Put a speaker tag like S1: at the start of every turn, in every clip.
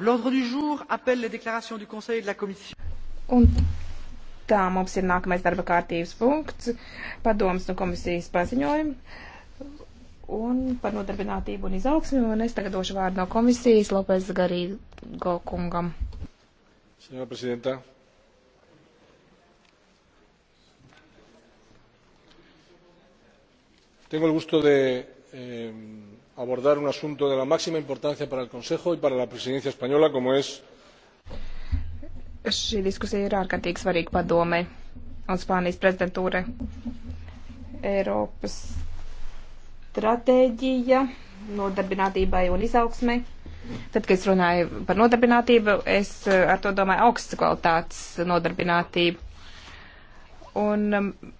S1: l'ordre du jour appelle les déclarations du Conseil et de la Commission. Un
S2: tā mums ir nākamais darba kārtības punkts, padoms no komisijas paziņojumi un par nodarbinātību un izaugsmi, un es tagad došu vārdu no komisijas Lopez Garīgo kungam.
S3: Senora prezidenta. Tengo el gusto de eh, abordar un asunto de la máxima importancia para el Consejo y para la presidencia española, como es.
S2: Šī diskusija ir ārkārtīgi svarīga padomē un Spānijas prezidentūrai. Eiropas stratēģija nodarbinātībai un izaugsmai. Tad, kad es runāju par nodarbinātību, es eh, ar to domāju augstas kvalitātes nodarbinātību. Un mm,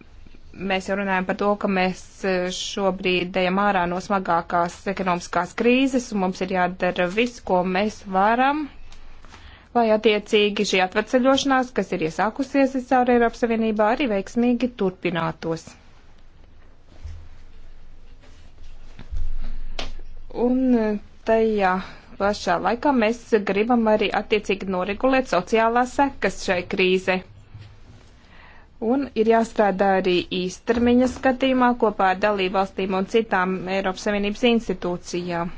S2: mēs jau runājam par to, ka mēs e, šobrīd ejam ārā no smagākās ekonomiskās krīzes, un mums ir jādara viss, ko mēs varam, lai attiecīgi šī atvecaļošanās, kas ir iesākusies caur Eiropas Savienībā, arī veiksmīgi turpinātos. Un e, tajā pašā laikā mēs gribam arī attiecīgi noregulēt sociālās sekas šai krīzei Un ir jāstrādā arī īstermiņa skatījumā kopā ar dalībvalstīm un citām Eiropas Savienības institūcijām.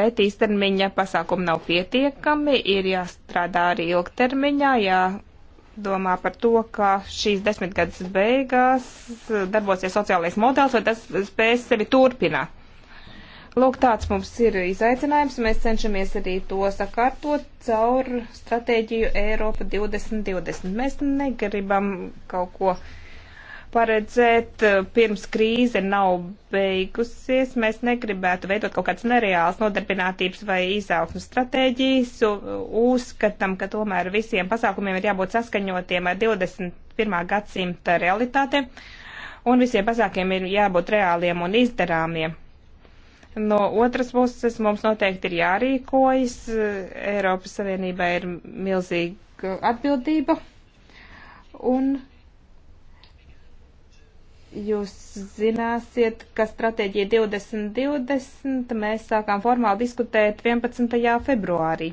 S2: Bet īstermiņa pasākumi nav pietiekami, ir jāstrādā arī ilgtermiņā, jādomā par to, ka šīs desmitgades beigās darbosies sociālais modelis, vai tas spēs sevi turpināt. Lūk, tāds mums ir izaicinājums. Mēs cenšamies arī to sakārtot caur stratēģiju Eiropa 2020. Mēs negribam kaut ko paredzēt, eh, pirms krīze nav beigusies. Mēs negribētu veidot kaut kādas nereālas nodarbinātības vai izaugsmas stratēģijas. Uzskatām, ka tomēr visiem pasākumiem ir jābūt saskaņotiem ar 21. gadsimta realitātēm, un visiem pasākumiem ir jābūt reāliem un izdarāmiem. No otras puses mums noteikti ir jārīkojas. Eiropas Savienībā ir milzīga atbildība. Un jūs zināsiet, ka stratēģija 2020 mēs sākām formāli diskutēt 11. februārī.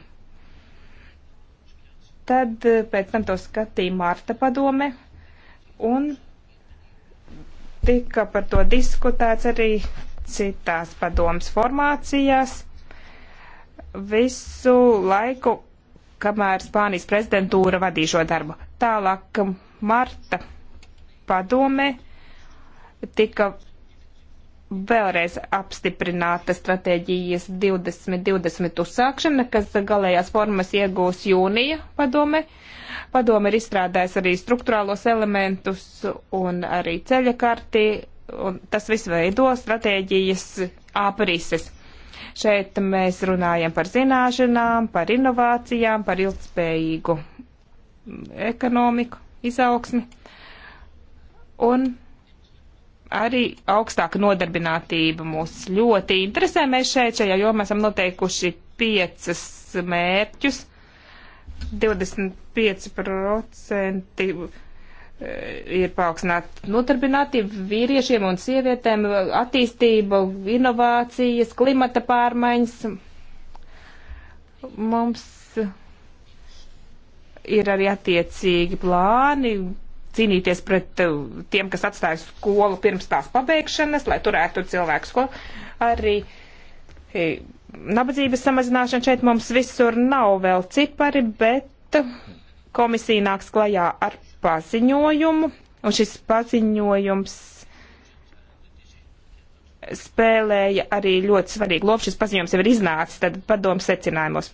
S2: Tad eh, pēc tam to skatīja Marta padome un tika par to diskutēts arī citās padomas formācijās visu laiku, kamēr Spānijas prezidentūra vadīja šo darbu. Tālāk marta padome tika vēlreiz apstiprināta stratēģijas 2020 uzsākšana, kas galējās formas iegūs jūnija padome. Padome ir izstrādājis arī struktūrālos elementus un arī ceļakarti un tas viss veido stratēģijas aprises. Šeit mēs runājam par zināšanām, par inovācijām, par ilgspējīgu ekonomiku, izaugsmi un arī augstāka nodarbinātība mūs ļoti interesē. Mēs šeit šajā jomā esam noteikuši piecas mērķus. 25% Eh, ir paaugstināta nodarbinātība vīriešiem un sievietēm, attīstība, inovācijas, klimata pārmaiņas. Mums ir arī attiecīgi plāni cīnīties pret eh, tiem, kas atstāja skolu pirms tās pabeigšanas, lai turētu cilvēku skolu. Arī eh, nabadzības samazināšana šeit mums visur nav vēl cipari, bet komisija nāks klajā ar paziņojumu, un šis paziņojums spēlēja arī ļoti svarīgu lopu. Šis paziņojums jau ir iznācis tad padomu secinājumos.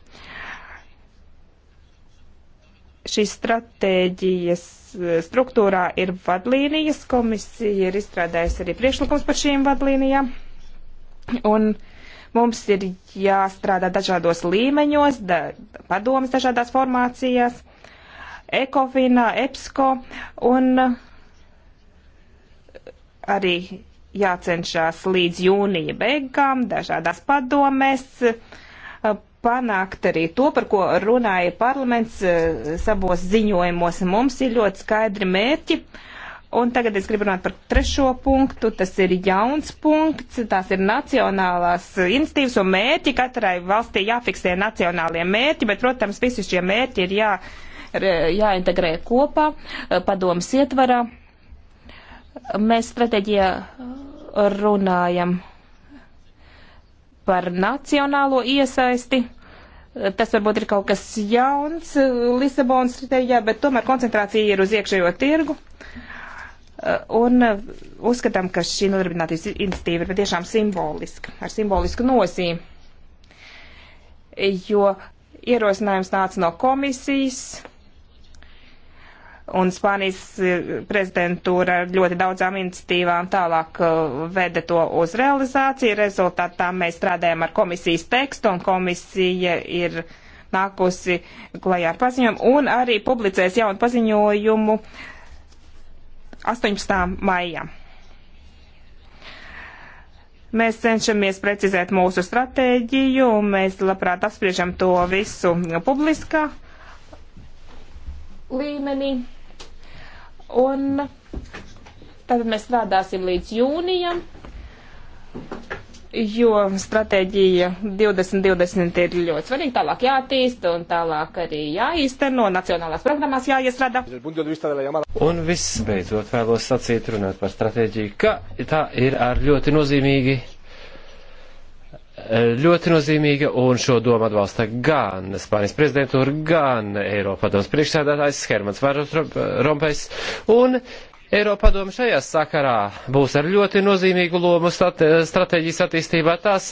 S2: Šīs stratēģijas eh, struktūrā ir vadlīnijas, komisija ir izstrādājusi arī priekšlikums par šīm vadlīnijām, un mums ir jāstrādā dažādos līmeņos, da, padomas dažādās formācijās Ekofinā, EPSCO un arī jācenšas līdz jūnija beigām dažādās padomēs eh, panākt arī to, par ko runāja parlaments eh, savos ziņojumos. Mums ir ļoti skaidri mērķi. Un tagad es gribu runāt par trešo punktu. Tas ir jauns punkts. Tās ir nacionālās institīvas un mērķi. Katrai valstī jāfiksē nacionālie mērķi, bet, protams, visi šie mērķi ir jā. Ja jāintegrē kopā eh, padomas ietvarā. Mēs strateģijā runājam par nacionālo iesaisti. Tas varbūt ir kaut kas jauns eh, Lisabonas strateģijā, bet tomēr koncentrācija ir uz iekšējo tirgu. Eh, un uzskatām, ka šī nodarbinātības iniciatīva ir patiešām simboliska, ar simbolisku nosīmi. Jo ierosinājums nāca no komisijas, un Spānijas eh, prezidentūra ar ļoti daudzām iniciatīvām tālāk eh, veda to uz realizāciju. Rezultātā mēs strādājam ar komisijas tekstu, un komisija ir nākusi klajā ar paziņojumu, un arī publicēs jaunu paziņojumu 18. maijā. Mēs cenšamies precizēt mūsu stratēģiju, un mēs labprāt apspriežam to visu publiskā līmenī. Un tātad mēs strādāsim līdz jūnijam, jo stratēģija 2020 ir ļoti svarīga, tālāk jātīsta un tālāk arī jāīsteno, nacionālās programmās jāiestrādā.
S3: Un viss beidzot vēlos sacīt runāt par stratēģiju, ka tā ir ar ļoti nozīmīgi ļoti nozīmīga, un šo domu atbalsta gan Spānijas prezidentūra, gan Eiropadoms priekšsēdētājs Hermans Vārus Rompais, un Eiropadoma šajā sakarā būs ar ļoti nozīmīgu lomu stratēģijas attīstībā tās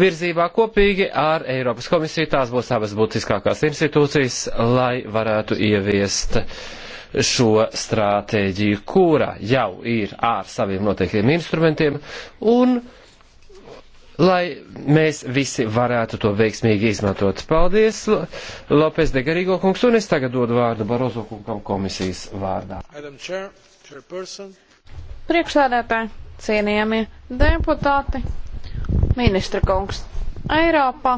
S3: virzībā kopīgi ar Eiropas komisiju. Tās būs abas būtiskākās institūcijas, lai varētu ieviest šo stratēģiju, kura jau ir ar saviem noteiktiem instrumentiem, un lai mēs visi varētu to veiksmīgi izmantot. Paldies, Lopes de Garīgo kungs, un es tagad dodu vārdu Barozo kungam komisijas vārdā.
S4: Priekšsēdētāji, cienījamie deputāti, ministra kungs, Eiropā.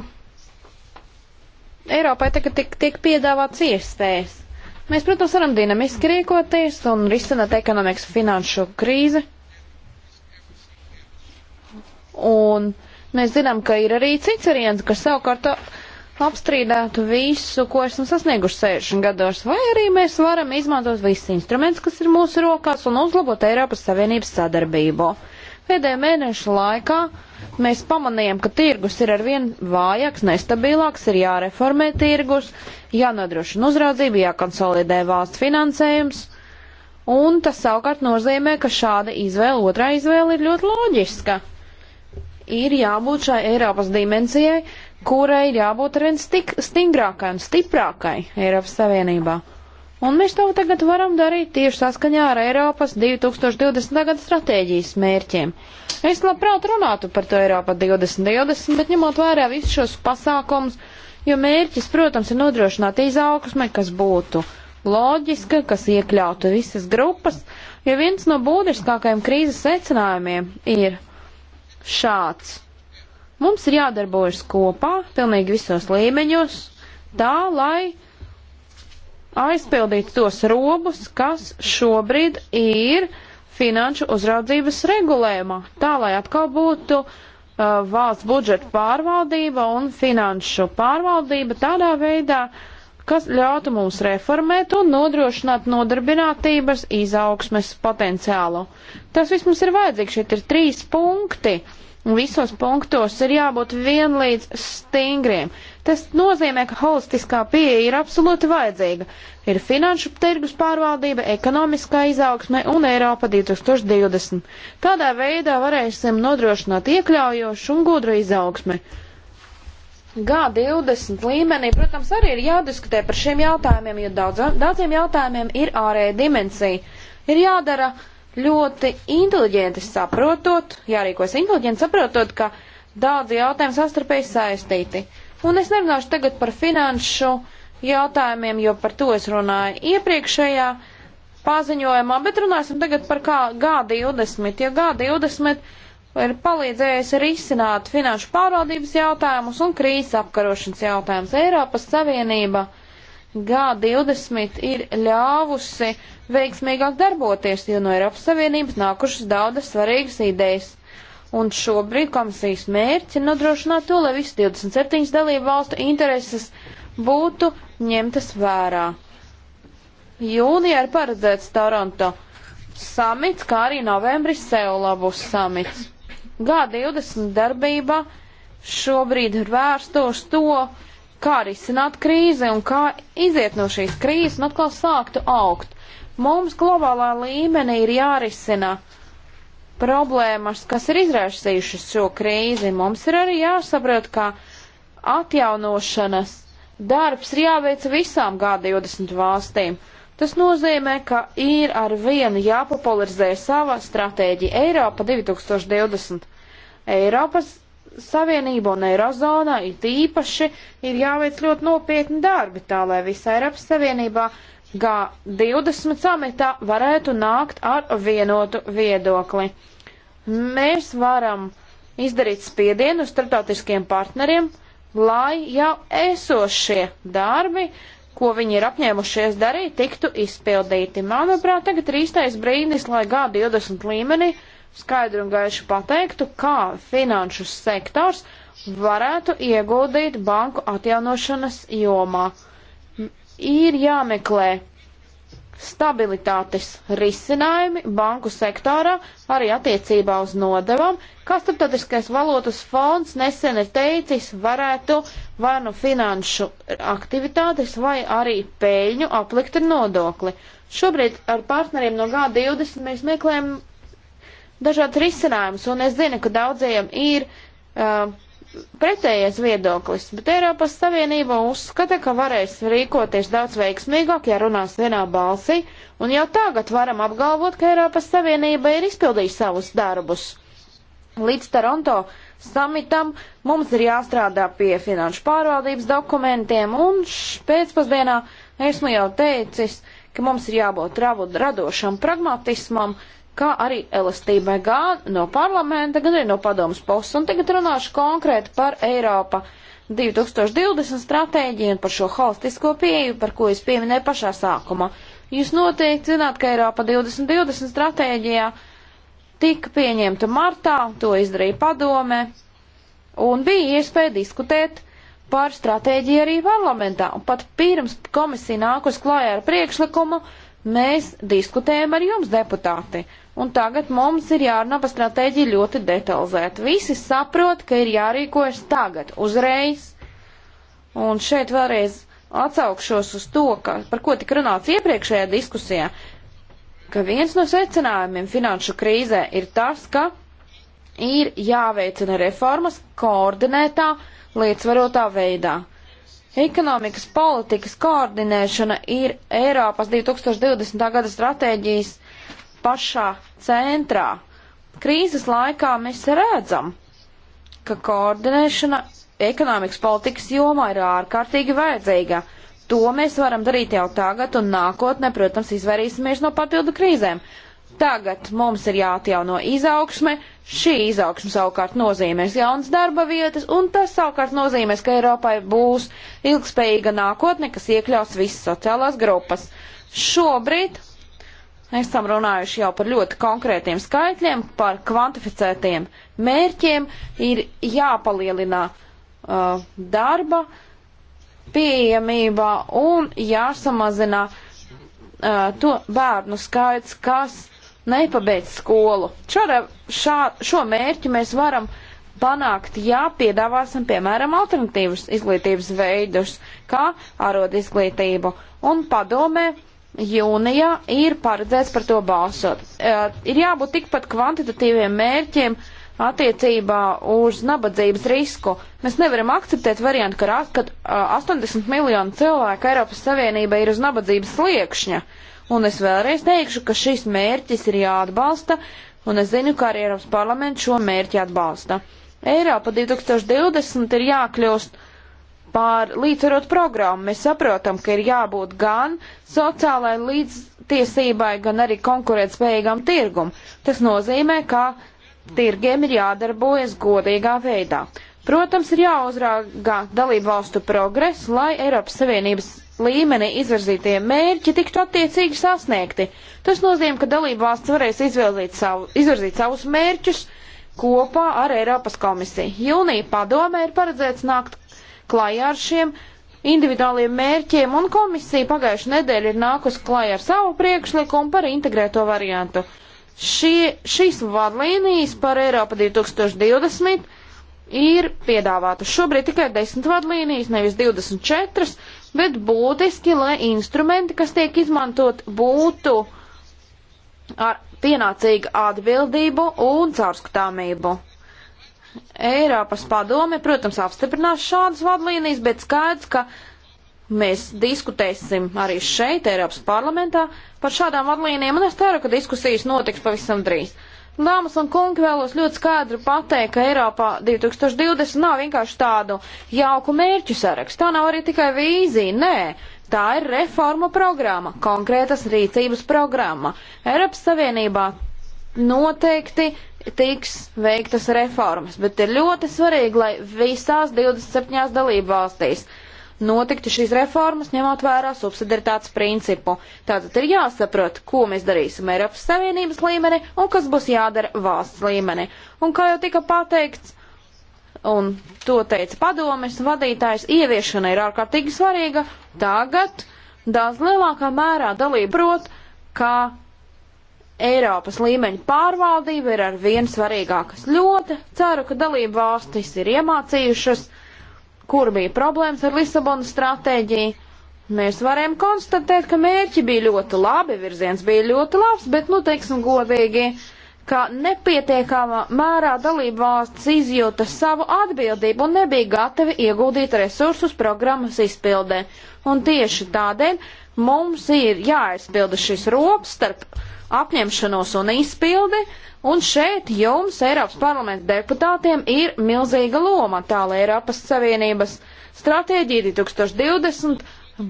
S4: Eiropai tagad tiek, tiek piedāvāts iespējas. Mēs, protams, varam dinamiski rīkoties un risināt ekonomikas finanšu krīzi. Un uh, Mēs zinām, ka ir arī cits variants, kas savukārt apstrīdētu visu, ko esam sasnieguši 60 gados, vai arī mēs varam izmantot visus instrumentus, kas ir mūsu rokās un uzlabot Eiropas Savienības sadarbību. Pēdējo mēnešu laikā mēs pamanījām, ka tirgus ir arvien vājāks, nestabilāks, ir jāreformē tirgus, jānodrošina uzraudzība, jākonsolidē valsts finansējums. Un tas savukārt nozīmē, ka šāda izvēle, otrā izvēle ir ļoti loģiska ir jābūt šai Eiropas dimensijai, kurai ir jābūt arvien stingrākai un stiprākai Eiropas Savienībā. Un mēs to tagad varam darīt tieši saskaņā ar Eiropas 2020. gada stratēģijas mērķiem. Es labprāt runātu par to Eiropa 2020, bet ņemot vērā visus šos pasākumus, jo mērķis, protams, ir nodrošināt izaugsmē, kas būtu loģiska, kas iekļautu visas grupas, jo viens no būtiskākajiem krīzes secinājumiem ir šāds. Mums ir jādarbojas kopā, pilnīgi visos līmeņos, tā lai aizpildītu tos robus, kas šobrīd ir finanšu uzraudzības regulējumā, tā lai atkal būtu uh, valsts budžeta pārvaldība un finanšu pārvaldība tādā veidā, uh, kas ļautu mums reformēt un nodrošināt nodarbinātības izaugsmes potenciālu. Tas viss mums ir vajadzīgs. Šeit ir trīs punkti. Visos punktos ir jābūt vienlīdz stingriem. Tas nozīmē, ka holistiskā pieeja ir absolūti vajadzīga. Ir finanšu tirgus pārvaldība, ekonomiskā izaugsme un Eiropa 2020. Tādā veidā varēsim nodrošināt iekļaujošu un gudru izaugsmi. G20 līmenī, protams, arī ir jādiskutē par šiem jautājumiem, jo daudz, daudziem jautājumiem ir ārēja dimensija. Ir jādara ļoti inteliģenti saprotot, jārīkojas inteliģenti saprotot, ka daudzi jautājumi sastarpēji saistīti. Un es nerunāšu tagad par finanšu jautājumiem, jo par to es runāju iepriekšējā paziņojumā, bet runāsim tagad par kā G20, jo G20 ir palīdzējis risināt finanšu pārvaldības jautājumus un krīzes apkarošanas jautājumus. Eiropas Savienība G20 ir ļāvusi veiksmīgāk darboties, jo no Eiropas Savienības nākušas daudzas svarīgas idejas. Un šobrīd komisijas mērķi ir nodrošināt to, lai visas 27 dalību valstu intereses būtu ņemtas vērā. Jūnijā ir paredzēts Toronto samits, kā arī novembris Seulabus samits. G20 darbība šobrīd ir vērsta uz to, kā risināt krīzi un kā iziet no šīs krīzes un atkal sāktu augt. Mums globālā līmenī ir jārisina problēmas, kas ir izraisījušas šo krīzi. Mums ir arī jāsaprot, ka atjaunošanas darbs ir jāveic visām G20 valstīm. Tas nozīmē, ka ir ar vienu jāpopularizē sava stratēģija Eiropa 2020 Eiropas Savienība un Eirozona it īpaši ir jāveic ļoti nopietni darbi tā, lai visā Eiropas Savienībā G20 samitā varētu nākt ar vienotu viedokli. Mēs varam izdarīt spiedienu uz starptautiskiem partneriem, lai jau esošie darbi, ko viņi ir apņēmušies darīt, tiktu izpildīti. Manuprāt, tagad ir īstais brīdis, lai G20 līmenī uh, skaidri un gaiši pateiktu, kā finanšu sektors varētu ieguldīt banku atjaunošanas jomā. Ir jāmeklē stabilitātes risinājumi banku sektorā arī attiecībā uz nodevam, kā starptautiskais valotas fonds nesen ir teicis, varētu vai nu finanšu aktivitātes vai arī peļņu aplikt ar nodokli. Šobrīd ar partneriem no G20 mēs meklējam dažādas risinājumus, un es zinu, ka daudziem ir uh, pretējais viedoklis, bet Eiropas Savienība uzskata, ka varēs rīkoties daudz veiksmīgāk, ja runās vienā balsī, un jau tagad varam apgalvot, ka Eiropas Savienība ir izpildījusi savus darbus. Līdz Toronto samitam mums ir jāstrādā pie finanšu pārvaldības dokumentiem, un pēcpusdienā esmu jau teicis, ka mums ir jābūt radošam pragmatismam, uh, kā arī elastībai gan no parlamenta, gan arī no padomas puses. Un tagad runāšu konkrēti par Eiropa 2020 stratēģiju un par šo holistisko pieeju, par ko es pieminēju pašā sākumā. Jūs noteikti zināt, ka Eiropa 2020 stratēģijā tika pieņemta martā, to izdarīja padome, un bija iespēja diskutēt par stratēģiju arī parlamentā. Un pat pirms komisija nākus klājā ar priekšlikumu, uh, Mēs diskutējam ar jums, deputāti, un tagad mums ir jārunā par stratēģiju ļoti detalizēti. Visi saprot, ka ir jārīkojas tagad, uzreiz. Un šeit vēlreiz atsaukšos uz to, ka, par ko tik runāts iepriekšējā diskusijā, ka viens no secinājumiem finanšu krīzē ir tas, ka ir jāveicina reformas koordinētā, līdzvarotā veidā. Ekonomikas politikas koordinēšana ir Eiropas 2020. gada stratēģijas pašā centrā. Krīzes laikā mēs redzam, ka koordinēšana ekonomikas politikas jomā ir ārkārtīgi vajadzīga. To mēs varam darīt jau tagad un nākotnē, protams, izvairīsimies no papildu krīzēm. Tagad mums ir jāatjauno izaugsme, šī izaugsme savukārt nozīmēs jaunas darba vietas, un tas savukārt nozīmēs, ka Eiropai būs ilgspējīga nākotne, kas iekļaus visas sociālās grupas. Šobrīd esam runājuši jau par ļoti konkrētiem skaitļiem, par kvantificētiem mērķiem, ir jāpalielina uh, darba pieejamība un jāsamazina uh, to bērnu skaits, kas nepabeidz skolu. Šādā, šā, šo mērķi mēs varam panākt, ja piedāvāsim, piemēram, alternatīvas izglītības veidus, kā ārod izglītību. Un padomē, jūnijā ir paredzēts par to balsot. E, ir jābūt tikpat kvantitatīviem mērķiem attiecībā uz nabadzības risku. Mēs nevaram akceptēt variantu, ka, kad e, 80 miljonu cilvēku Eiropas Savienība ir uz nabadzības sliekšņa. Uh, Un es vēlreiz teikšu, ka šis mērķis ir jāatbalsta, un es zinu, ka arī Eiropas parlaments šo mērķi atbalsta. Eiropa 2020 ir jākļūst pār līdzsvarot programmu. Mēs saprotam, ka ir jābūt gan sociālai līdztiesībai, gan arī konkurētspējīgam tirgum. Tas nozīmē, ka tirgiem ir jādarbojas godīgā veidā. Protams, ir jāuzrāga dalību valstu progress, lai Eiropas Savienības līmenī izvirzītie mērķi tiktu attiecīgi sasniegti. Tas nozīmē, ka dalībvalsts varēs savu, izvirzīt savus mērķus kopā ar Eiropas komisiju. Jūnija padomē ir paredzēts nākt klajā ar šiem individuāliem mērķiem, un komisija pagājušajā nedēļā ir nākusi klajā ar savu priekšlikumu par integrēto variantu. Šie, šīs vadlīnijas par Eiropu 2020 ir piedāvātas. Šobrīd tikai 10 vadlīnijas, nevis 24, bet būtiski, lai instrumenti, kas tiek izmantot, būtu ar pienācīgu atbildību un caurskatāmību. Eiropas padome, protams, apstiprinās šādas vadlīnijas, bet skaidrs, ka mēs diskutēsim arī šeit, Eiropas parlamentā, par šādām vadlīnijām, un es ceru, ka diskusijas notiks pavisam drīz. Dāmas un kungi, vēlos ļoti skaidri pateikt, ka Eiropā 2020 nav vienkārši tādu jauku mērķu sarakstu. Tā nav arī tikai vīzija, nē. Tā ir reforma programma, konkrētas rīcības programma. Eiropas Savienībā noteikti tiks veiktas reformas, bet ir ļoti svarīgi, lai visās 27 dalību valstīs notiktu šīs reformas, ņemot vērā subsidiaritātes principu. Tātad ir jāsaprot, ko mēs darīsim Eiropas Savienības līmenī un kas būs jādara valsts līmenī. Un kā jau tika pateikts, un to teica padomes vadītājs, ieviešana ir ārkārtīgi svarīga. Tagad daudz lielākā mērā dalība prot, ka Eiropas līmeņa pārvaldība ir ar vien svarīgākas. Ļoti ceru, ka dalība valstis ir iemācījušas kur bija problēmas ar Lisabonas stratēģiju. Mēs varējām konstatēt, ka mērķi bija ļoti labi, virziens bija ļoti labs, bet, nu, teiksim godīgi, ka nepietiekamā mērā dalība valsts izjūta savu atbildību un nebija gatavi ieguldīt resursus programmas izpildē. Un tieši tādēļ mums ir jāaizpilda šis rops starp apņemšanos un izpildi, un šeit jums, Eiropas parlamenta deputātiem, ir milzīga loma tā, lai Eiropas Savienības stratēģija 2020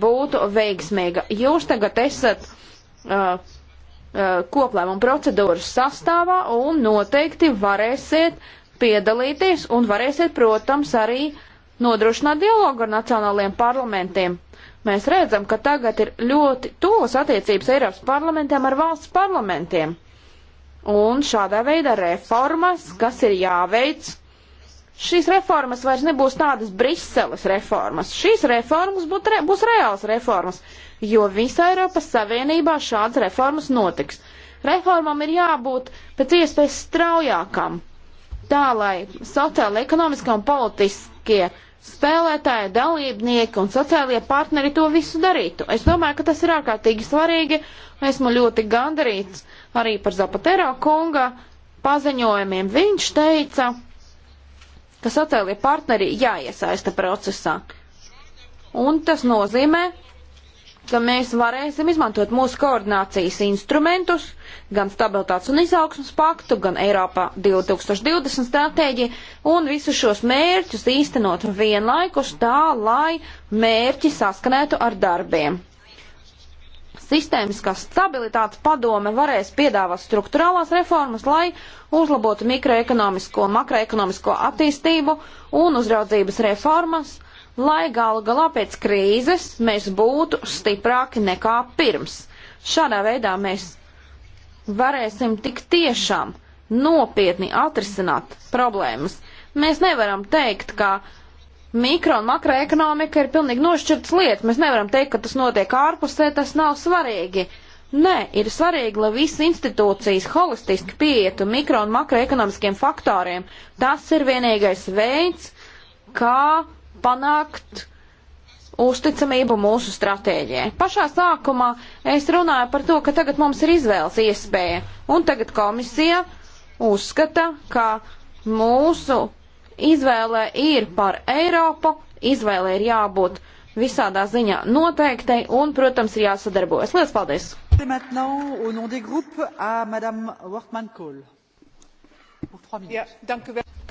S4: būtu veiksmīga. Jūs tagad esat uh, uh, koplēmuma procedūras sastāvā un noteikti varēsiet piedalīties un varēsiet, protams, arī nodrošināt dialogu ar nacionālajiem parlamentiem. Mēs redzam, ka tagad ir ļoti tuvas attiecības Eiropas parlamentiem ar valsts parlamentiem. Un šādā veidā reformas, kas ir jāveic, šīs reformas vairs nebūs tādas Briseles reformas. Šīs reformas būt, re, būs reāls reformas, jo visā Eiropas Savienībā šādas reformas notiks. Reformam ir jābūt pēc iespējas straujākam, tā lai sociāla, ekonomiskā un politiskie spēlētāji, dalībnieki un sociālie partneri to visu darītu. Es domāju, ka tas ir ārkārtīgi svarīgi. Esmu ļoti gandarīts arī par Zapatero kunga paziņojumiem. Viņš teica, ka sociālie partneri jāiesaista procesā. Un tas nozīmē, ka mēs varēsim izmantot mūsu koordinācijas instrumentus, gan stabilitātes un izaugsmas paktu, gan Eiropā 2020 stratēģiju un visus šos mērķus īstenot vienlaikus tā, lai mērķi saskanētu ar darbiem. Sistēmiskā stabilitātes padome varēs piedāvāt struktūrālās reformas, lai uzlabotu mikroekonomisko, makroekonomisko attīstību un uzraudzības reformas, uh, lai galu galā pēc krīzes mēs būtu stiprāki nekā pirms. Šādā veidā mēs varēsim tik tiešām nopietni atrisināt problēmas. Mēs nevaram teikt, ka mikro un makroekonomika ir pilnīgi nošķirtas lietas. Mēs nevaram teikt, ka tas notiek ārpusē, tas nav svarīgi. Nē, ir svarīgi, lai visas institūcijas holistiski pietu mikro un makroekonomiskiem faktoriem. Tas ir vienīgais veids, kā panākt uzticamību mūsu stratēģijai. Pašā sākumā es runāju par to, ka tagad mums ir izvēles iespēja, un tagad komisija uzskata, ka mūsu izvēle ir par Eiropu, izvēle ir jābūt visādā ziņā noteiktai, un, protams, ir jāsadarbojas. Lielas
S2: paldies!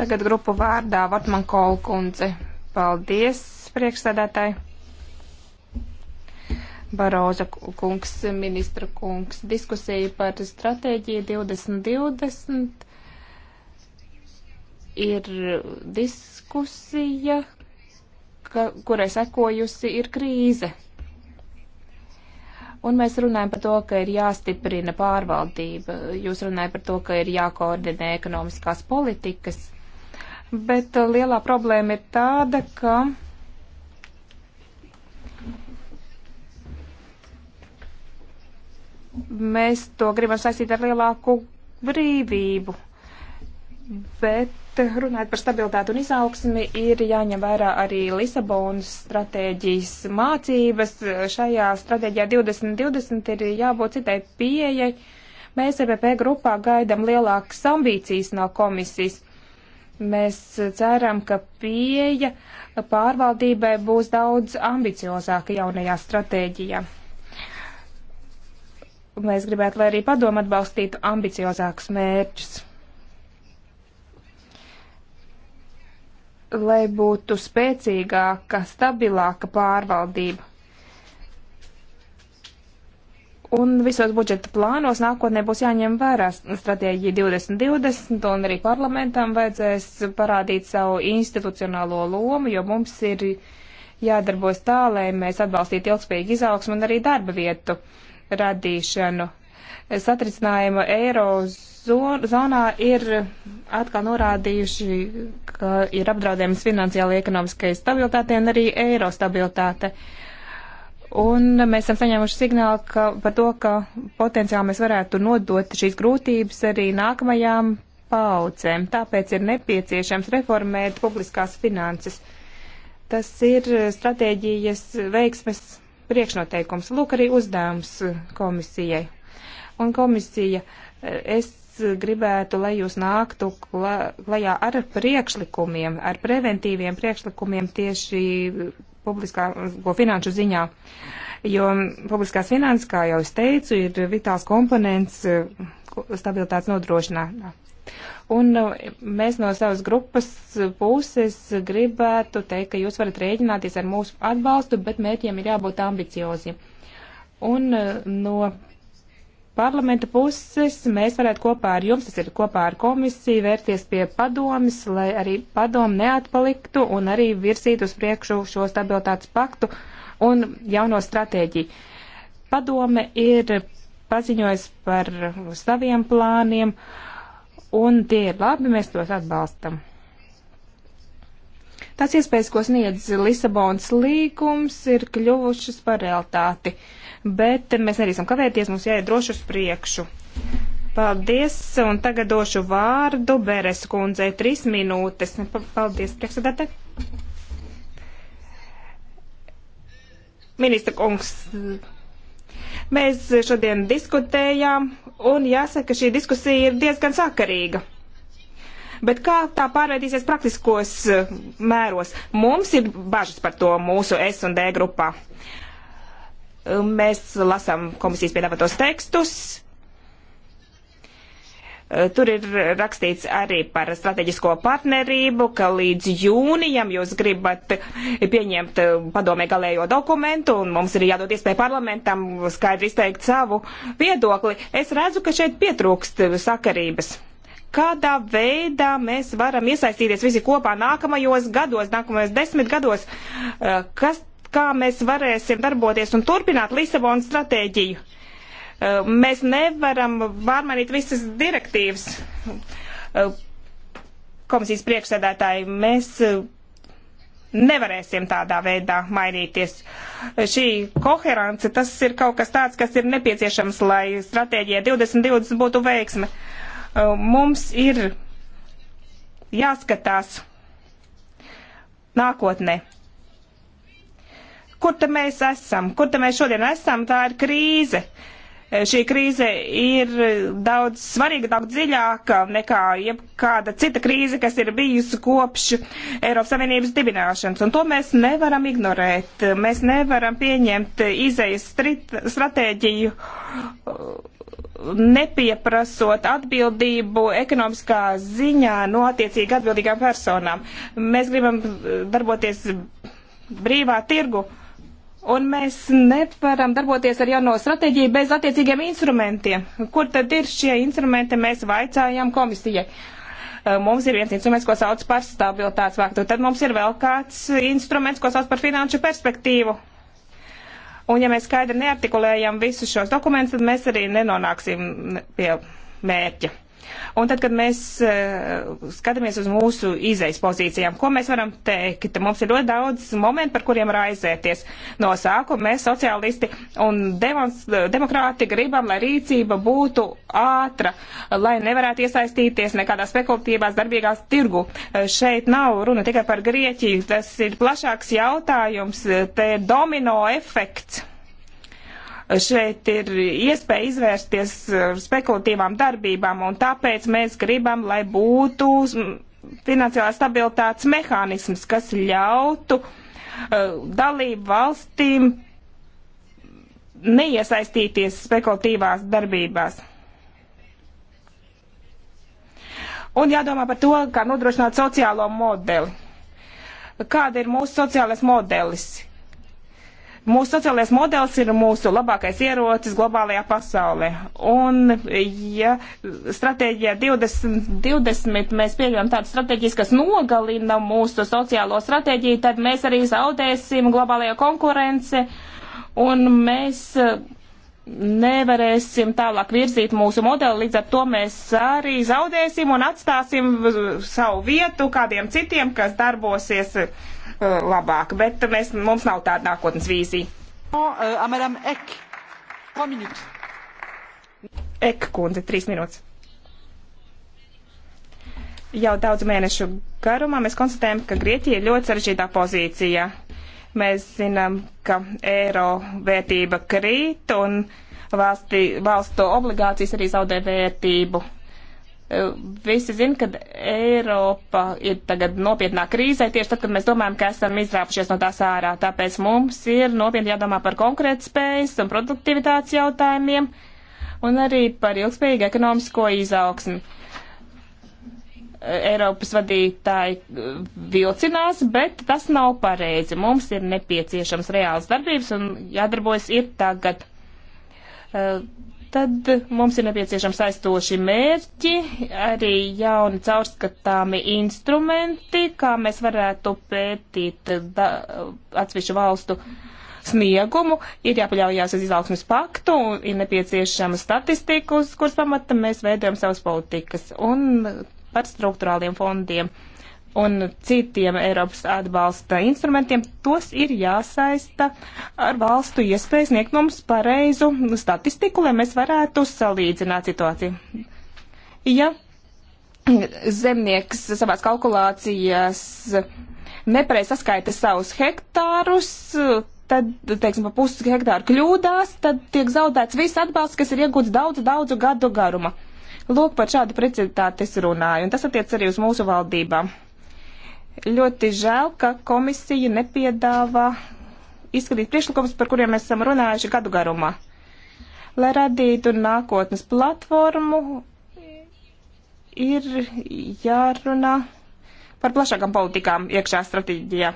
S2: Tagad grupu vārdā Vatmankola kundze. Paldies, priekšsēdētāji. Baroza kungs, ministra kungs, diskusija par stratēģiju 2020 ir diskusija, ka, kurai sekojusi ir krīze. Un mēs runājam par to, ka ir jāstiprina pārvaldība. Jūs runājat par to, ka ir jākoordinē ekonomiskās politikas bet uh, lielā problēma ir tāda, ka mēs to gribam saistīt ar lielāku brīvību, bet runājot par stabilitāti un izaugsmi, ir jāņem vērā arī Lisabonas stratēģijas mācības. Šajā stratēģijā 2020 ir jābūt citai pieejai. Mēs EPP grupā gaidam lielākas ambīcijas no komisijas Mēs ceram, ka pieeja pārvaldībai būs daudz ambiciozāka jaunajā stratēģijā. Mēs gribētu, lai arī padomu atbalstītu ambiciozākus mērķus. Lai būtu spēcīgāka, stabilāka pārvaldība Un visos budžeta plānos nākotnē būs jāņem vērā stratēģija 2020, un arī parlamentam vajadzēs parādīt savu institucionālo lomu, jo mums ir jādarbos tā, lai mēs atbalstītu ilgspējīgu izaugsmu un arī darba vietu radīšanu. Satricinājuma eirozonā ir atkal norādījuši, ka ir apdraudējums finansiāli ekonomiskai stabilitātei un arī eiro stabilitāte. Uh, Un mēs esam saņēmuši signālu ka, par to, ka potenciāli mēs varētu nodot šīs grūtības arī nākamajām paudzēm. Tāpēc ir nepieciešams reformēt publiskās finanses. Tas ir stratēģijas veiksmes priekšnoteikums. Lūk, arī uzdevums komisijai. Un komisija, es gribētu, lai jūs nāktu klajā ar priekšlikumiem, ar preventīviem priekšlikumiem tieši publiskāko finanšu ziņā. Jo publiskās finanses, kā jau es teicu, ir vitāls komponents eh, stabilitātes nodrošināšanā. Un eh, mēs no savas grupas puses gribētu teikt, ka jūs varat rēķināties ar mūsu atbalstu, bet mērķiem ir jābūt ambicioziem. Un eh, no parlamenta puses mēs varētu kopā ar jums, tas ir kopā ar komisiju, vērties pie padomis, lai arī padomi neatpaliktu un arī virzītu uz priekšu šo stabilitātes paktu un jauno stratēģiju. Padome ir paziņojis par saviem plāniem un tie ir labi, mēs tos atbalstam. Tās iespējas, ko sniedz Lisabonas līgums, ir kļuvušas par realitāti. Uh, bet mēs nedrīkstam kavēties, mums jāiet droši uz priekšu. Paldies, un tagad došu vārdu Beres kundzei trīs minūtes. Paldies, priekšsēdētāji. Ministra kungs, mēs šodien diskutējām, un jāsaka, šī diskusija ir diezgan sakarīga bet kā tā pārveidīsies praktiskos eh, mēros? Mums ir bažas par to mūsu S un D grupā. Mēs lasām komisijas piedāvātos tekstus. Eh, tur ir rakstīts arī par strateģisko partnerību, ka līdz jūnijam jūs gribat pieņemt eh, padomē galējo dokumentu, un mums ir jādod iespēju parlamentam skaidri izteikt savu viedokli. Es redzu, ka šeit pietrūkst sakarības. Kādā veidā mēs varam iesaistīties visi kopā nākamajos gados, nākamajos desmit gados? Eh, kas kā mēs varēsim darboties un turpināt Lisabonas stratēģiju. Uh, mēs nevaram pārmainīt visas direktīvas. Uh, komisijas priekšsēdētāji, mēs uh, nevarēsim tādā veidā mainīties. Šī koherence, tas ir kaut kas tāds, kas ir nepieciešams, lai stratēģija 2020 būtu veiksme. Mums ir jāskatās nākotnē. Kur te mēs esam? Kur te mēs šodien esam? Tā ir krīze. Šī krīze ir daudz svarīga, daudz dziļāka nekā jebkāda cita krīze, kas ir bijusi kopš Eiropas Savienības dibināšanas. Un to mēs nevaram ignorēt. Mēs nevaram pieņemt izējas stratēģiju nepieprasot atbildību ekonomiskā ziņā no attiecīgi atbildīgām personām. Mēs gribam darboties brīvā tirgu Un mēs nevaram darboties ar jauno stratēģiju bez attiecīgiem instrumentiem. Kur tad ir šie instrumenti, mēs vaicājām komisijai. Mums ir viens instruments, ko sauc par stabilitātes faktu, tad mums ir vēl kāds instruments, ko sauc par finanšu perspektīvu. Un ja mēs skaidri neartikulējam visus šos dokumentus, tad mēs arī nenonāksim pie mērķa. Un tad, kad mēs eh, skatāmies uz mūsu izejas pozīcijām, ko mēs varam teikt? Mums ir ļoti daudz momentu, par kuriem raizēties. No sākuma mēs sociālisti un demons, demokrāti gribam, lai rīcība būtu ātra, lai nevarētu iesaistīties nekādās spekulatīvās darbīgās tirgu. Eh, šeit nav runa tikai par Grieķiju, tas ir plašāks jautājums, eh, te domino efekts šeit ir iespēja izvērsties eh, spekulatīvām darbībām, un tāpēc mēs gribam, lai būtu finansiālā stabilitātes mehānisms, kas ļautu eh, dalību valstīm neiesaistīties spekulatīvās darbībās. Un jādomā par to, kā nodrošināt sociālo modeli. Kāda ir mūsu sociālais modelis? Mūsu sociālais modelis ir mūsu labākais ierocis globālajā pasaulē. Un, ja stratēģijā 2020 mēs pieļaujam tādu stratēģiju, kas nogalina mūsu sociālo stratēģiju, tad mēs arī zaudēsim globālajā konkurence un mēs uh, nevarēsim tālāk virzīt mūsu modeli, līdz ar to mēs arī zaudēsim un atstāsim savu vietu kādiem citiem, kas darbosies uh, Eh, labāk, bet mēs, mums nav tāda nākotnes vīzija. Ek eh, kundze, trīs minūtes. Jau daudz mēnešu garumā mēs konstatējam, ka Grieķija ir ļoti sarežģītā pozīcijā. Mēs zinām, ka eiro vērtība krīt un valsti, valstu obligācijas arī zaudē vērtību Visi zina, ka Eiropa ir tagad nopietnā krīzē, tieši tad, kad mēs domājam, ka esam izrāpušies no tās ārā. Tāpēc mums ir nopietni jādomā par konkurētspējas un produktivitātes jautājumiem un arī par ilgspējīgu ekonomisko izaugsmu. Eiropas vadītāji eh, vilcinās, bet tas nav pareizi. Mums ir nepieciešams reāls darbības un jādarbojas ir tagad. Eh, Tad mums ir nepieciešams aizstoši mērķi, arī jauni caurskatāmi instrumenti, kā mēs varētu pētīt atsevišķu valstu sniegumu, ir jāpaļaujās uz izaugsmas paktu, ir nepieciešama statistika, uz kuras pamata mēs veidojam savas politikas. Un par struktūrāliem fondiem. Uh, un citiem Eiropas atbalsta instrumentiem, tos ir jāsaista ar valstu iespēju sniegt mums pareizu statistiku, lai mēs varētu salīdzināt situāciju. Ja zemnieks savās kalkulācijās nepareiz saskaita savus hektārus, tad, teiksim, pa pusi hektāru kļūdās, tad tiek zaudēts viss atbalsts, kas ir iegūts daudzu, daudzu gadu garumā. Lūk, par šādu precizitāti es runāju, un tas attiec arī uz mūsu valdībām. Ļoti žēl, ka komisija nepiedāvā izskatīt priekšlikumus, par kuriem mēs esam runājuši gadu garumā. Lai radītu nākotnes platformu, ir jārunā par plašākām politikām iekšā stratēģijā.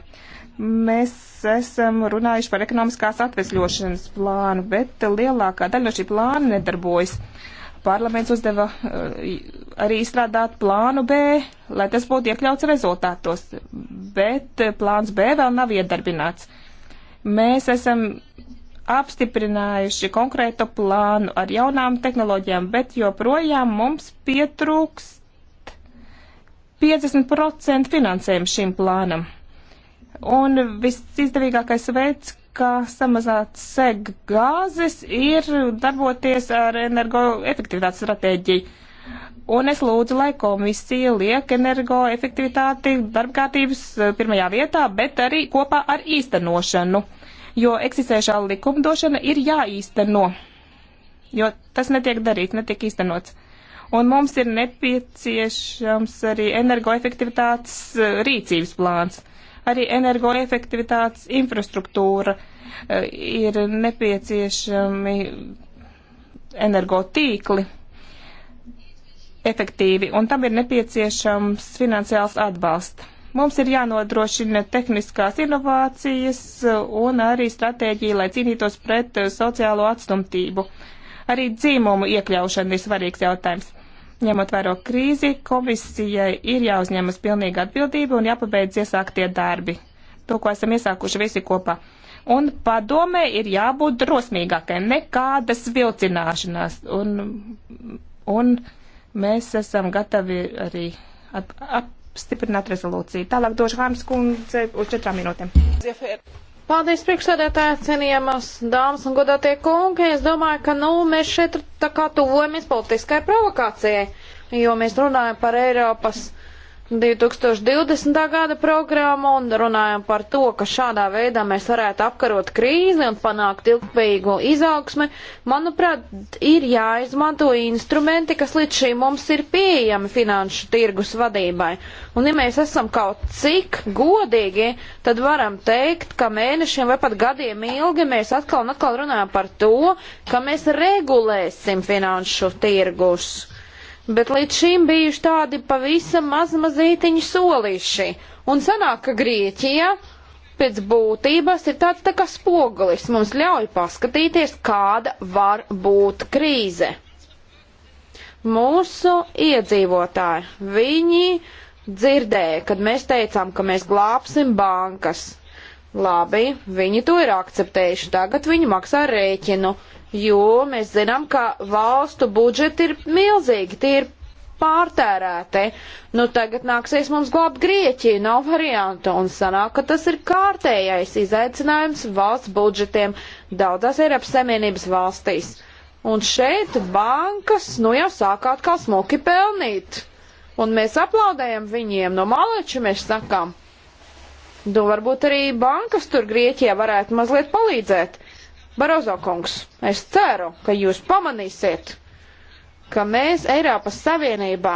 S2: Mēs esam runājuši par ekonomiskās atvesļošanas plānu, bet lielākā daļa no šī plāna nedarbojas parlaments uzdeva eh, arī izstrādāt plānu B, lai tas būtu iekļauts rezultātos, bet eh, plāns B vēl nav iedarbināts. Mēs esam apstiprinājuši konkrēto plānu ar jaunām tehnoloģijām, bet joprojām mums pietrūkst 50% finansējumu šim plānam. Un visizdevīgākais veids, kā samazināt seg gāzes, ir darboties ar energoefektivitātes stratēģiju. Un es lūdzu, lai komisija liek energoefektivitāti darbkārtības eh, pirmajā vietā, bet arī kopā ar īstenošanu, jo eksistēšā likumdošana ir jāīsteno, jo tas netiek darīts, netiek īstenots. Un mums ir nepieciešams arī energoefektivitātes eh, rīcības plāns. Uh, Arī energoefektivitātes infrastruktūra e, ir nepieciešami energotīkli efektīvi, un tam ir nepieciešams finansiāls atbalsts. Mums ir jānodrošina tehniskās inovācijas un arī stratēģija, lai cīnītos pret sociālo atstumtību. Arī dzīmumu iekļaušana ir svarīgs jautājums. Ņemot vēro krīzi, komisijai ir jāuzņemas pilnīga atbildība un jāpabeidz iesāktie darbi. To, ko esam iesākuši visi kopā. Un padomē ir jābūt drosmīgākai, nekādas vilcināšanās. Un, un mēs esam gatavi arī apstiprināt rezolūciju. Tālāk došu Hārms kundze uz četrām minūtēm.
S4: Paldies, priekšsēdētāji, cienījamās dāmas un godātie kungi. Es domāju, ka nu, mēs šeit tā kā tuvojamies politiskai provokācijai, jo mēs runājam par Eiropas 2020. gada programmu un runājam par to, ka šādā veidā mēs varētu apkarot krīzi un panākt ilgspējīgu izaugsmi, manuprāt, ir jāizmanto instrumenti, kas līdz šim mums ir pieejami finanšu tirgus vadībai. Un ja mēs esam kaut cik godīgi, tad varam teikt, ka mēnešiem vai pat gadiem ilgi mēs atkal un atkal runājam par to, ka mēs regulēsim finanšu tirgus Bet līdz šim bijuši tādi pavisam mazmazītiņi solīši. Un sanāk, ka Grieķija pēc būtības ir tāds tā kā spogulis. Mums ļauj paskatīties, kāda var būt krīze. Mūsu iedzīvotāji, viņi dzirdēja, kad mēs teicām, ka mēs glābsim bankas. Labi, viņi to ir akceptējuši. Tagad viņi maksā rēķinu jo mēs zinām, ka valstu budžeti ir milzīgi, tie ir pārtērēti. Nu, tagad nāksies mums glābt Grieķiju, nav variantu, un sanāk, ka tas ir kārtējais izaicinājums valsts budžetiem daudzās Eiropas Savienības valstīs. Un šeit bankas, nu jau sāk atkal smuki pelnīt. Un mēs aplaudējam viņiem, no maleča mēs sakām. Nu, varbūt arī bankas tur Grieķijā varētu mazliet palīdzēt. Barozo kungs, es ceru, ka jūs pamanīsiet, ka mēs Eiropas Savienībā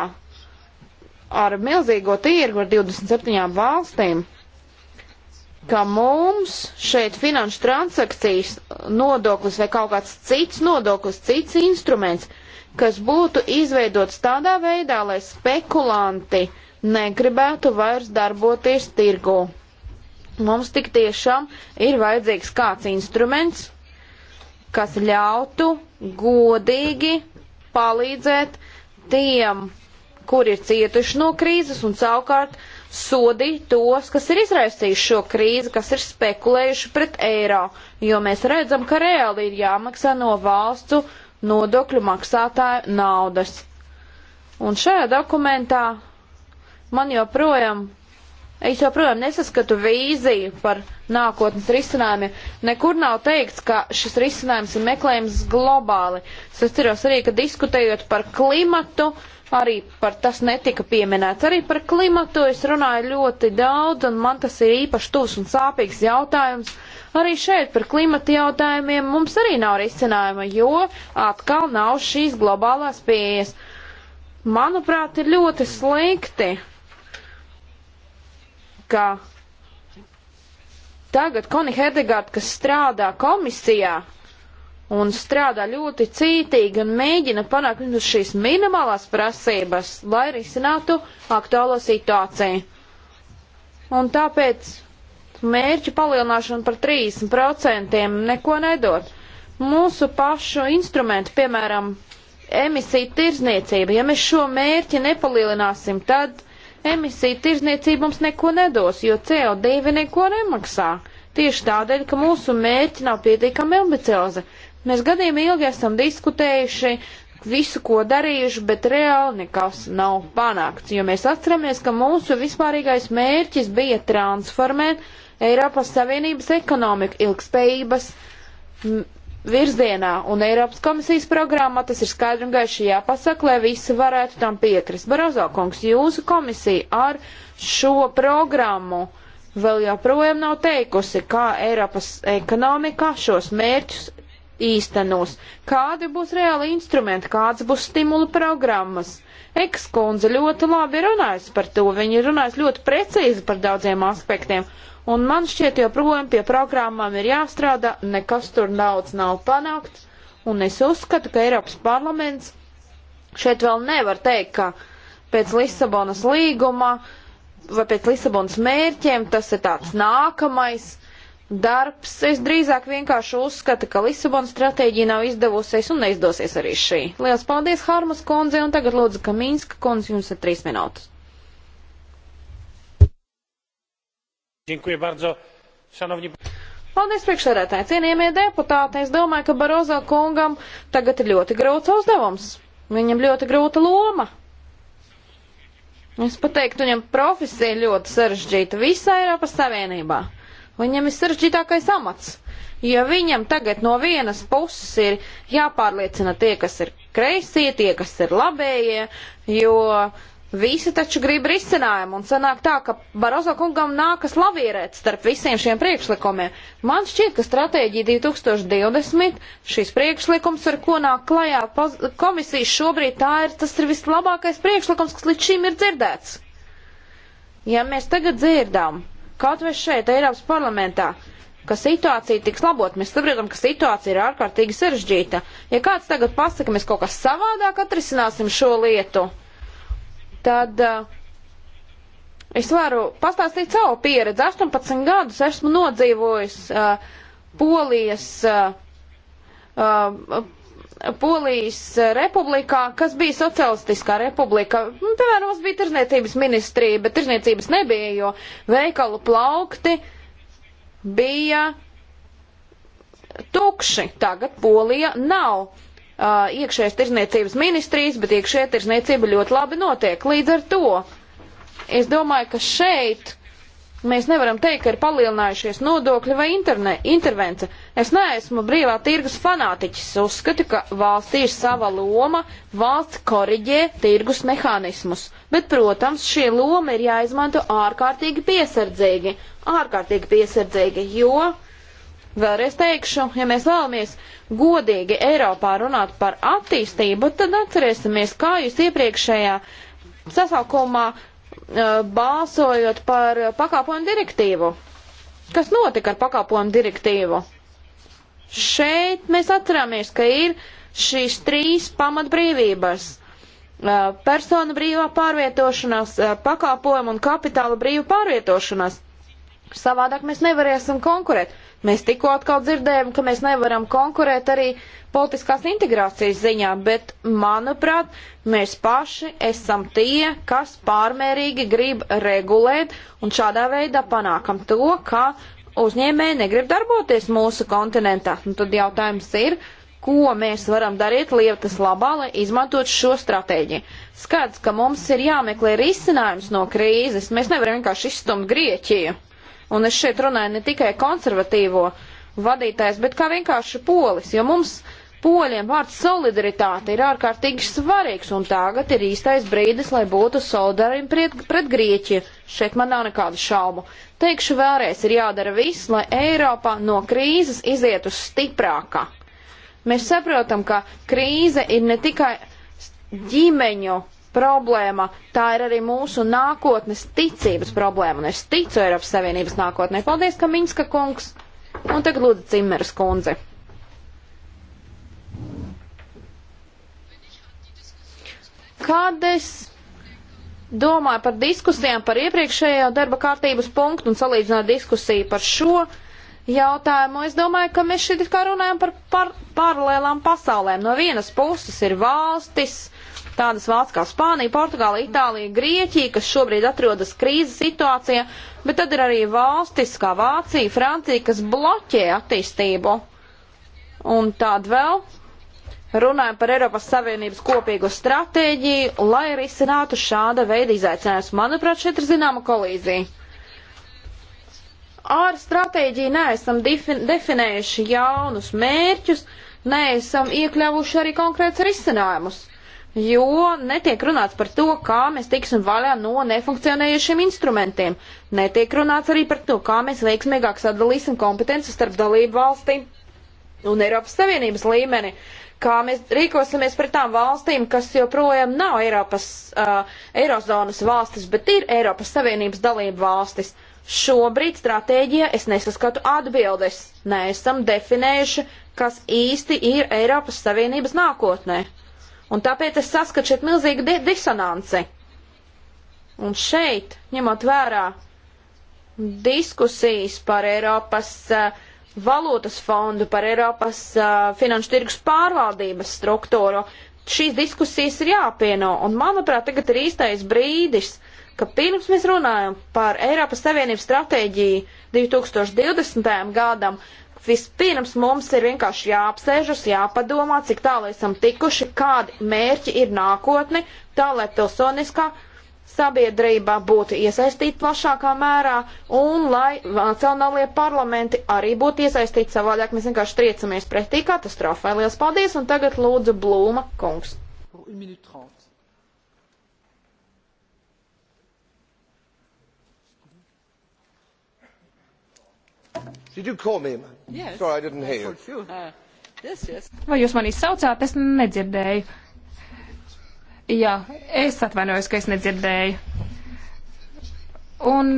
S4: ar milzīgo tirgu ar 27 valstīm, ka mums šeit finanšu transakcijas nodoklis vai kaut kāds cits nodoklis, cits instruments, kas būtu izveidots tādā veidā, lai spekulanti negribētu vairs darboties tirgu. Mums tik tiešām ir vajadzīgs kāds instruments, kas ļautu godīgi palīdzēt tiem, kur ir cietuši no krīzes un savukārt sodīt tos, kas ir izraisījuši šo krīzi, kas ir spekulējuši pret eiro, jo mēs redzam, ka reāli ir jāmaksā no valstu nodokļu maksātāju naudas. Un šajā dokumentā man joprojām Es joprojām nesaskatu vīziju par nākotnes risinājumiem. Nekur nav teikts, ka šis risinājums ir meklējams globāli. Es atceros arī, ka diskutējot par klimatu, arī par tas netika pieminēts. Arī par klimatu es runāju ļoti daudz, un man tas ir īpaši tūs un sāpīgs jautājums. Arī šeit par klimatu jautājumiem mums arī nav risinājuma, jo atkal nav šīs globālās pieejas. Manuprāt, ir ļoti slikti ka tagad Koni Hedegard, kas strādā komisijā un strādā ļoti cītīgi un mēģina panākt uz šīs minimālās prasības, lai risinātu aktuālo situāciju. Un tāpēc mērķu palielināšana par 30% neko nedod. Mūsu pašu instrumenti, piemēram, emisiju tirzniecība, ja mēs šo mērķi nepalielināsim, tad Emisija tirzniecība mums neko nedos, jo CO2 neko nemaksā. Tieši tādēļ, ka mūsu mērķi nav pietiekami ambiciozi. Mēs gadiem ilgi esam diskutējuši, visu, ko darījuši, bet reāli nekas nav panākts, jo mēs atceramies, ka mūsu vispārīgais mērķis bija transformēt Eiropas Savienības ekonomiku ilgspējības virzienā, un Eiropas komisijas programmā tas ir skaidri un gaiši jāpasaka, lai visi varētu tam piekrist. Barozo kungs, jūsu komisija ar šo programmu vēl joprojām nav teikusi, kā Eiropas ekonomika šos mērķus īstenos, kādi būs reāli instrumenti, kāds būs stimulu programmas. Ekskundze ļoti labi runājusi par to, viņa runājusi ļoti precīzi par daudziem aspektiem, Un man šķiet, joprojām pie programmām ir jāstrādā, nekas tur daudz nav panākts. Un es uzskatu, ka Eiropas parlaments šeit vēl nevar teikt, ka pēc Lisabonas līguma vai pēc Lisabonas mērķiem tas ir tāds nākamais darbs. Es drīzāk vienkārši uzskatu, ka Lisabonas stratēģija nav izdevusies un neizdosies arī šī. Lielas paldies, Harmas kundze, un tagad lūdzu, ka Mīnska kundze jums ir trīs minūtes.
S3: Paldies,
S4: priekšsēdētāji, cienījamie deputāti. Es domāju, ka Barozo kungam tagad ir ļoti grūts uzdevums. Viņam ļoti grūta loma. Es pateiktu, viņam profesija ļoti sarežģīta visā Eiropas Savienībā. Viņam ir sarežģītākais amats. Ja viņam tagad no vienas puses ir jāpārliecina tie, kas ir kreisie, tie, kas ir labējie, jo Visi taču grib risinājumu, un sanāk tā, ka Barozo kungam nākas lavierēt starp visiem šiem priekšlikumiem. Man šķiet, ka stratēģija 2020, šis priekšlikums, ar ko nāk klajā komisija šobrīd, tā ir, tas ir vislabākais priekšlikums, kas līdz šim ir dzirdēts. Ja mēs tagad dzirdām, kaut vai šeit, Eiropas parlamentā, ka situācija tiks labot, mēs saprotam, ka situācija ir ārkārtīgi sarežģīta. Ja kāds tagad pasaka, mēs kaut kas savādāk atrisināsim šo lietu, tad uh, es varu pastāstīt savu pieredzi. 18 gadus esmu nodzīvojis uh, Polijas, uh, Polijas republikā, kas bija socialistiskā republika. Piemēram, nu, mums bija tirzniecības ministrija, bet tirzniecības nebija, jo veikalu plaukti bija tukši. Tagad Polija nav uh, iekšējās tirzniecības ministrijas, bet iekšējā tirzniecība ļoti labi notiek. Līdz ar to es domāju, ka šeit mēs nevaram teikt, ka ir palielinājušies nodokļi vai interne, intervence. Es neesmu brīvā tirgus fanātiķis. Uzskatu, ka valstī ir sava loma, valsts koriģē tirgus mehānismus. Bet, protams, šī loma ir jāizmanto ārkārtīgi piesardzīgi. Ārkārtīgi piesardzīgi, jo Vēlreiz teikšu, ja mēs vēlamies godīgi Eiropā runāt par attīstību, tad atcerēsimies, kā jūs iepriekšējā sasaukumā eh, balsojot par pakāpojumu direktīvu. Kas notika ar pakāpojumu direktīvu? Šeit mēs atceramies, ka ir šīs trīs pamatbrīvības eh, persona brīvā pārvietošanās, eh, pakāpojumu un kapitāla brīva pārvietošanās. Savādāk mēs nevarēsim konkurēt. Mēs tikko atkal dzirdējām, ka mēs nevaram konkurēt arī politiskās integrācijas ziņā, bet, manuprāt, mēs paši esam tie, kas pārmērīgi grib regulēt un šādā veidā panākam to, ka uzņēmēji negrib darboties mūsu kontinentā. Un tad jautājums ir, ko mēs varam darīt lietas labā, lai izmantot šo stratēģiju. Skats, ka mums ir jāmeklē risinājums no krīzes, mēs nevaram vienkārši izstumt Grieķiju. Un es šeit runāju ne tikai konservatīvo vadītājs, bet kā vienkārši polis, jo mums poļiem vārds solidaritāte ir ārkārtīgi svarīgs, un tagad ir īstais brīdis, lai būtu solidāriem pret, pret Grieķiju. Šeit man nav nekādu šaubu. Teikšu vēlreiz, ir jādara viss, lai Eiropā no krīzes iziet uz stiprākā. Mēs saprotam, ka krīze ir ne tikai ģimeņu problēma, tā ir arī mūsu nākotnes ticības problēma, un es ticu Eiropas Savienības nākotnē. Paldies, ka Minska kungs, un tagad lūdzu Cimeras kundze. Kad es domāju par diskusijām par iepriekšējo darba kārtības punktu un salīdzināju diskusiju par šo jautājumu, es domāju, ka mēs šeit kā runājam par, par paralēlām pasaulēm. No vienas puses ir valstis, tādas valsts kā Spānija, Portugāla, Itālija, Grieķija, kas šobrīd atrodas krīzes situācijā, bet tad ir arī valstis kā Vācija, Francija, kas bloķē attīstību. Un tād vēl runājam par Eiropas Savienības kopīgo stratēģiju, lai risinātu šāda veida izaicinājumus. Manuprāt, šeit ir zināma kolīzija. Ar stratēģiju neesam definējuši jaunus mērķus, neesam iekļāvuši arī konkrēts risinājumus. Ar jo netiek runāts par to, kā mēs tiksim vaļā no nefunkcionējušiem instrumentiem. Netiek runāts arī par to, kā mēs veiksmīgāk sadalīsim kompetences starp dalību valstīm un Eiropas Savienības līmeni, kā mēs rīkosimies pret tām valstīm, kas joprojām nav Eiropas, uh, Eirozonas valstis, bet ir Eiropas Savienības dalību valstis. Šobrīd stratēģijā es nesaskatu atbildes. Neesam definējuši, kas īsti ir Eiropas Savienības nākotnē. Un tāpēc es saskatu šeit milzīgu di disonanci. Un šeit, ņemot vērā diskusijas par Eiropas uh, valūtas fondu, par Eiropas uh, finanšu tirgus pārvaldības struktūru, šīs diskusijas ir jāpieno. Un, manuprāt, tagad ir īstais brīdis, ka pirms mēs runājam par Eiropas Savienības stratēģiju 2020. gadam, Vispirms mums ir vienkārši jāapsēžas, jāpadomā, cik tālu esam tikuši, kādi mērķi ir nākotne, tā lai pilsoniskā sabiedrība būtu iesaistīta plašākā mērā un lai nacionālajie parlamenti arī būtu iesaistīti savādāk. Mēs vienkārši triecamies pretī katastrofai. Lielas paldies un tagad lūdzu Blūma kungs.
S3: Did you call me, man? Yes. Sorry, I didn't hear you. Yes, yes.
S2: Uh, Vai jūs mani saucāt? Es nedzirdēju. Jā, es atvainojos, ka es nedzirdēju. Un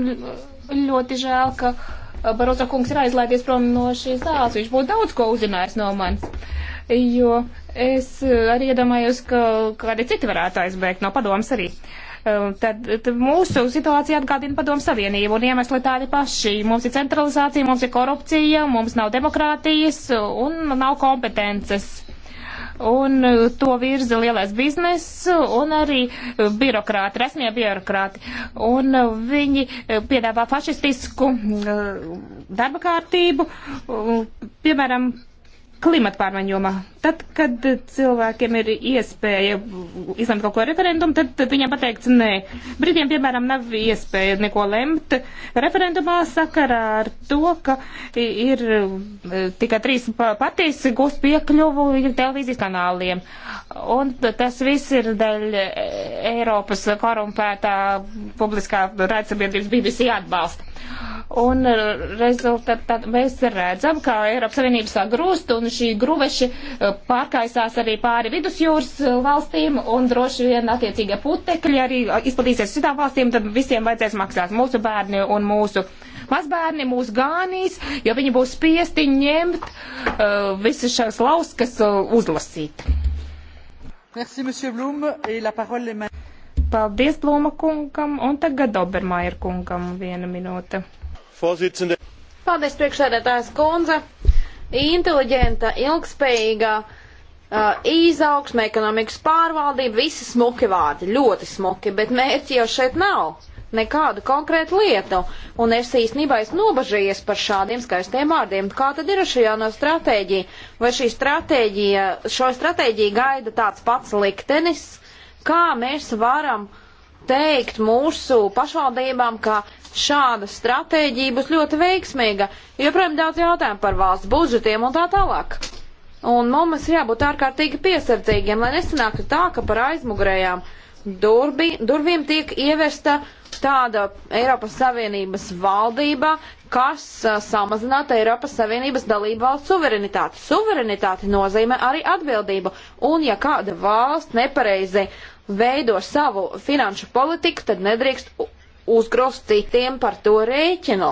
S2: ļoti žēl, ka uh, Barozo kungs ir aizlaidies prom no šīs zāles. Viņš būtu daudz ko uzzinājis no manis. Jo es uh, arī iedomājos, ka kādi citi varētu aizbēgt no padomas arī. Uh, Um, tad, tad mūsu situācija atgādina padomu savienību un iemesli tādi paši. Mums ir centralizācija, mums ir korupcija, mums nav demokrātijas un nav kompetences. Un uh, to virza lielais bizness un arī uh, birokrāti, resmie birokrāti. Un uh, viņi piedāvā fašistisku darba kārtību, piemēram, klimata pārmaiņu jomā. Tad, kad cilvēkiem ir iespēja izlemt kaut ko referendumu, tad, tad viņiem pateikts nē. Britiem, piemēram, nav iespēja neko lemt referendumā sakarā ar to, ka ir e, tikai trīs patīs gūst piekļuvu televīzijas kanāliem. Un tas viss ir daļ e, Eiropas korumpētā publiskā raidsabiedrības BBC atbalsta. Un eh, rezultātā mēs redzam, ka Eiropas Savienība sagrūst un šī gruveši eh, pārkaisās arī pāri vidusjūras eh, valstīm un droši vien attiecīgie putekļi arī izplatīsies citām valstīm, tad visiem vajadzēs maksāt mūsu bērni un mūsu mazbērni mūs gānīs, jo viņi būs spiesti ņemt uh, visas šās lauskas uh, uzlasīt. Merci, Paldies Blūma kungam un tagad Obermaier kungam viena minūte.
S3: Paldies
S2: priekšsēdētājs
S4: kundze. Inteliģenta, ilgspējīgā uh, izaugsme, ekonomikas pārvaldība, visi smuki vārdi, ļoti smuki, bet mērķi jau šeit nav. Nekādu konkrētu lietu, un es īstenībā esmu nobažījies par šādiem skaistiem vārdiem. Kā tad ir ar šī jauno stratēģiju? Vai šī stratēģija, šo stratēģiju gaida tāds pats liktenis, Kā mēs varam teikt mūsu pašvaldībām, ka šāda stratēģija būs ļoti veiksmīga? Joprojām daudz jautājumu par valsts budžetiem un tā tālāk. Un nu, mums jābūt ārkārtīgi piesardzīgiem, lai nesanāktu tā, ka par aizmugurējām durbi, durvīm tiek ievesta tāda Eiropas Savienības valdība, kas a, samazinātu Eiropas Savienības dalību valsts suverenitāti. Suverenitāti nozīmē arī atbildību, un ja kāda valsts nepareizi veido savu finanšu politiku, tad nedrīkst uzgrūst citiem par to rēķinu.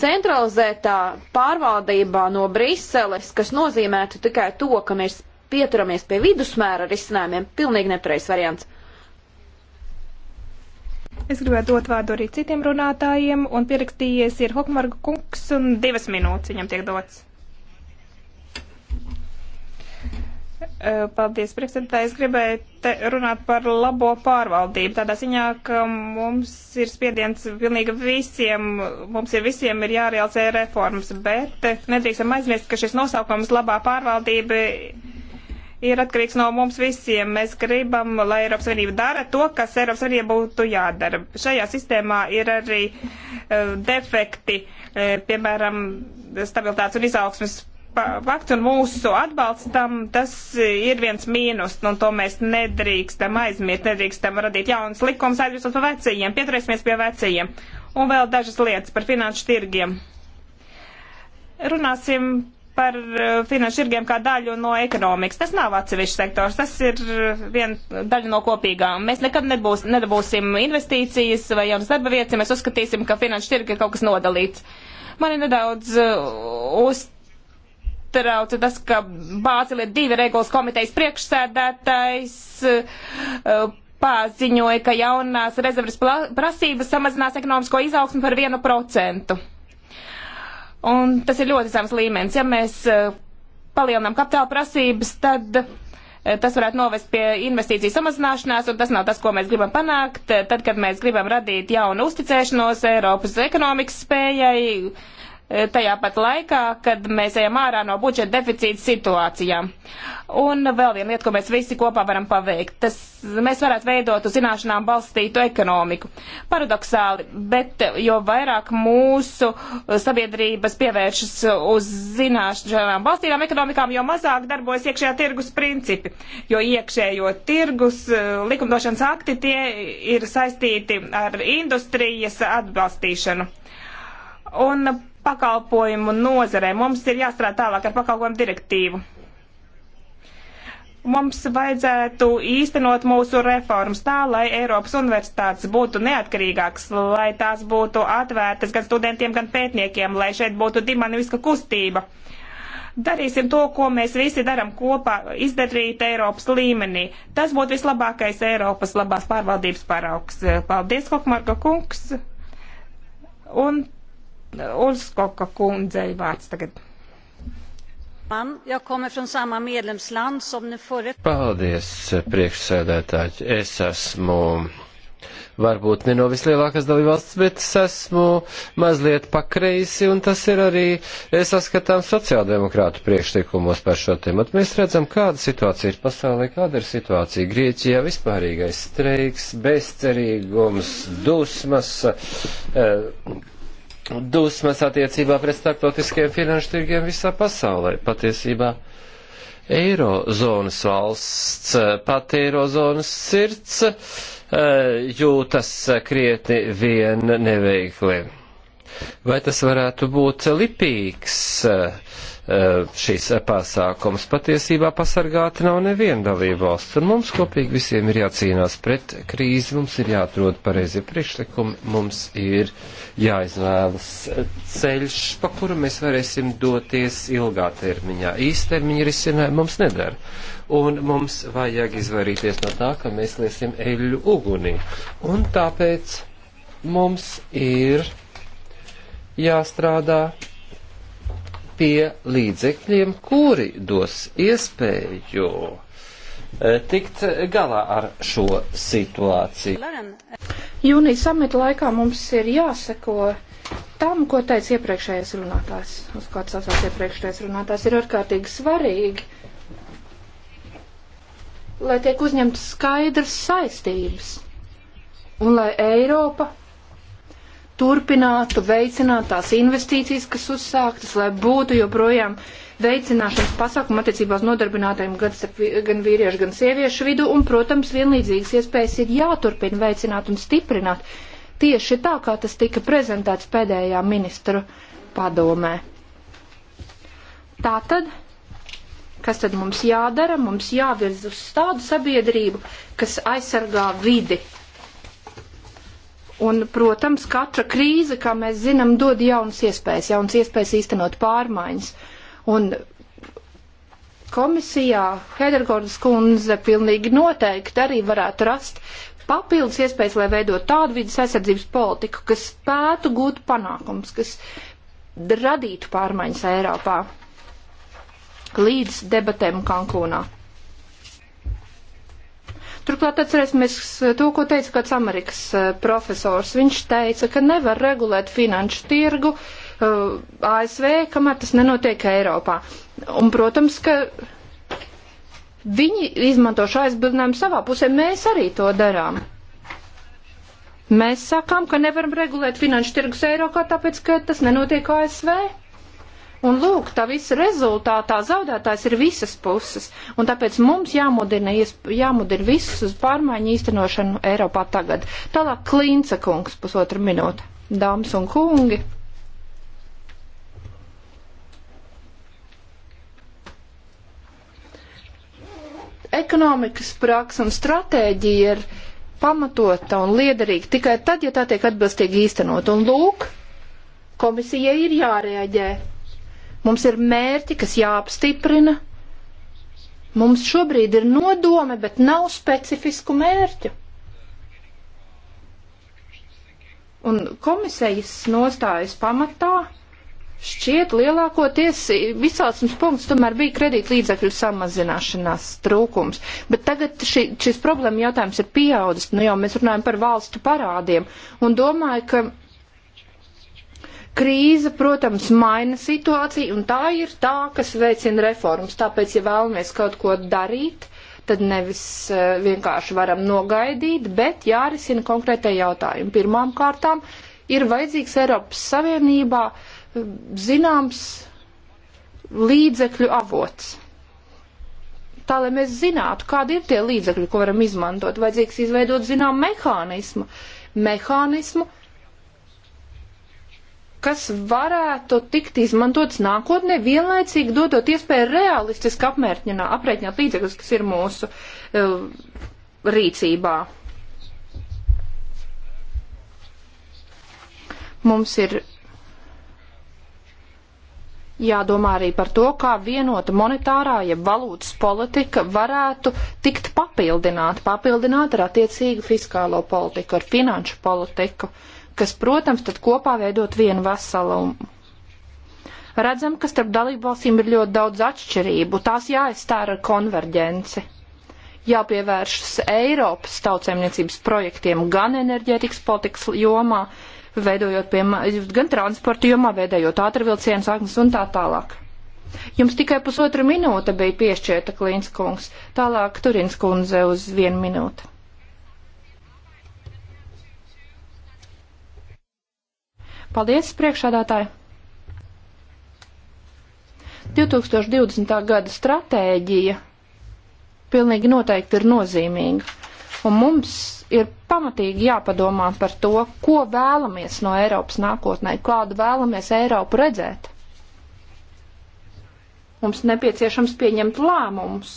S4: Centralizētā pārvaldībā no Briseles, kas nozīmētu tikai to, ka mēs pieturamies
S2: pie vidusmēra
S4: risinājumiem, pilnīgi nepareizs variants.
S2: Es gribētu dot vārdu arī citiem runātājiem, un pierakstījies ir Hokmarga kungs, un divas minūtes viņam tiek dots. Paldies, priekšsēdētāji. Es gribēju runāt par labo pārvaldību. Tādā ziņā, ka mums ir spiediens pilnīgi visiem, mums ir visiem ir jārealizē reformas, bet nedrīkstam aizmirst, ka šis nosaukums labā pārvaldība ir atkarīgs no mums visiem. Mēs gribam, lai Eiropas Savienība dara to, kas Eiropas Savienība būtu jādara. Šajā sistēmā ir arī uh, defekti, uh, piemēram, stabilitātes un izaugsmes pakts un mūsu atbalstam, tas ir viens mīnus, un to mēs nedrīkstam aizmirst, nedrīkstam radīt jaunas likumas, aizmirstot par vecajiem, pieturēsimies pie vecajiem. Un vēl dažas lietas par finanšu tirgiem. Runāsim par eh, finanšu tirgiem kā daļu no ekonomikas. Tas nav atsevišķs sektors, tas ir eh, viena daļa no kopīgām. Mēs nekad nebūs, nedabūsim investīcijas vai jaunas darba vietas, ja mēs uzskatīsim, ka finanšu tirgi ir kaut kas nodalīts. Man ir nedaudz uh, uz satrauc tas, ka Bāzele divi regulas komitejas priekšsēdētājs eh, paziņoja, ka jaunās rezerves prasības samazinās ekonomisko izaugsmu par vienu procentu. Un tas ir ļoti zems līmenis. Ja mēs eh, palielinām kapitāla prasības, tad eh, tas varētu novest pie investīciju samazināšanās, un tas nav tas, ko mēs gribam panākt. Tad, kad mēs gribam radīt jaunu uzticēšanos Eiropas ekonomikas spējai, Eh, tajā pat laikā, kad mēs ejam ārā no budžeta deficīta situācijām. Un vēl viena lieta, ko mēs visi kopā varam paveikt, tas mēs varētu veidot uz zināšanām balstītu ekonomiku. Paradoxāli, bet jo vairāk mūsu sabiedrības pievēršas uz zināšanām balstītām ekonomikām, jo mazāk darbojas iekšējā tirgus principi, jo iekšējo tirgus eh, likumdošanas akti tie ir saistīti ar industrijas atbalstīšanu. Un pakalpojumu nozarē. Mums ir jāstrādā tālāk ar pakalpojumu direktīvu. Mums vajadzētu īstenot mūsu reformas tā, lai Eiropas universitātes būtu neatkarīgākas, lai tās būtu atvērtas gan studentiem, gan pētniekiem, lai šeit būtu dimaniviska kustība darīsim to, ko mēs visi darām kopā, izdarīt Eiropas līmenī. Tas būtu vislabākais Eiropas labās pārvaldības paraugs. Paldies, Hokmarka kungs! Un Ulskoka kundzei vārds tagad.
S3: Paldies, priekšsēdētāji. Es esmu varbūt ne no vislielākās dalībvalsts, bet es esmu mazliet pakreisi, un tas ir arī saskatām sociāldemokrātu priekšteikumos par šo tematu. Mēs redzam, kāda situācija ir pasaulē, kāda ir situācija Grieķijā, vispārīgais streiks, bezcerīgums, dusmas. Eh, dusmas attiecībā pret starptautiskiem finanšu tirgiem visā pasaulē. Patiesībā Eirozonas valsts, pat Eirozonas sirds eh, jūtas krietni vien neveikli. Vai tas varētu būt lipīgs? Uh, Eh, šīs pasākums. Patiesībā pasargāti nav neviena dalība valsts, un mums kopīgi visiem ir jācīnās pret krīzi, mums ir jāatrod pareizie priekšlikumi, mums ir jāizvēlas ceļš, pa kuru mēs varēsim doties ilgā termiņā. Īstermiņa risinājumi mums nedara. Un mums vajag izvairīties no tā, ka mēs liesim eļļu ugunī. Un tāpēc mums ir jāstrādā pie līdzekļiem, kuri dos iespēju e, tikt galā ar šo situāciju.
S5: Jūnijas samita laikā mums ir jāseko tam, ko teica iepriekšējais runātājs, uz ko atsaucās iepriekšējais runātājs, ir ārkārtīgi svarīgi, lai tiek uzņemtas skaidras saistības un lai Eiropa turpinātu veicināt tās investīcijas, kas uzsāktas, lai būtu joprojām veicināšanas pasākumu attiecībās nodarbinātajiem gan, gan vīriešu, gan sieviešu vidu, un, protams, vienlīdzīgas iespējas ir jāturpina veicināt un stiprināt, tieši tā, kā tas tika prezentēts pēdējā ministru padomē. Tātad, kas tad mums jādara? Mums jāvirz uz tādu sabiedrību, kas aizsargā vidi, Un, protams, katra krīze, kā mēs zinām, dod jaunas iespējas, jaunas iespējas īstenot pārmaiņas. Un komisijā Hedergordas kundze pilnīgi noteikti arī varētu rast papildus iespējas, lai veidot tādu vidas aizsardzības politiku, kas spētu gūt panākums, kas radītu pārmaiņas Eiropā līdz debatēm Kankūnā. Turklāt atcerēsimies eh, to, ko teica kāds Amerikas eh, profesors. Viņš teica, ka nevar regulēt finanšu tirgu uh, eh, ASV, kamēr tas nenotiek Eiropā. Un, protams, ka viņi izmanto šo aizbildinājumu savā pusē. Mēs arī to darām. Mēs sakām, ka nevaram regulēt finanšu tirgus Eiropā, tāpēc, ka tas nenotiek ASV. Un lūk, tā visa rezultātā zaudētājs ir visas puses, un tāpēc mums jāmudina, jāmudina visus uz pārmaiņu īstenošanu Eiropā tagad. Tālāk Klīnca kungs, pusotra minūte. Dāmas un kungi. Ekonomikas praksa un stratēģija ir pamatota un liederīga tikai tad, ja tā tiek atbilstīgi īstenot. Un lūk, komisijai ir jārēģē Mums ir mērķi, kas jāapstiprina. Mums šobrīd ir nodome, bet nav specifisku mērķu. Un komisijas nostājas pamatā šķiet lielākoties izcelsmes punkts tomēr bija kredīt līdzekļu samazināšanās trūkums. Bet tagad ši, šis problēma jautājums ir pieaudzis, nu jau mēs runājam par valstu parādiem un domāju, ka Krīze, protams, maina situāciju, un tā ir tā, kas veicina reformas. Tāpēc, ja vēlamies kaut ko darīt, tad nevis eh, vienkārši varam nogaidīt, bet jārisina konkrētai jautājumi. Pirmām kārtām ir vajadzīgs Eiropas Savienībā eh, zināms līdzekļu avots. Tā, lai mēs zinātu, kādi ir tie līdzekļi, ko varam izmantot, vajadzīgs izveidot zinām mehānismu, mehānismu, kas varētu tikt izmantots nākotnē, vienlaicīgi dodot iespēju realistiski apmērķinā, aprēķināt līdzekļus, kas ir mūsu uh, rīcībā. Mums ir jādomā arī par to, kā vienota monetārā, ja valūtas politika varētu tikt papildināta, papildināta ar attiecīgu fiskālo politiku, ar finanšu politiku. Uh, kas, protams, tad kopā veidot vienu veselumu. Redzam, ka starp dalībvalstīm ir ļoti daudz atšķirību, tās jāizstāra ar konverģenci. Jāpievēršas Eiropas tautsēmniecības projektiem gan enerģētikas politikas jomā, veidojot piemēram, gan transporta jomā, veidojot ātrvilcienu saknes un tā tālāk. Jums tikai pusotra minūte bija piešķirta Klīnskungs, tālāk Turins kundze uz vienu minūti. Paldies, priekšādātāji! 2020. gada stratēģija pilnīgi noteikti ir nozīmīga. Un mums ir pamatīgi jāpadomā par to, ko vēlamies no Eiropas nākotnē, kādu vēlamies Eiropu redzēt. Mums nepieciešams pieņemt lēmumus,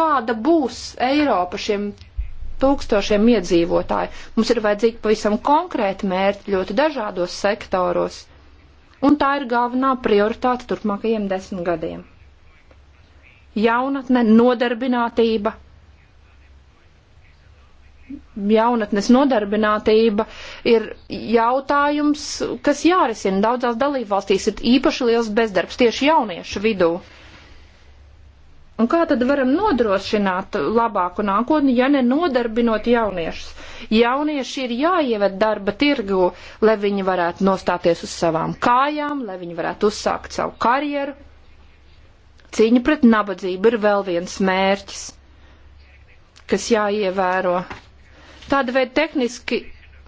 S5: kāda būs Eiropa šiem tūkstošiem iedzīvotāju. Mums ir vajadzīgi pavisam konkrēti mērķi ļoti dažādos sektoros. Un tā ir galvenā prioritāte turpmākajiem desmit gadiem. Jaunatne, nodarbinātība, jaunatnes nodarbinātība ir jautājums, kas jārisina. Daudzās dalībvalstīs ir īpaši liels bezdarbs tieši jauniešu vidū. Un kā tad varam nodrošināt labāku nākotni, ja nenodarbinot jauniešus? Jaunieši ir jāieved darba tirgu, lai viņi varētu nostāties uz savām kājām, lai viņi varētu uzsākt savu karjeru. Cīņa pret nabadzību ir vēl viens mērķis, kas jāievēro. Tāda veida tehniski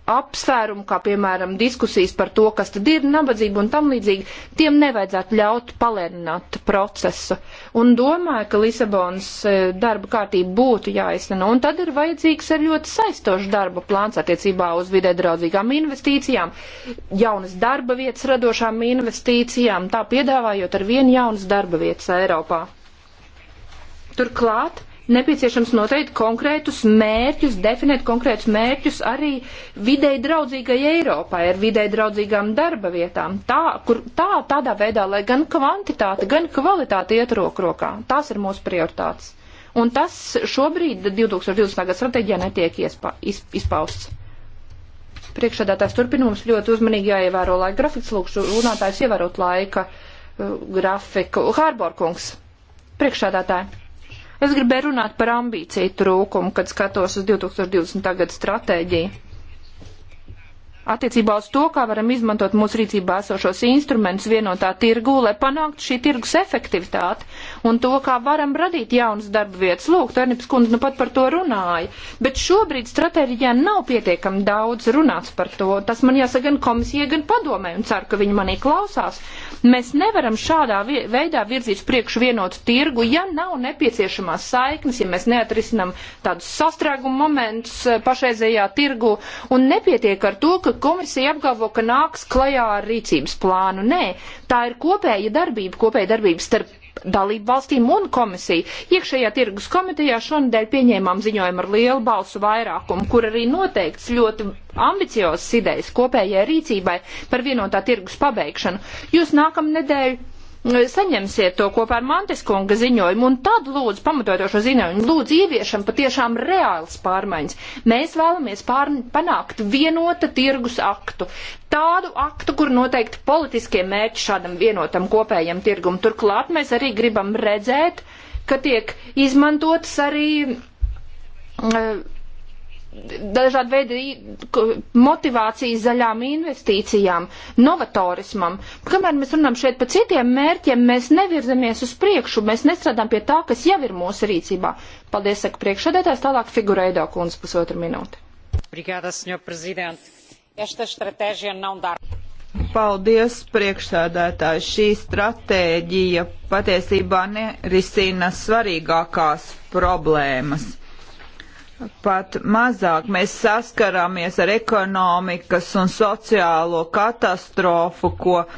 S5: apsvērumu, kā piemēram diskusijas par to, kas tad ir nabadzība un tam līdzīgi, tiem nevajadzētu ļaut palēnināt procesu. Un domāju, ka Lisabonas e, darba kārtība būtu jāizsneno. Un tad ir vajadzīgs ar ļoti saistošs darba plāns attiecībā uz vidē draudzīgām investīcijām, jaunas darba vietas radošām investīcijām, tā piedāvājot ar vienu jaunas darba vietas Eiropā. Turklāt nepieciešams noteikt konkrētus mērķus, definēt konkrētus mērķus arī videi draudzīgai Eiropai ar videi draudzīgām darba vietām. Tā, kur, tā, tādā veidā, lai gan kvantitāte, gan kvalitāte iet rokrokā. Tās ir mūsu prioritātes. Un tas šobrīd 2020. gada stratēģijā netiek iespa, iz, izpausts. Priekšādātājs turpinums ļoti uzmanīgi jāievēro laika grafiks, lūkšu runātājs ievērot laika uh, grafiku. Hārborkungs, priekšādātāji. Es gribēju runāt par ambīciju trūkumu, kad skatos uz 2020. gada stratēģiju attiecībā uz to, kā varam izmantot mūsu rīcībā esošos instrumentus vienotā tirgū, lai panāktu šī tirgus efektivitāti un to, kā varam radīt jaunas darba vietas. Lūk, Tērnips kundze nu pat par to runāja, bet šobrīd stratēģijā nav pietiekami daudz runāts par to. Tas man jāsaka gan komisijai, gan padomē un ceru, ka viņi manī klausās. Mēs nevaram šādā veidā virzīt priekšu vienotu tirgu, ja nav nepieciešamās saiknes, ja mēs neatrisinam tādus sastrēgumu momentus eh, pašreizējā tirgu un nepietiek ar to, ka komisija apgalvo, ka nāks klajā ar rīcības plānu. Nē, tā ir kopēja darbība, kopēja darbība starp dalību valstīm un komisiju. Iekšējā tirgus komitejā šonadēļ pieņēmām ziņojumu ar lielu balsu vairākumu, kur arī noteikts ļoti ambiciozas idejas kopējai rīcībai par vienotā tirgus pabeigšanu. Jūs nākamnedēļ Nu, saņemsiet to kopā ar Mantiskunga ziņojumu, un tad lūdzu, pamatojot šo ziņojumu, lūdzu ieviešam patiešām reāls pārmaiņas. Mēs vēlamies pār, panākt vienota tirgus aktu. Tādu aktu, kur noteikti politiskie mērķi šādam vienotam kopējam tirgum. Turklāt mēs arī gribam redzēt, ka tiek izmantotas arī. Uh, dažādi veidi motivācijas zaļām investīcijām, novatorismam. Kamēr mēs runājam šeit par citiem mērķiem, mēs nevirzamies uz priekšu, mēs nestrādājam pie tā, kas jau ir mūsu rīcībā. Paldies, saka priekšsēdētājs, tālāk figurēdo kundze pusotru minūti.
S6: Brigāda, senjor
S4: prezident, esta stratēģija nav darba.
S1: Paldies, priekšsēdētāji. Šī stratēģija patiesībā nerisina svarīgākās problēmas. Mm Pat mazāk mēs saskarāmies ar ekonomikas un sociālo katastrofu, ko uh,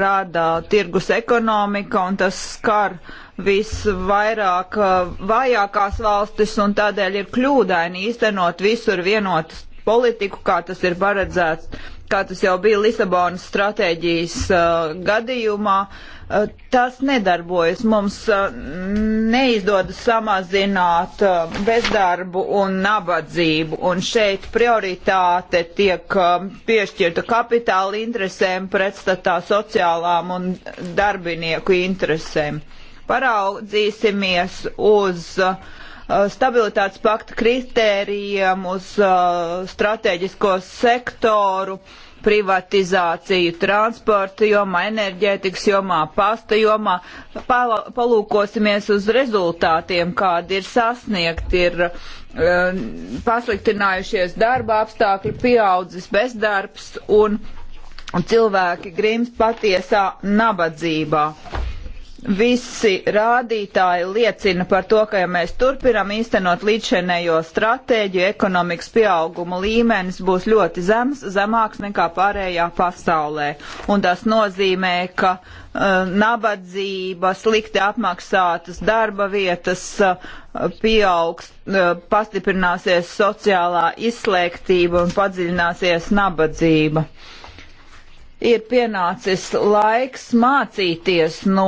S1: rada tirgus ekonomika, un tas skar visvairāk uh, vājākās valstis, un tādēļ ir kļūdaini īstenot visur vienotas politiku, kā tas ir paredzēts, kā tas jau bija Lisabonas stratēģijas uh, gadījumā. Uh, Eh, tas nedarbojas. Mums eh, neizdodas samazināt eh, bezdarbu un nabadzību, un šeit prioritāte tiek piešķirta kapitāla interesēm pretstatā sociālām un darbinieku interesēm. Paraudzīsimies uz uh, stabilitātes pakta kritērijiem, uz uh, strateģisko sektoru. Uh, privatizāciju transporta jomā, enerģētikas jomā, pasta jomā. Palūkosimies uz rezultātiem, kādi ir sasniegti, ir uh, pasliktinājušies darba apstākļi, pieaudzis bezdarbs un cilvēki grims patiesā nabadzībā Visi rādītāji liecina par to, ka ja mēs turpinam īstenot līdzšinējo stratēģiju, ekonomikas pieauguma līmenis būs ļoti zems, zemāks nekā pārējā pasaulē. Un tas nozīmē, ka uh, nabadzība, slikti apmaksātas darba vietas uh, pieaugs, uh, pastiprināsies sociālā izslēgtība un padziļināsies nabadzība. Uh, ir pienācis laiks mācīties no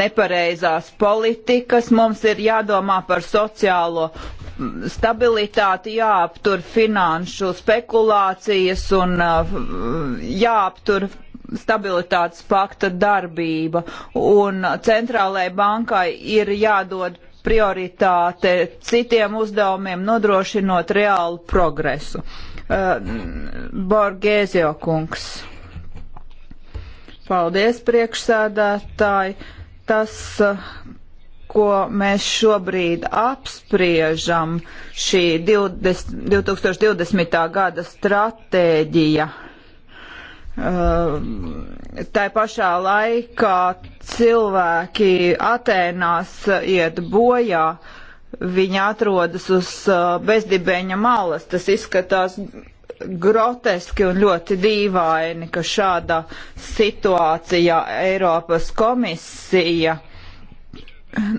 S1: nepareizās politikas. Mums ir jādomā par sociālo stabilitāti, jāaptur finanšu spekulācijas un uh, jāaptur stabilitātes pakta darbība. Un centrālajai bankai ir jādod prioritāte citiem uzdevumiem, nodrošinot reālu progresu. Uh, Borgēzio kungs. Paldies, priekšsēdētāji. Tas, eh, ko mēs šobrīd apspriežam, šī 20, 2020. gada stratēģija. Eh, Tā pašā laikā cilvēki Atēnās iet bojā, viņi atrodas uz eh, bezdibeņa malas. Tas izskatās groteski un ļoti dīvaini, ka šādā situācijā Eiropas komisija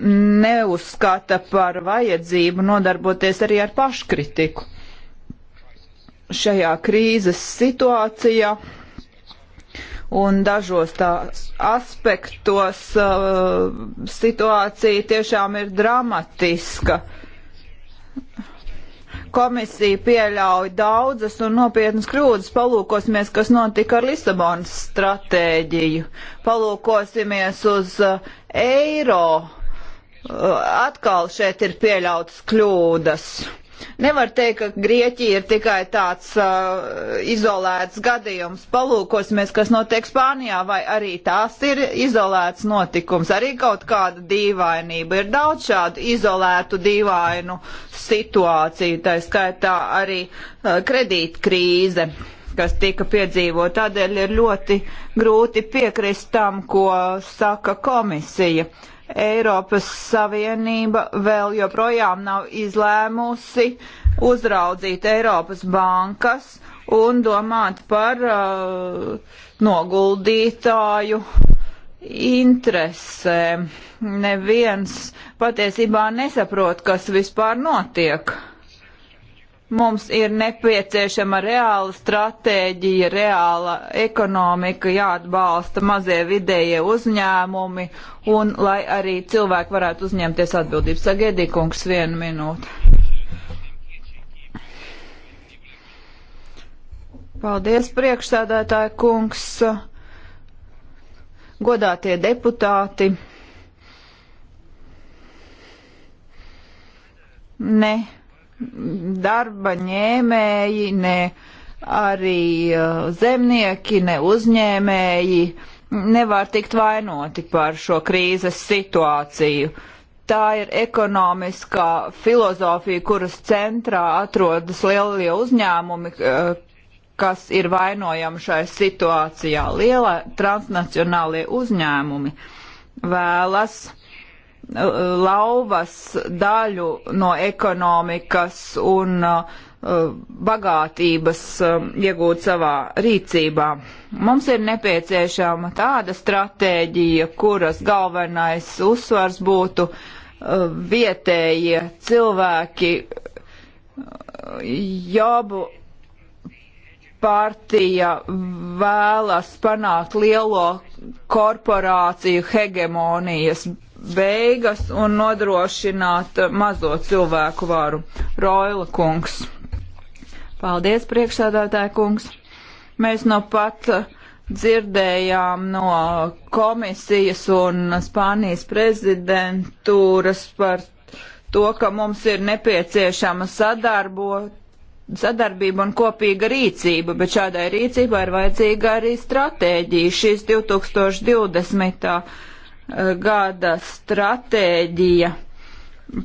S1: neuzskata par vajadzību nodarboties arī ar paškritiku. Šajā krīzes situācijā un dažos tās aspektos uh, situācija tiešām ir dramatiska. Uh, komisija pieļauj daudzas un nopietnas kļūdas. Palūkosimies, kas notika ar Lisabonas stratēģiju. Palūkosimies uz uh, eiro. Uh, atkal šeit ir pieļautas kļūdas. Nevar teikt, ka Grieķija ir tikai tāds uh, izolēts gadījums. Palūkosimies, kas notiek Spānijā, vai arī tās ir izolēts notikums. Arī kaut kāda dīvainība. Ir daudz šādu izolētu dīvainu situāciju, tā skaitā arī uh, kredītkrīze kas tika piedzīvot. Tādēļ ir ļoti grūti piekrist tam, ko saka komisija. Uh, Eiropas Savienība vēl joprojām nav izlēmusi uzraudzīt Eiropas bankas un domāt par uh, noguldītāju interesēm. Neviens patiesībā nesaprot, kas vispār notiek. Mums ir nepieciešama reāla stratēģija, reāla ekonomika, jāatbalsta mazie vidējie uzņēmumi un lai arī cilvēki varētu uzņemties atbildību. Sagēdīkungs, vienu minūti. Paldies, priekšsēdētāja kungs, godātie deputāti. Ne darba ņēmēji, ne arī uh, zemnieki, ne uzņēmēji nevar tikt vainoti par šo krīzes situāciju. Tā ir ekonomiskā filozofija, kuras centrā atrodas lielie uzņēmumi, uh, kas ir vainojami šai situācijā. Liela transnacionālie uzņēmumi vēlas lauvas daļu no ekonomikas un uh, bagātības um, iegūt savā rīcībā. Mums ir nepieciešama tāda stratēģija, kuras galvenais uzsvars būtu uh, vietējie cilvēki, uh, jobu partija vēlas panākt lielo korporāciju hegemonijas beigas un nodrošināt mazo cilvēku varu. Roila kungs. Paldies, priekšsēdētāja kungs. Mēs no pat dzirdējām no komisijas un Spānijas prezidentūras par to, ka mums ir nepieciešama sadarbot sadarbība un kopīga rīcība, bet šādai rīcībai ir vajadzīga arī stratēģija. Šis 2020 gada stratēģija.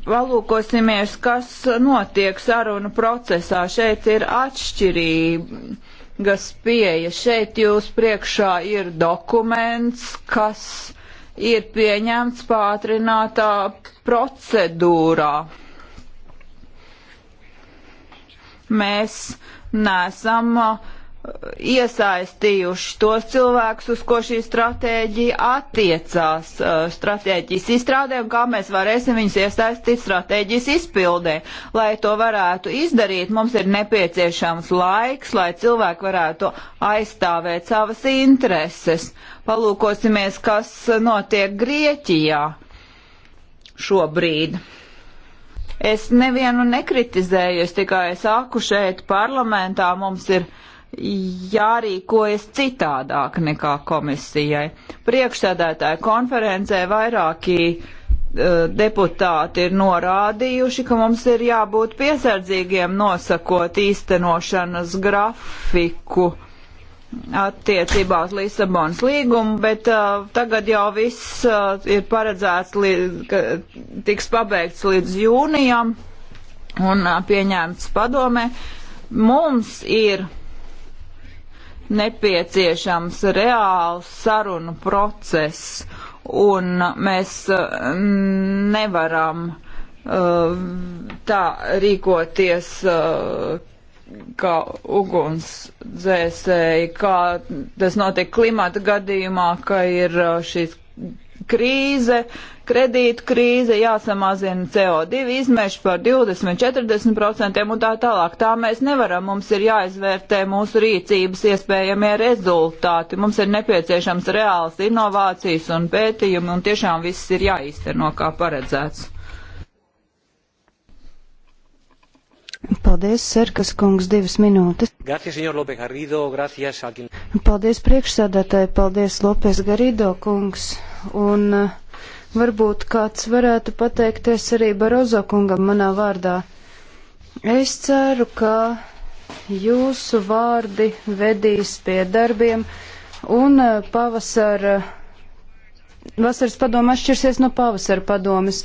S1: Palūkosimies, kas notiek sarunu procesā. Šeit ir atšķirīgas pieeja. Šeit jūs priekšā ir dokuments, kas ir pieņemts pātrinātā procedūrā. Mēs nesam uh, iesaistījuši tos cilvēkus, uz ko šī stratēģija attiecās uh, stratēģijas izstrādē un kā mēs varēsim viņus iesaistīt stratēģijas izpildē. Lai to varētu izdarīt, mums ir nepieciešams laiks, lai cilvēki varētu aizstāvēt savas intereses. Palūkosimies, kas notiek Grieķijā šobrīd. Es nevienu nekritizēju, es tikai saku šeit parlamentā mums ir uh, jārīkojas citādāk nekā komisijai. Priekšsēdētāja konferencē vairāki eh, deputāti ir norādījuši, ka mums ir jābūt piesardzīgiem nosakot īstenošanas grafiku attiecībā uz Lisabonas līgumu, bet uh, tagad jau viss uh, ir paredzēts, līdz, ka tiks pabeigts līdz jūnijam un uh, pieņēmts padomē. Mums ir nepieciešams reāls sarunu process, un mēs mm, nevaram uh, tā rīkoties uh, kā ugunsdzēsēji, kā tas notiek klimata gadījumā, ka ir šīs krīze, kredītu krīze, jāsamazina CO2 izmeši par 20-40% un tā tālāk. Tā mēs nevaram, mums ir jāizvērtē mūsu rīcības iespējamie rezultāti, mums ir nepieciešams reāls inovācijas un pētījumi un tiešām viss ir jāīsteno kā paredzēts.
S6: Paldies, Serkas kungs, divas minūtes.
S3: Gracias, senor López Garrido, gracias. Quien...
S6: Paldies priekšsādātāji, paldies López Garrido kungs. Un eh, varbūt kāds varētu pateikties arī Barozo kungam manā vārdā. Es ceru, ka jūsu vārdi vedīs pie darbiem un eh, pavasara, vasaras padoma atšķirsies no pavasara padomas.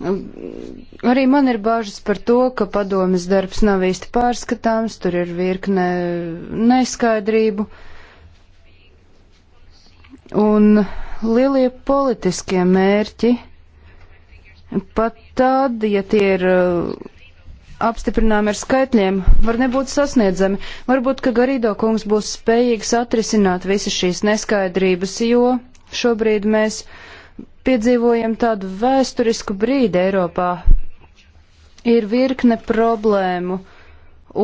S6: Arī man ir bažas par to, ka padomas darbs nav īsti pārskatāms, tur ir virkne neskaidrību. Un lielie politiskie mērķi, pat tad, ja tie ir uh, apstiprināmi ar skaitļiem, var nebūt sasniedzami. Varbūt, ka Garīdo kungs būs spējīgs atrisināt visas šīs neskaidrības, jo šobrīd mēs. Uh, piedzīvojam tādu vēsturisku brīdi Eiropā. Ir virkne problēmu,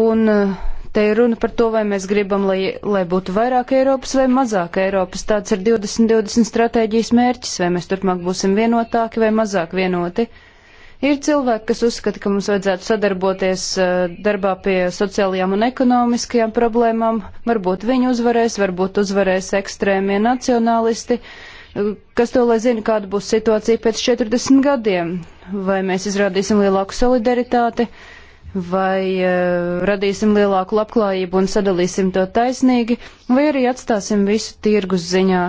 S6: un eh, te ir runa par to, vai mēs gribam, lai, lai būtu vairāk Eiropas vai mazāk Eiropas. Tāds ir 2020 stratēģijas mērķis, vai mēs turpmāk būsim vienotāki vai mazāk vienoti. Ir cilvēki, kas uzskata, ka mums vajadzētu sadarboties eh, darbā pie sociālajām un ekonomiskajām problēmām. Varbūt viņi uzvarēs, varbūt uzvarēs ekstrēmie nacionālisti. Uh, Kas to lai zina, kāda būs situācija pēc 40 gadiem? Vai mēs izrādīsim lielāku solidaritāti, vai uh, radīsim lielāku labklājību un sadalīsim to taisnīgi, vai arī atstāsim visu tirgus ziņā?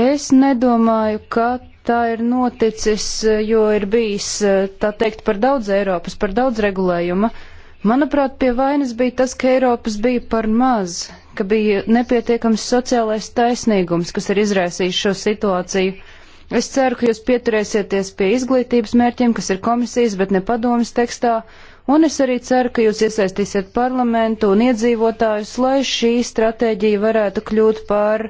S6: Es nedomāju, ka tā ir noticis, eh, jo ir bijis, eh, tā teikt, par daudz Eiropas, par daudz regulējuma. Uh, Manuprāt, pie vainas bija tas, ka Eiropas bija par maz, ka bija nepietiekams sociālais taisnīgums, kas ir izraisījis šo situāciju. Es ceru, ka jūs pieturēsieties pie izglītības mērķiem, kas ir komisijas, bet ne padomas tekstā, un es arī ceru, ka jūs iesaistīsiet parlamentu un iedzīvotājus, lai šī stratēģija varētu kļūt par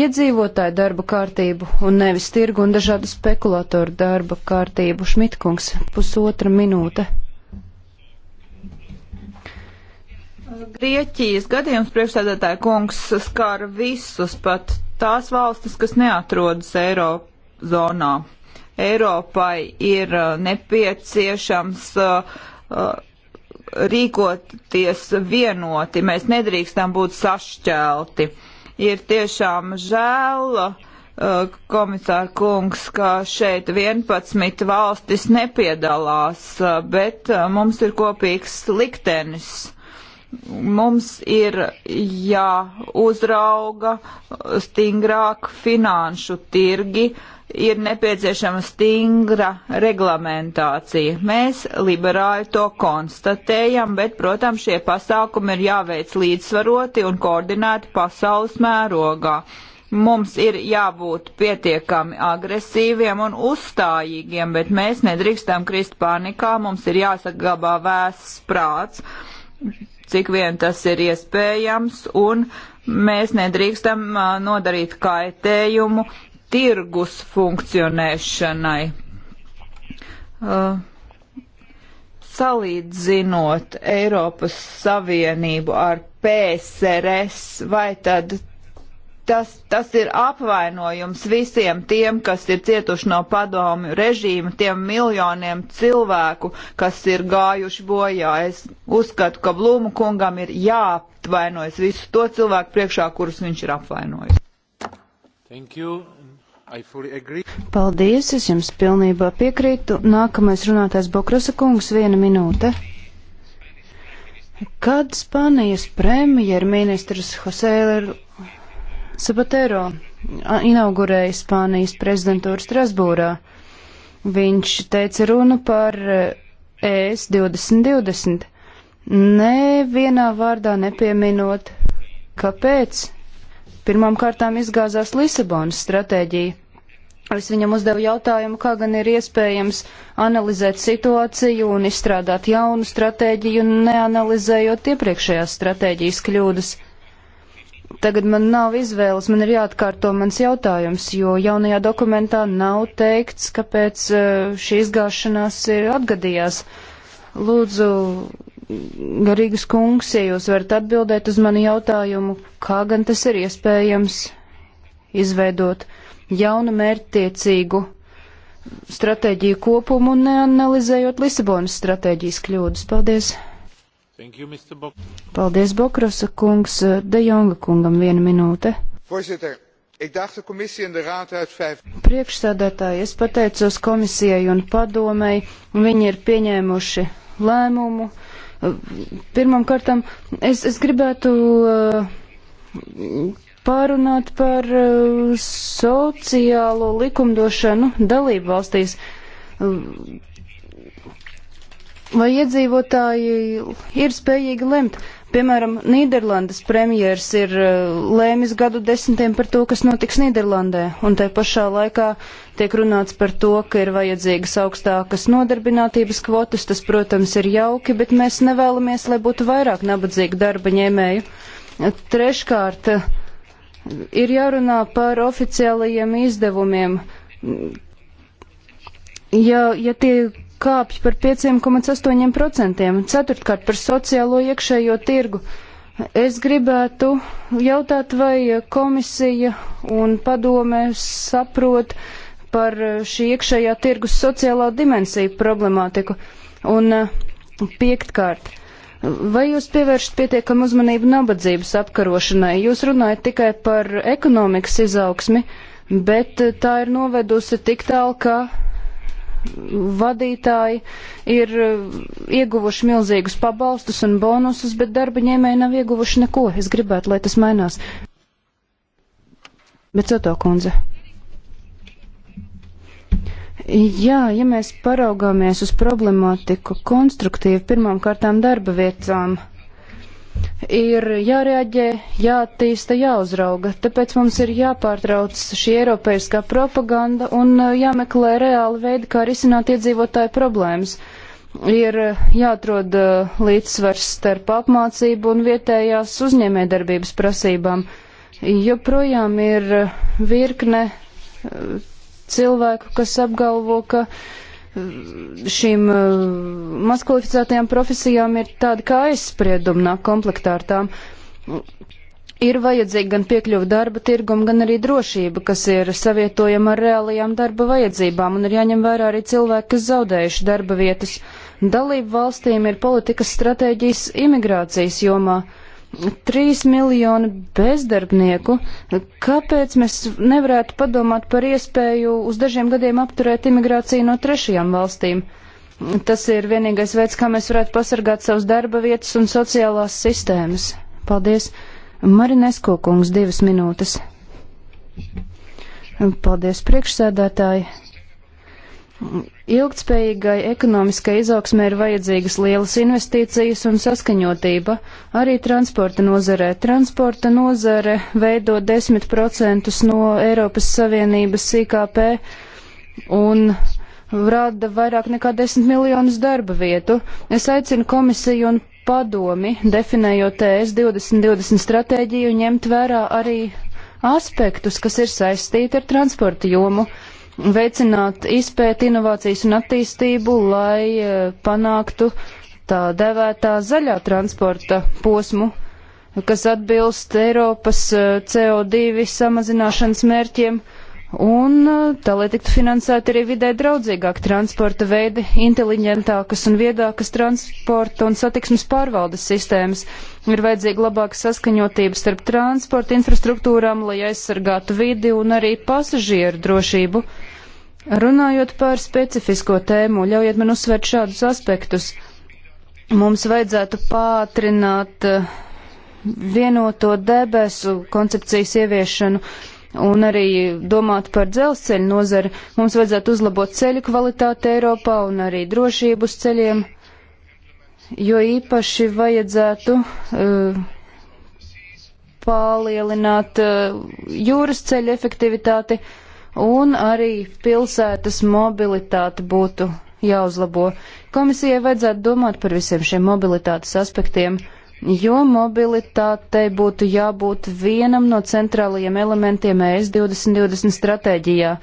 S6: iedzīvotāju darba kārtību un nevis tirgu un dažādu spekulatoru darba kārtību. Šmitkungs, pusotra minūte.
S1: Grieķijas gadījums priekšsēdētāja kungs skar visus, pat tās valstis, kas neatrodas Eirozonā. Eiropai ir uh, nepieciešams uh, uh, rīkoties vienoti, mēs nedrīkstam būt sašķelti. Ir tiešām žēl, uh, komisāra kungs, ka šeit 11 valstis nepiedalās, uh, bet uh, mums ir kopīgs liktenis mums ir jāuzrauga stingrāk finanšu tirgi, ir nepieciešama stingra reglamentācija. Mēs liberāļi to konstatējam, bet, protams, šie pasākumi ir jāveic līdzsvaroti un koordinēti pasaules mērogā. Mums ir jābūt pietiekami agresīviem un uzstājīgiem, bet mēs nedrīkstam krist panikā, mums ir jāsaglabā vēsts prāts cik vien tas ir iespējams, un mēs nedrīkstam nodarīt kaitējumu tirgus funkcionēšanai. Uh, salīdzinot Eiropas Savienību ar PSRS, vai tad Tas, tas ir apvainojums visiem tiem, kas ir cietuši no padomju režīma, tiem miljoniem cilvēku, kas ir gājuši bojā. Es uzskatu, ka Blūmu kungam ir jāapvainojas visu to cilvēku priekšā, kurus viņš ir apvainojis.
S6: Paldies, es jums pilnībā piekrītu. Nākamais runātājs Bokrasa kungs, viena minūte. Kad Spānijas premjerministrs José Sabatero inaugurēja Spānijas prezidentūru Strasbūrā. Viņš teica runu par e, ES 2020, nevienā vārdā nepieminot, kāpēc. Pirmām kārtām izgāzās Lisabonas stratēģija. Es viņam uzdevu jautājumu, kā gan ir iespējams analizēt situāciju un izstrādāt jaunu stratēģiju, neanalizējot iepriekšējās stratēģijas kļūdas. Tagad man nav izvēles, man ir jāatkārto mans jautājums, jo jaunajā dokumentā nav teikts, kāpēc e, šī izgāšanās ir atgadījās. Lūdzu, garīgas kungs, ja jūs varat atbildēt uz mani jautājumu, kā gan tas ir iespējams izveidot jaunu mērķtiecīgu stratēģiju kopumu, neanalizējot Lisabonas stratēģijas kļūdas. Paldies!
S3: You, Bok
S6: Paldies, Bokrosa kungs. De Jonga kungam viena minūte.
S3: Voorzitter, ik daag de commissie en de raad uit vijf.
S6: Priekšsēdētāji, es pateicos komisijai un padomei, un viņi ir pieņēmuši lēmumu. Pirmam kartam es, es gribētu uh, pārunāt par uh, sociālo likumdošanu dalību valstīs uh, vai iedzīvotāji ir spējīgi lemt. Piemēram, Nīderlandes premjers ir eh, lēmis gadu desmitiem par to, kas notiks Nīderlandē, un te pašā laikā tiek runāts par to, ka ir vajadzīgas augstākas nodarbinātības kvotas, tas, protams, ir jauki, bet mēs nevēlamies, lai būtu vairāk nabadzīgu darba ņēmēju. Treškārt, eh, ir jārunā par oficiālajiem izdevumiem. Ja, ja tie kāpj par 5,8%. Ceturtkārt par sociālo iekšējo tirgu. Es gribētu jautāt, vai komisija un padome saprot par šī iekšējā tirgus sociālā dimensija problemātiku. Un eh, piektkārt, vai jūs pievēršat pietiekamu uzmanību nabadzības apkarošanai? Jūs runājat tikai par ekonomikas izaugsmi, bet eh, tā ir novedusi tik tālu, ka vadītāji ir eh, ieguvuši milzīgus pabalstus un bonusus, bet darba ņēmēji nav ieguvuši neko. Es gribētu, lai tas mainās. Bet Soto kundze. Jā, ja mēs paraugāmies uz problemātiku konstruktīvi, pirmām kārtām darba vietām ir jārēģē, jātīsta, jāuzrauga. Tāpēc mums ir jāpārtrauc šī eiropeiskā propaganda un uh, jāmeklē reāli veidi, kā risināt iedzīvotāju problēmas. Ir uh, jāatrod uh, līdzsvars starp apmācību un vietējās uzņēmējdarbības prasībām. Joprojām ir virkne cilvēku, kas apgalvo, ka uh, šīm eh, mazkvalificētajām profesijām ir tāda kā aizspriedumi nāk komplektā ar tām. Ir vajadzīga gan piekļuva darba tirgum, gan arī drošība, kas ir savietojama ar reālajām darba vajadzībām, un ir jāņem vērā arī cilvēki, kas zaudējuši darba vietas. Dalību valstīm ir politikas stratēģijas imigrācijas jomā. Uh, 3 miljoni bezdarbnieku, kāpēc mēs nevarētu padomāt par iespēju uz dažiem gadiem apturēt imigrāciju no trešajām valstīm? Tas ir vienīgais veids, kā mēs varētu pasargāt savus darba vietas un sociālās sistēmas. Paldies. Marinesko kungs, divas minūtes. Paldies, priekšsēdētāji. Ilgtspējīgai ekonomiskai izaugsmē ir vajadzīgas lielas investīcijas un saskaņotība. Arī transporta nozarē. Transporta nozare veido 10% no Eiropas Savienības IKP un rada vairāk nekā 10 miljonus darba vietu. Es aicinu komisiju un padomi, definējot e ES 2020 stratēģiju, ņemt vērā arī aspektus, kas ir saistīti ar transporta jomu veicināt izpēti, inovācijas un attīstību, lai eh, panāktu tā devētā zaļā transporta posmu, kas atbilst Eiropas eh, CO2 samazināšanas mērķiem, un eh, tā, lai tiktu finansēti arī vidē draudzīgāk transporta veidi, inteliģentākas un viedākas transporta un satiksmes pārvaldes sistēmas. Ir vajadzīga labāka saskaņotība starp transporta infrastruktūrām, lai aizsargātu vidi un arī pasažieru drošību. Runājot par specifisko tēmu, ļaujiet man uzsvērt šādus aspektus. Mums vajadzētu pātrināt eh, vienoto debesu koncepcijas ieviešanu un arī domāt par dzelzceļu nozari. Mums vajadzētu uzlabot ceļu kvalitāti Eiropā un arī drošību uz ceļiem, jo īpaši vajadzētu uh, palielināt uh, jūras ceļu efektivitāti. Uh, un arī pilsētas mobilitāte būtu jāuzlabo. Komisijai vajadzētu domāt par visiem šiem mobilitātes aspektiem, jo mobilitātei būtu jābūt vienam no centrālajiem elementiem e ES 2020 stratēģijā.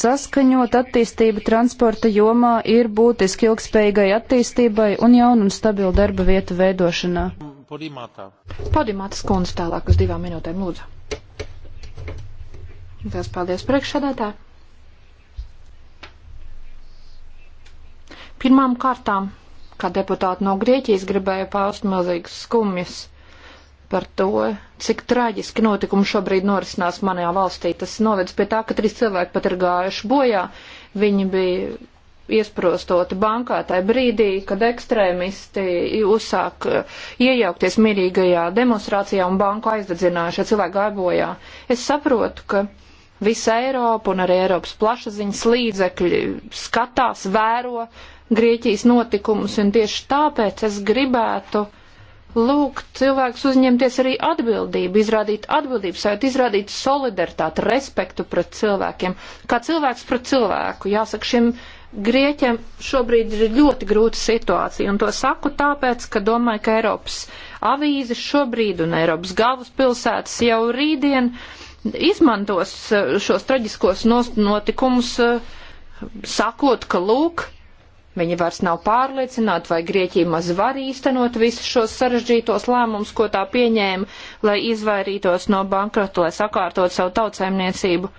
S6: Saskaņot attīstību transporta jomā ir būtiski ilgspējīgai attīstībai un jaunu un stabilu darba vietu veidošanā. Podimātas kundze tālāk uz divām minūtēm lūdzu. Liels
S5: paldies priekšsēdētā. Pirmām kārtām, kā deputāti no Grieķijas, gribēju paust milzīgas skumjas par to, cik traģiski notikumi šobrīd norisinās manajā valstī. Tas noved pie tā, ka trīs cilvēki pat ir gājuši bojā. Viņi bija iesprostoti bankā tajā brīdī, kad ekstrēmisti uzsāk iejaukties mierīgajā demonstrācijā un banku aizdedzināja. Šie cilvēki gāja bojā. Es saprotu, ka Visa Eiropa un arī Eiropas plašaziņas līdzekļi skatās, vēro Grieķijas notikumus, un tieši tāpēc es gribētu lūgt cilvēkus uzņemties arī atbildību, izrādīt atbildību, sajūt, izrādīt solidaritāti, respektu pret cilvēkiem, kā cilvēks pret cilvēku. Jāsaka, šim Grieķiem šobrīd ir ļoti grūta situācija, un to saku tāpēc, ka domāju, ka Eiropas avīzes šobrīd un Eiropas galvaspilsētas jau rītdien uh, izmantos e, šos traģiskos notikumus, e, sakot, ka lūk, viņi vairs nav pārliecināti, vai Grieķija maz var īstenot visus šos sarežģītos lēmumus, ko tā pieņēma, lai izvairītos no bankrota, lai sakārtot savu tautsēmniecību.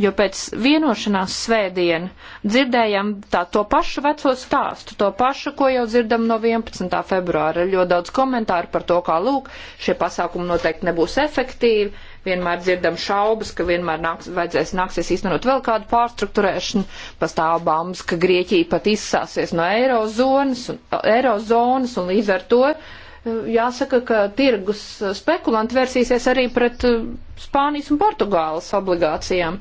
S5: Jo pēc vienošanās svētdien dzirdējam tā to pašu veco stāstu, to pašu, ko jau dzirdam no 11. februāra. Ļoti daudz komentāru par to, kā lūk, šie pasākumi noteikti nebūs efektīvi, vienmēr dzirdam šaubas, ka vienmēr nāks, vajadzēs nāksies īstenot vēl kādu pārstruktūrēšanu, pastāv baumas, ka Grieķija pat izsāsies no eirozonas un, eirozonas un līdz ar to jāsaka, ka tirgus spekulanti vērsīsies arī pret eh, Spānijas un Portugāles obligācijām.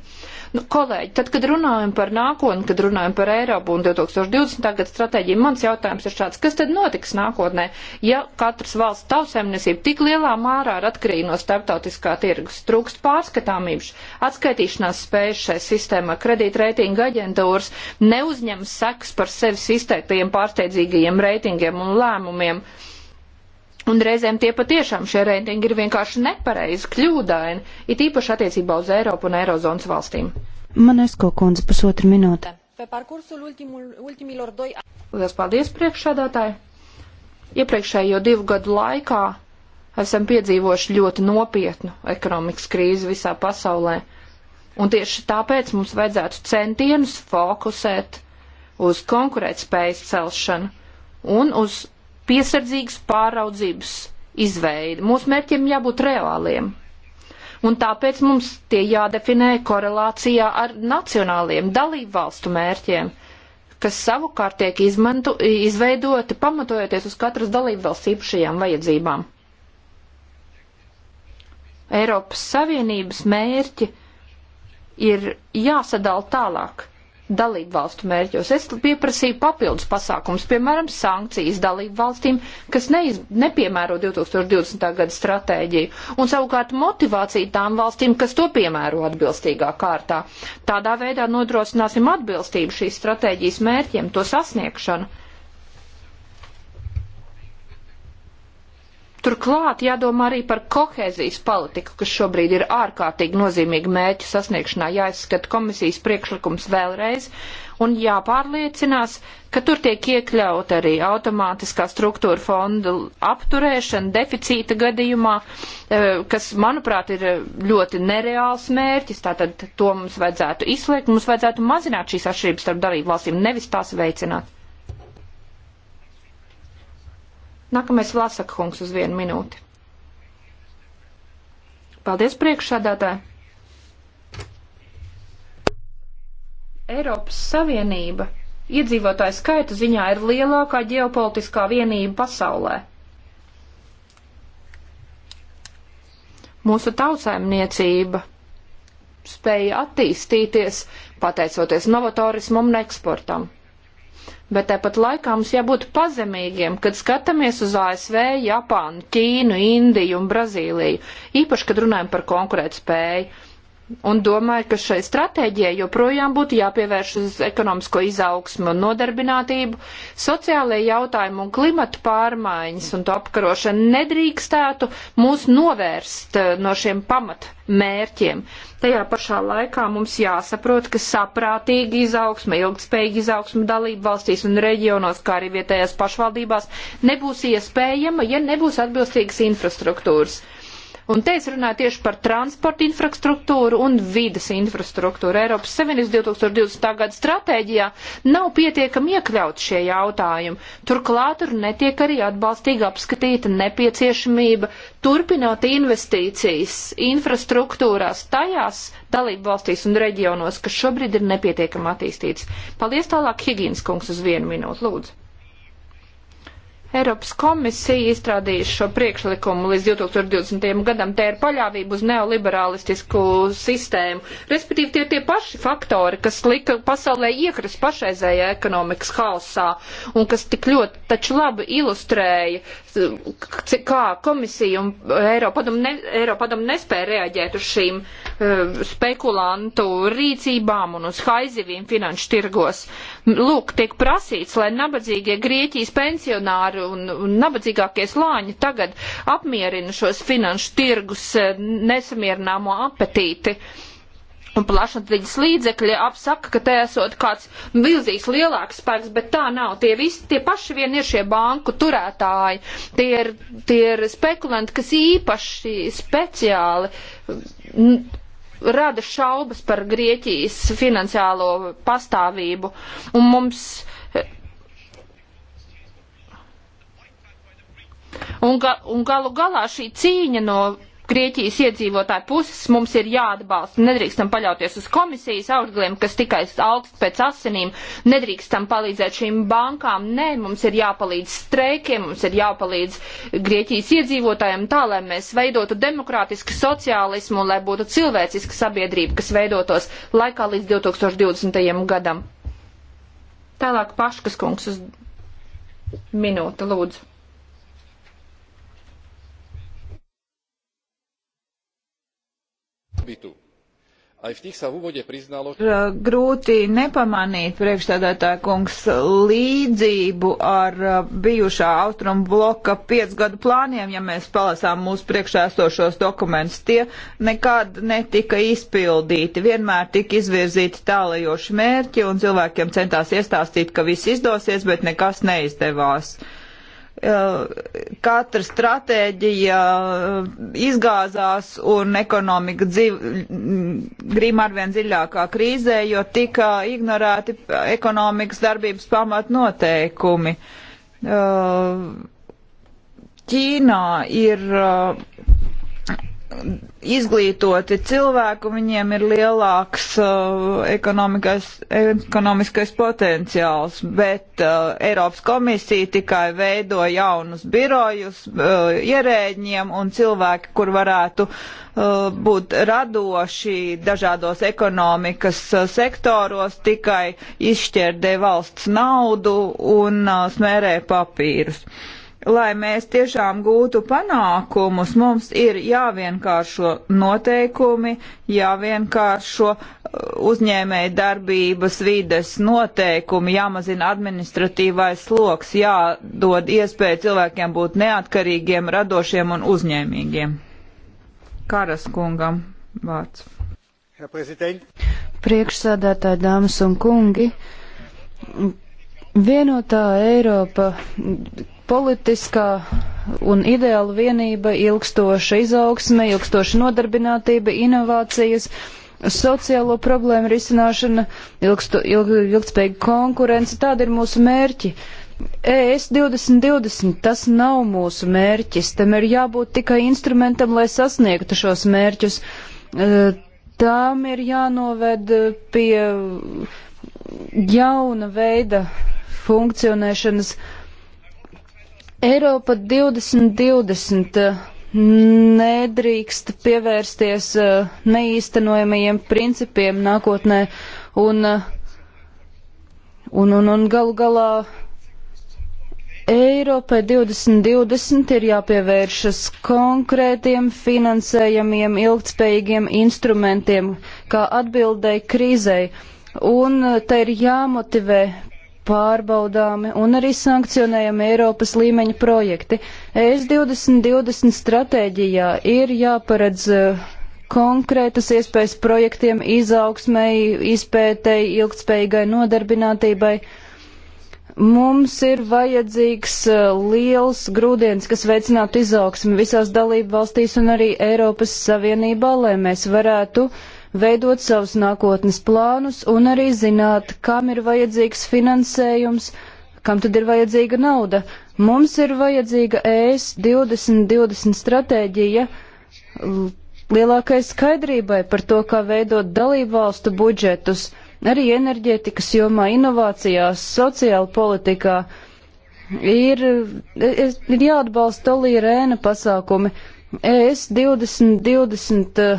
S5: Nu, kolēģi, tad, kad runājam par nākotni, kad runājam par Eiropu un 2020. gada stratēģiju, mans jautājums ir šāds, kas tad notiks nākotnē, ja katras valsts tautsēmniecība tik lielā mārā ir atkarīga no starptautiskā tirgus, trūkst pārskatāmības, atskaitīšanās spējas šai sistēmā, kredītreitinga aģentūras neuzņem seks par sevis izteiktajiem pārsteidzīgajiem reitingiem un lēmumiem. Uh, Un reizēm tie patiešām šie reitingi ir vienkārši nepareizi, kļūdaini, it īpaši attiecībā uz Eiropu un Eirozonas valstīm.
S6: Manesko kundze pusotra minūte. Lielas
S5: paldies priekšsādātāji. Iepriekšējo divu gadu laikā esam piedzīvojuši ļoti nopietnu ekonomikas krīzi visā pasaulē. Un tieši tāpēc mums vajadzētu centienus fokusēt uz konkurētspējas celšanu un uz piesardzīgas pāraudzības izveidi. Mūsu mērķiem jābūt reāliem. Un tāpēc mums tie jādefinē korelācijā ar nacionāliem dalību valstu mērķiem, kas savukārt tiek izmantu, izveidoti pamatojoties uz katras dalību valsts īpašajām vajadzībām. Eiropas Savienības mērķi ir jāsadala tālāk dalību valstu mērķos. Es pieprasīju papildus pasākums, piemēram, sankcijas dalību valstīm, kas neiz, nepiemēro 2020. gada stratēģiju, un savukārt motivāciju tām valstīm, kas to piemēro atbilstīgā kārtā. Tādā veidā nodrošināsim atbilstību šīs stratēģijas mērķiem, to sasniegšanu. Turklāt jādomā arī par kohēzijas politiku, kas šobrīd ir ārkārtīgi nozīmīga mērķa sasniegšanā. Jāizskata komisijas priekšlikums vēlreiz un jāpārliecinās, ka tur tiek iekļaut arī automātiskā struktūra fonda apturēšana deficīta gadījumā, eh, kas, manuprāt, ir ļoti nereāls mērķis. Tātad to mums vajadzētu izslēgt, mums vajadzētu mazināt šīs atšķirības starp dalību valstīm, nevis tās veicināt. Nākamais Vlasaka kungs uz vienu minūti. Paldies priekšsādātāji! Eiropas Savienība iedzīvotāju skaita ziņā ir lielākā ģeopolitiskā vienība pasaulē. Mūsu tautsēmniecība spēja attīstīties pateicoties novatorismam un eksportam bet tāpat laikā mums jābūt pazemīgiem, kad skatāmies uz ASV, Japānu, Ķīnu, Indiju un Brazīliju, īpaši, kad runājam par konkurētspēju. Un domāju, ka šai stratēģijai joprojām būtu jāpievērš uz ekonomisko izaugsmu un nodarbinātību, sociālajie jautājumi un klimatu pārmaiņas un to apkarošana nedrīkstētu mūs novērst eh, no šiem pamat mērķiem. Tajā pašā laikā mums jāsaprot, ka saprātīga izaugsme, ilgspējīga izaugsme dalību valstīs un reģionos, kā arī vietējās pašvaldībās, nebūs iespējama, ja nebūs atbilstīgas infrastruktūras Un te es runāju tieši par transporta infrastruktūru un vidas infrastruktūru. Eiropas Savienības 2020. gada stratēģijā nav pietiekami iekļaut šie jautājumi. Turklāt tur netiek arī atbalstīgi apskatīta nepieciešamība turpināt investīcijas infrastruktūrās tajās dalību valstīs un reģionos, kas šobrīd ir nepietiekami attīstītas. Paldies tālāk Higīnas kungs uz vienu minūtu, lūdzu. Eiropas komisija izstrādījusi šo priekšlikumu līdz 2020. gadam. Te ir paļāvība uz neoliberālistisku sistēmu. Respektīvi, tie ir tie paši faktori, kas lika pasaulē iekrist pašreizējā ekonomikas hausā un kas tik ļoti taču labi ilustrēja, kā komisija un Eiropadam ne, Eiropadam nespēja reaģēt uz šīm uh, spekulantu rīcībām un uz haizivīm finanšu tirgos. Uh, Lūk, tiek prasīts, lai nabadzīgie Grieķijas pensionāri un, un nabadzīgākie slāņi tagad apmierina šos finanšu tirgus eh, nesamierināmo apetīti. Un plašsaziņas līdzekļi apsaka, ka te esot kāds milzīgs lielāks spēks, bet tā nav. Tie visi, tie paši vien ir šie banku turētāji, tie ir, tie ir spekulanti, kas īpaši speciāli rada šaubas par Grieķijas finansiālo pastāvību. Un mums. Un, ga, un galu galā šī cīņa no Grieķijas iedzīvotāju puses mums ir jāatbalsta. Nedrīkstam paļauties uz komisijas augļiem, kas tikai augst pēc asinīm. Nedrīkstam palīdzēt šīm bankām. Nē, mums ir jāpalīdz streikiem, mums ir jāpalīdz Grieķijas iedzīvotājiem tā, lai mēs veidotu demokrātisku sociālismu, lai būtu cilvēciska sabiedrība, kas veidotos laikā līdz 2020. gadam. Tālāk Paškas kungs uz minūti, lūdzu.
S3: odbytu aj v tých sa v úvode priznalo.
S1: Grūti nepamanīt priekšstādātāja kungs līdzību ar bijušā austrumu bloka piecgadu plāniem, ja mēs palasām mūsu priekšā esošos dokumentus. Tie nekad netika izpildīti, vienmēr tika izvirzīti tālajoši mērķi un cilvēkiem centās iestāstīt, ka viss izdosies, bet nekas neizdevās. Uh, Uh, katra stratēģija uh, izgāzās un ekonomika dzīv, grīm arvien dziļākā krīzē, jo tika ignorēti ekonomikas darbības pamatnoteikumi. Uh, Ķīnā ir izglītoti cilvēki, viņiem ir lielāks uh, ekonomiskais potenciāls, bet uh, Eiropas komisija tikai veido jaunus birojus uh, ierēģiem un cilvēki, kur varētu uh, būt radoši dažādos ekonomikas uh, sektoros, tikai izšķērdē valsts naudu un uh, smērē papīrus. Uh, lai mēs tiešām gūtu panākumus, mums ir jāvienkāršo noteikumi, jāvienkāršo uh, uzņēmēja darbības vides noteikumi, jāmazina administratīvais sloks, jādod iespēju cilvēkiem būt neatkarīgiem, radošiem un uzņēmīgiem. Karas kungam vārds.
S6: Priekšsādātāji, dāmas un kungi, vienotā Eiropa politiskā un ideāla vienība, ilgstoša izaugsme, ilgstoša nodarbinātība, inovācijas, sociālo problēmu risināšana, ilgsto, ilg, ilgspējīga konkurence. Tādi ir mūsu mērķi. E ES 2020 tas nav mūsu mērķis, tam ir jābūt tikai instrumentam, lai sasniegtu šos mērķus. E, tām ir jānoved pie jauna veida funkcionēšanas uh, Eiropa 2020 eh, nedrīkst pievērsties eh, neīstenojamajiem principiem nākotnē un, eh, un, un, un galu galā Eiropai 2020 ir jāpievēršas konkrētiem finansējamiem ilgtspējīgiem instrumentiem, kā atbildēji krīzei, un te ir jāmotivē pārbaudāmi un arī sankcionējami Eiropas līmeņa projekti. ES 2020 stratēģijā ir jāparedz e, konkrētas iespējas projektiem izaugsmēji, izpētēji, ilgtspējīgai nodarbinātībai. Mums ir vajadzīgs e, liels grūdienis, kas veicinātu izaugsmi visās dalību valstīs un arī Eiropas Savienībā, lai mēs varētu uh, veidot savus nākotnes plānus un arī zināt, kam ir vajadzīgs finansējums, kam tad ir vajadzīga nauda. Mums ir vajadzīga e ES 2020 stratēģija lielākai skaidrībai par to, kā veidot dalību valstu budžetus, arī enerģētikas jomā, inovācijās, sociāla politikā. Ir, ir, ir jāatbalsta Olī Rēna pasākumi. E ES 2020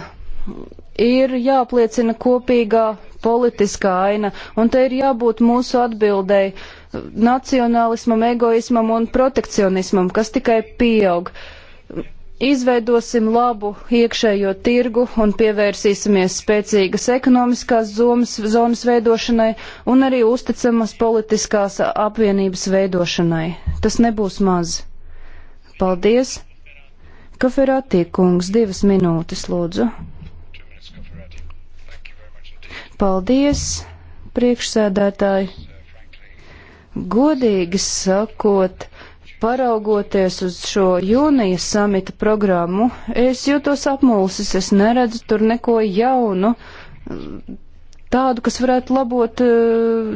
S6: ir jāpliecina kopīgā politiskā aina, un te ir jābūt mūsu atbildēji nacionālismam, egoismam un protekcionismam, kas tikai pieaug. Izveidosim labu iekšējo tirgu un pievērsīsimies spēcīgas ekonomiskās zonas, zonas veidošanai un arī uzticamas politiskās apvienības veidošanai. Tas nebūs maz. Paldies! Kaferātī kungs, divas minūtes lūdzu. Paldies, priekšsēdētāji. Godīgi sakot, paraugoties uz šo jūnija samita programmu, es jūtos apmulsis, es neredzu tur neko jaunu, tādu, kas varētu labot eh,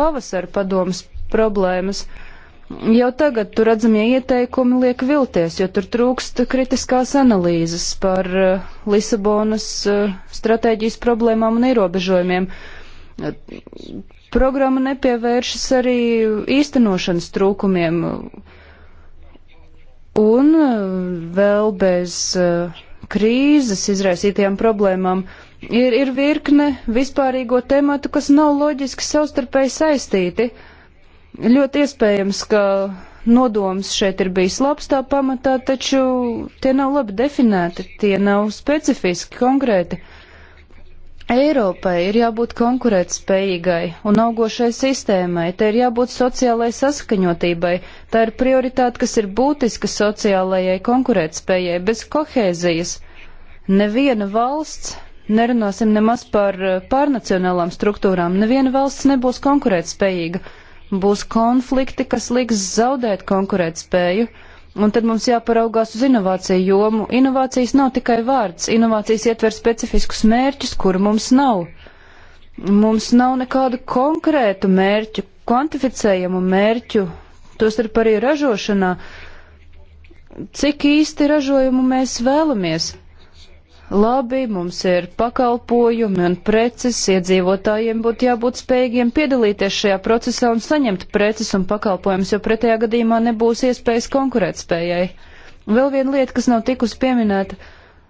S6: pavasara padomas problēmas. Uh, Jau tagad tur redzamie ieteikumi liek vilties, jo tur trūkst kritiskās analīzes par uh, Lisabonas uh, stratēģijas problēmām un ierobežojumiem. Uh, programma nepievēršas arī īstenošanas trūkumiem. Un vēl bez krīzes izraisītajām problēmām ir, ir virkne vispārīgo tematu, kas nav loģiski savstarpēji saistīti. Uh, Ļoti iespējams, ka nodoms šeit ir bijis labs tā pamatā, taču tie nav labi definēti, tie nav specifiski, konkrēti. Eiropai ir jābūt konkurētspējīgai un augošai sistēmai, te ir jābūt sociālai saskaņotībai, tā ir prioritāte, kas ir būtiska sociālajai konkurētspējai, bez kohēzijas. Neviena valsts, nerunāsim nemaz par eh, pārnacionālām struktūrām, neviena valsts nebūs konkurētspējīga. spējīga būs konflikti, kas liks zaudēt konkurētspēju. Un tad mums jāparaugās uz inovāciju jomu. Inovācijas nav tikai vārds, inovācijas ietver specifiskus mērķus, kuru mums nav. Mums nav nekādu konkrētu mērķu, kvantificējumu mērķu, tostarp arī ražošanā. Cik īsti ražojumu mēs vēlamies? labi, mums ir pakalpojumi un preces, iedzīvotājiem būtu jābūt spējīgiem piedalīties šajā procesā un saņemt preces un pakalpojumus, jo pretējā gadījumā nebūs iespējas konkurētspējai. Vēl viena lieta, kas nav tikusi pieminēta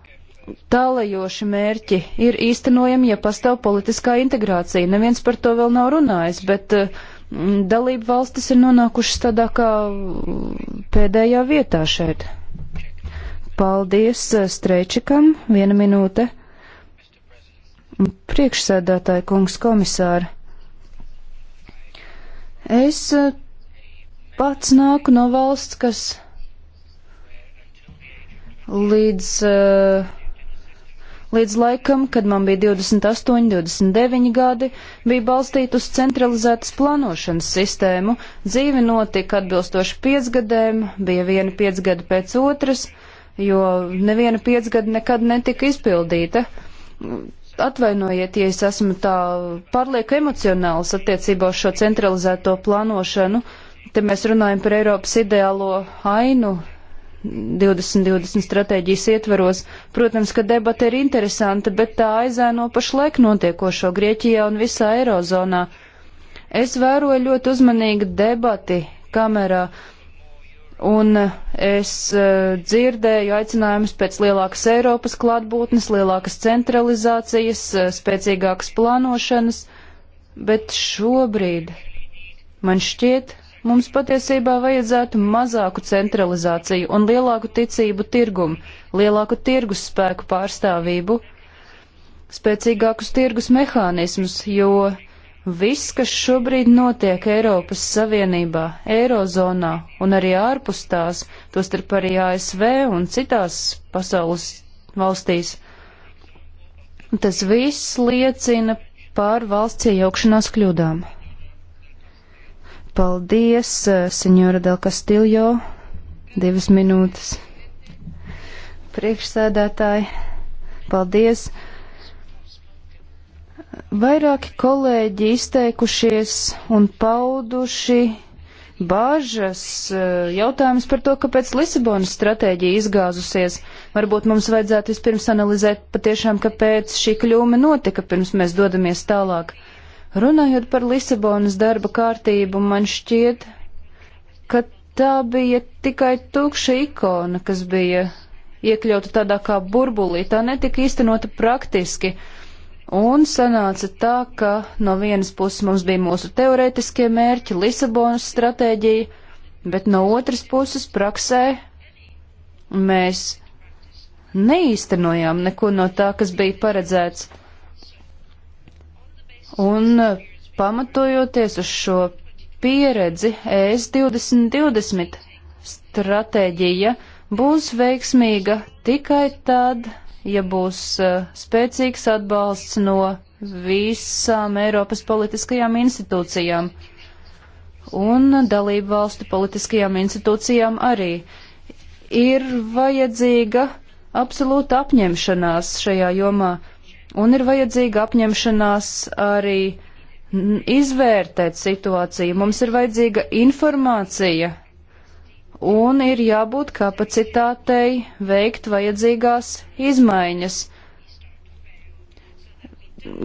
S6: - tālajoši mērķi ir īstenojami, ja pastāv politiskā integrācija. Neviens par to vēl nav runājis, bet mm, dalību valstis ir nonākušas tādā kā mm, pēdējā vietā šeit. Paldies eh, Streičikam, viena minūte. Priekšsēdētāja kungs komisāri. Es eh, pats nāku no valsts, kas līdz, eh, līdz laikam, kad man bija 28, 29 gadi, bija balstīta uz centralizētas plānošanas sistēmu. Dzīve notika atbilstoši piecgadēm, bija viena piecgada pēc otras. Uh, jo neviena piecgada nekad netika izpildīta. Atvainojiet, ja es esmu tā pārlieku emocionāls attiecībā uz šo centralizēto plānošanu. Te mēs runājam par Eiropas ideālo ainu 2020 stratēģijas ietvaros. Protams, ka debata ir interesanta, bet tā aizēno pašlaik notiekošo Grieķijā un visā Eirozonā. Es vēroju ļoti uzmanīgi debati kamerā Un eh, es eh, dzirdēju aicinājumus pēc lielākas Eiropas klātbūtnes, lielākas centralizācijas, eh, spēcīgākas plānošanas, bet šobrīd man šķiet, mums patiesībā vajadzētu mazāku centralizāciju un lielāku ticību tirgumu, lielāku tirgus spēku pārstāvību, spēcīgākus tirgus mehānismus, jo Viss, kas šobrīd notiek Eiropas Savienībā, Eirozonā un arī ārpus tās, tostarp arī ASV un citās pasaules valstīs, tas viss liecina par valsts iejaukšanās kļūdām. Paldies, eh, senjora Del Castillo, divas minūtes. Priekšsēdētāji, paldies! Vairāki kolēģi izteikušies un pauduši bāžas, eh, jautājums par to, kāpēc Lisabonas stratēģija izgāzusies. Varbūt mums vajadzētu vispirms analizēt patiešām, kāpēc šī kļūme notika, pirms mēs dodamies tālāk. Runājot par Lisabonas darba kārtību, man šķiet, ka tā bija tikai tukša ikona, kas bija iekļauta tādā kā burbulī, tā netika īstenota praktiski. Uh, Un sanāca tā, ka no vienas puses mums bija mūsu teoretiskie mērķi, Lisabonas stratēģija, bet no otras puses praksē mēs neīstenojām neko no tā, kas bija paredzēts. Un pamatojoties uz šo pieredzi, e ES 2020 stratēģija būs veiksmīga tikai tad, ja būs eh, spēcīgs atbalsts no visām Eiropas politiskajām institūcijām un dalību valstu politiskajām institūcijām arī. Ir vajadzīga absolūta apņemšanās šajā jomā, un ir vajadzīga apņemšanās arī izvērtēt situāciju. Mums ir vajadzīga informācija un ir jābūt kapacitātei veikt vajadzīgās izmaiņas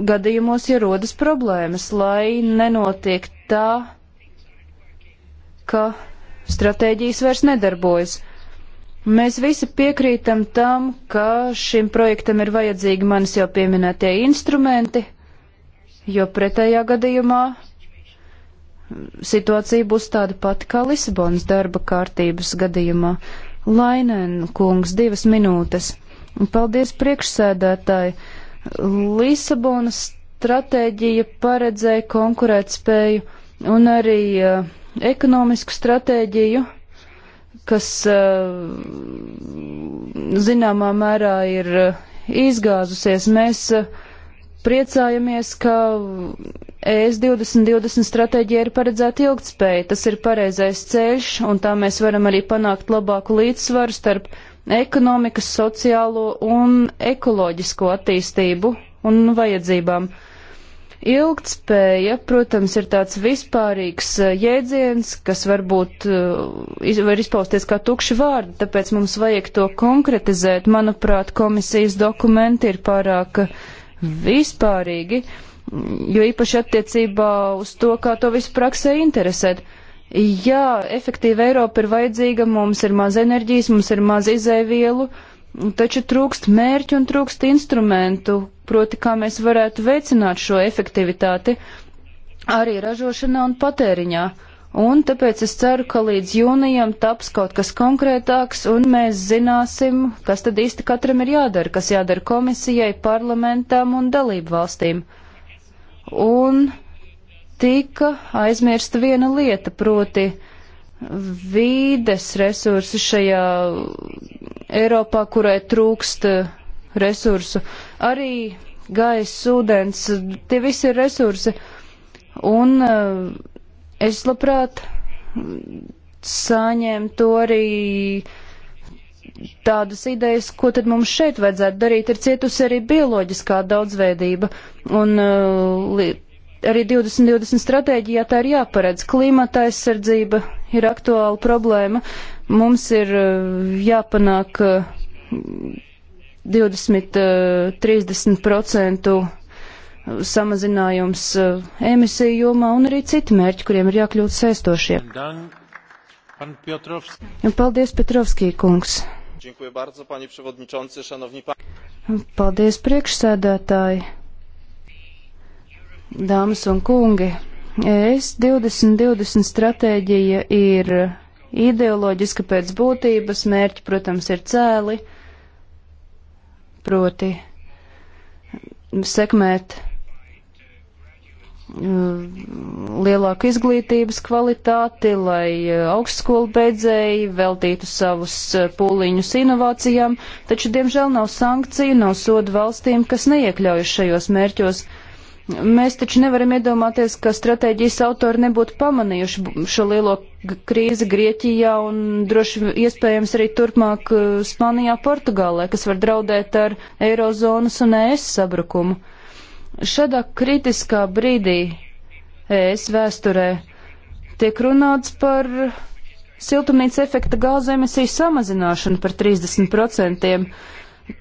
S6: gadījumos, ja rodas problēmas, lai nenotiek tā, ka stratēģijas vairs nedarbojas. Mēs visi piekrītam tam, ka šim projektam ir vajadzīgi manis jau pieminētie instrumenti, jo pretējā gadījumā situācija būs tāda pati kā Lisabonas darba kārtības gadījumā. Lainēn kungs, divas minūtes. Paldies priekšsēdētāji. Lisabonas stratēģija paredzēja konkurētspēju un arī uh, ekonomisku stratēģiju, kas uh, zināmā mērā ir uh, izgāzusies. Mēs uh, priecājamies, ka ES 2020 stratēģija ir paredzēta ilgtspēja, tas ir pareizais ceļš, un tā mēs varam arī panākt labāku līdzsvaru starp ekonomikas, sociālo un ekoloģisko attīstību un vajadzībām. Ilgtspēja, protams, ir tāds vispārīgs eh, jēdziens, kas varbūt eh, iz, var izpausties kā tukši vārdi, tāpēc mums vajag to konkretizēt. Manuprāt, komisijas dokumenti ir pārāk vispārīgi. Uh, jo īpaši attiecībā uz to, kā to visu praksē interesēt. Jā, efektīva Eiropa ir vajadzīga, mums ir maz enerģijas, mums ir maz izēvielu, taču trūkst mērķu un trūkst instrumentu, proti kā mēs varētu veicināt šo efektivitāti arī ražošanā un patēriņā. Un tāpēc es ceru, ka līdz jūnijam taps kaut kas konkrētāks un mēs zināsim, kas tad īsti katram ir jādara, kas jādara komisijai, parlamentam un dalību valstīm un tika aizmirsta viena lieta, proti vīdes resursi šajā Eiropā, kurai trūkst resursu. Arī gaiss, ūdens, tie visi ir resursi. Un eh, es labprāt saņēmu to arī uh, tādas idejas, ko tad mums šeit vajadzētu darīt, ir cietusi arī bioloģiskā daudzveidība. Un uh, arī 2020 stratēģijā tā ir jāparedz. Klimata aizsardzība ir aktuāla problēma. Mums ir uh, jāpanāk uh, 20-30% uh, samazinājums uh, emisiju jomā un arī citi mērķi, kuriem ir jākļūt saistošie. Paldies, Petrovskī kungs! Paldies, priekšsēdētāji, dāmas un kungi. Es 2020 stratēģija ir ideoloģiska pēc būtības, mērķi, protams, ir cēli, proti sekmēt Uh, lielāku izglītības kvalitāti, lai uh, augstskolu beidzēji veltītu savus uh, pūliņus inovācijām, taču, diemžēl, nav sankciju, nav sodu valstīm, kas neiekļaujas šajos mērķos. Mēs taču nevaram iedomāties, ka stratēģijas autori nebūtu pamanījuši šo lielo krīzi Grieķijā un droši iespējams arī turpmāk Spānijā, Portugālē, kas var draudēt ar Eirozonas un ES sabrukumu. Šādā kritiskā brīdī ES vēsturē tiek runāts par siltumnīca efekta gāzu emisiju samazināšanu par 30%,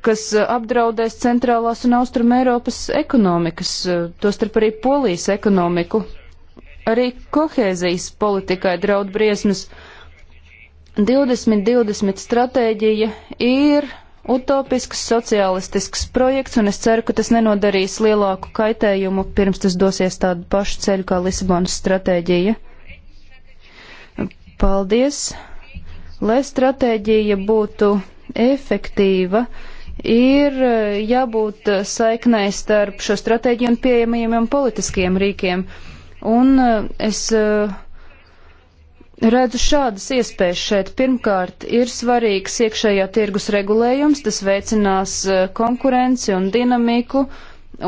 S6: kas uh, apdraudēs centrālās un austrum Eiropas ekonomikas, uh, tostarp arī Polijas ekonomiku. Arī kohēzijas politikai draud briesmas. 2020 stratēģija ir utopisks, sociālistisks projekts, un es ceru, ka tas nenodarīs lielāku kaitējumu, pirms tas dosies tādu pašu ceļu kā Lisabonas stratēģija. Paldies! Lai stratēģija būtu efektīva, ir e, jābūt e, saiknai starp šo stratēģiju un pieejamajiem politiskajiem rīkiem. Un e, es uh, Redzu šādas iespējas šeit. Pirmkārt, ir svarīgs iekšējā tirgus regulējums, tas veicinās eh, konkurenci un dinamiku,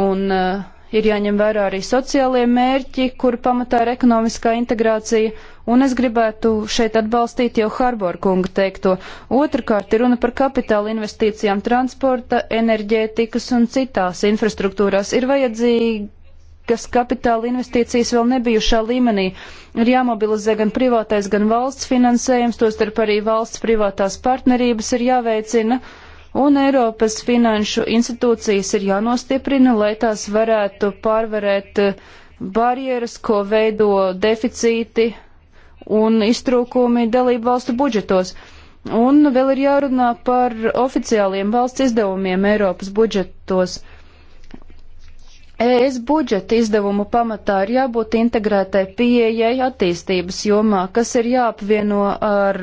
S6: un eh, ir jāņem vērā arī sociālie mērķi, kur pamatā ir ekonomiskā integrācija, un es gribētu šeit atbalstīt jau Harbor kunga teikto. Otrakārt ir runa par kapitāla investīcijām transporta, enerģētikas un citās infrastruktūrās. Ir vajadzīgi kas kapitāla investīcijas vēl nebijušā līmenī. Ir jāmobilizē gan privātais, gan valsts finansējums, tostarp arī valsts privātās partnerības ir jāveicina, un Eiropas finanšu institūcijas ir jānostiprina, lai tās varētu pārvarēt eh, barjeras, ko veido deficīti un iztrūkumi dalību valstu budžetos. Un vēl ir jārunā par oficiāliem valsts izdevumiem Eiropas budžetos. Uh, ES budžeta izdevumu pamatā ir jābūt integrētai pieejai attīstības jomā, kas ir jāapvieno ar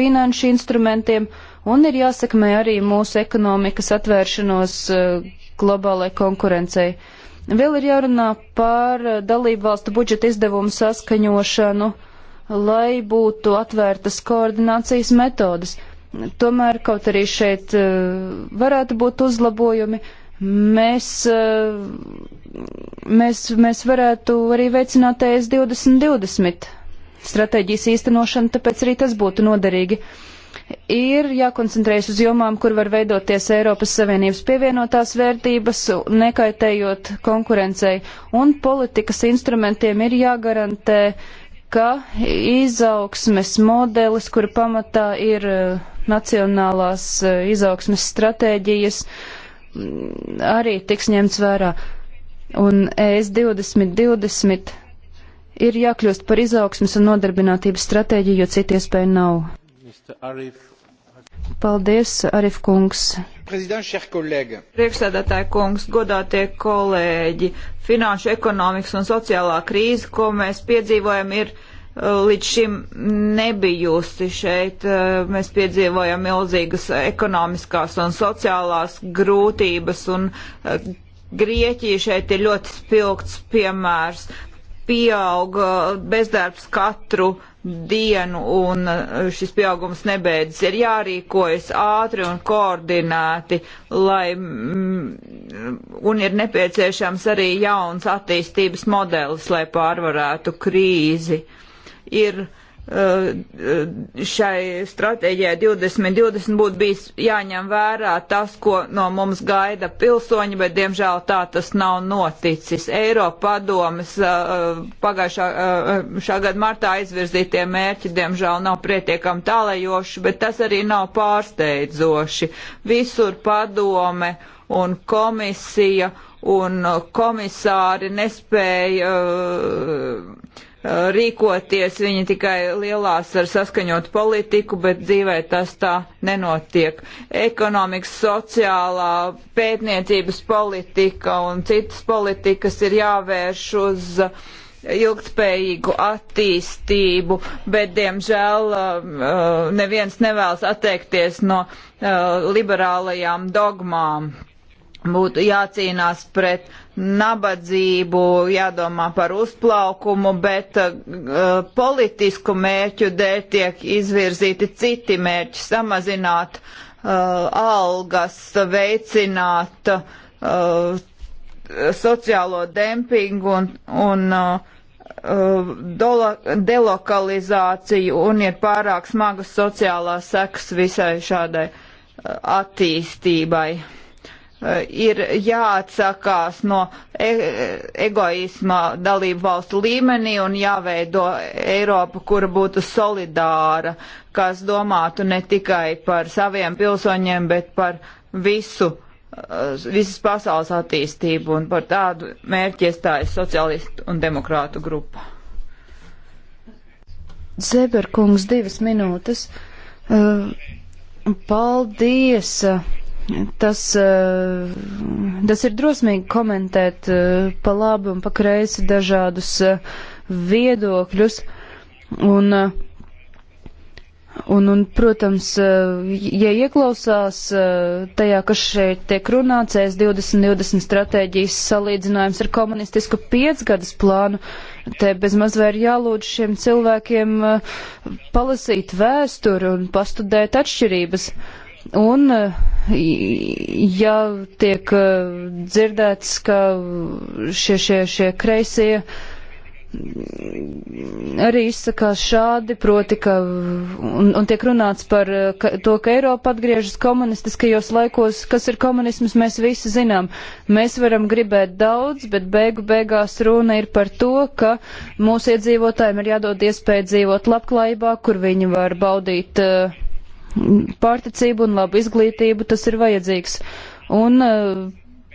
S6: finanšu instrumentiem un ir jāsekmē arī mūsu ekonomikas atvēršanos eh, globālai konkurencei. Vēl ir jārunā par dalību valstu budžeta izdevumu saskaņošanu, lai būtu atvērtas koordinācijas metodas. Tomēr kaut arī šeit eh, varētu būt uzlabojumi mēs, eh, mēs, mēs varētu arī veicināt e ES 2020 stratēģijas īstenošanu, tāpēc arī tas būtu noderīgi. Ir jākoncentrējas uz jomām, kur var veidoties Eiropas Savienības pievienotās vērtības, nekaitējot konkurencei, un politikas instrumentiem ir jāgarantē, ka izaugsmes modelis, kur pamatā ir eh, nacionālās eh, izaugsmes stratēģijas, uh, arī tiks ņemts vērā. Un e ES 2020 ir jākļūst par izaugsmas un nodarbinātības stratēģiju, jo citu iespēju nav. Paldies, Arif kungs.
S1: Priekšsēdētāji kungs, godātie kolēģi, finanšu, ekonomikas un sociālā krīze, ko mēs piedzīvojam, ir līdz šim nebijusi šeit. Eh, mēs piedzīvojam milzīgas ekonomiskās un sociālās grūtības, un eh, Grieķija šeit ir ļoti spilgts piemērs. Pieauga bezdarbs katru dienu, un eh, šis pieaugums nebeidzas. Ir jārīkojas ātri un koordinēti, lai, mm, un ir nepieciešams arī jauns attīstības modelis, lai pārvarētu krīzi. Uh, ir eh, šai stratēģijai 2020 būtu bijis jāņem vērā tas, ko no mums gaida pilsoņi, bet diemžēl tā tas nav noticis. Eiropa padomas eh, pagājušā eh, šā gada martā izvirzītie mērķi diemžēl nav pietiekami tālējoši, bet tas arī nav pārsteidzoši. Visur padome un komisija un komisāri nespēja uh, Eh, rīkoties, viņi tikai lielās ar saskaņotu politiku, bet dzīvē tas tā nenotiek. Ekonomikas, sociālā, pētniecības politika un citas politikas ir jāvērš uz eh, ilgtspējīgu attīstību, bet, diemžēl, eh, neviens nevēlas atteikties no liberālajām dogmām būtu jācīnās pret nabadzību, jādomā par uzplaukumu, bet uh, politisku mērķu dēļ tiek izvirzīti citi mērķi - samazināt uh, algas, veicināt uh, sociālo dempingu un, un uh, uh dola, delokalizāciju un ir pārāk smagas sociālās sekas visai šādai uh, attīstībai Eh, ir jāatsakās no e egoisma dalību valstu līmenī un jāveido Eiropa, kura būtu solidāra, kas domātu ne tikai par saviem pilsoņiem, bet par visu, eh, visas pasaules attīstību un par tādu mērķi iestājas socialistu un demokrātu grupa.
S6: Zeberkungs, divas minūtes. Uh, paldies! Uh, Tas, eh, tas ir drosmīgi komentēt eh, pa labi un pa kreisi dažādus eh, viedokļus. Un, un, un, protams, ja ieklausās tajā, kas šeit tiek runāts, es 2020 stratēģijas salīdzinājums ar komunistisku piecgadas plānu, te bezmaz vai ir jālūdz šiem cilvēkiem palasīt vēsturi un pastudēt atšķirības. Uh, Un, eh, ja tiek eh, dzirdēts, ka šie, šie, šie kreisie mm, arī izsakās šādi, proti, ka, un, un tiek runāts par eh, ka, to, ka Eiropa atgriežas komunistiskajos laikos, kas ir komunisms, mēs visi zinām. Mēs varam gribēt daudz, bet beigu beigās runa ir par to, ka mūsu iedzīvotājiem ir jādod iespēja dzīvot labklājībā, kur viņi var baudīt uh, pārticību un labu izglītību, tas ir vajadzīgs. Un uh,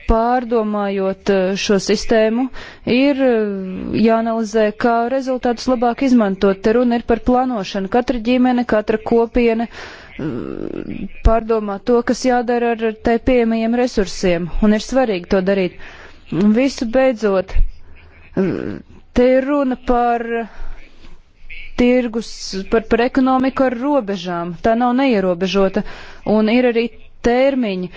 S6: pārdomājot uh, šo sistēmu, ir uh, jāanalizē, kā rezultātus labāk izmantot. Te runa ir par plānošanu. Katra ģimene, katra kopiena pārdomā to, kas jādara ar tai pieejamajiem resursiem, un ir svarīgi to darīt. Visu beidzot, te ir runa par tirgus, par, par ekonomiku ar robežām. Tā nav neierobežota, un ir arī termiņi.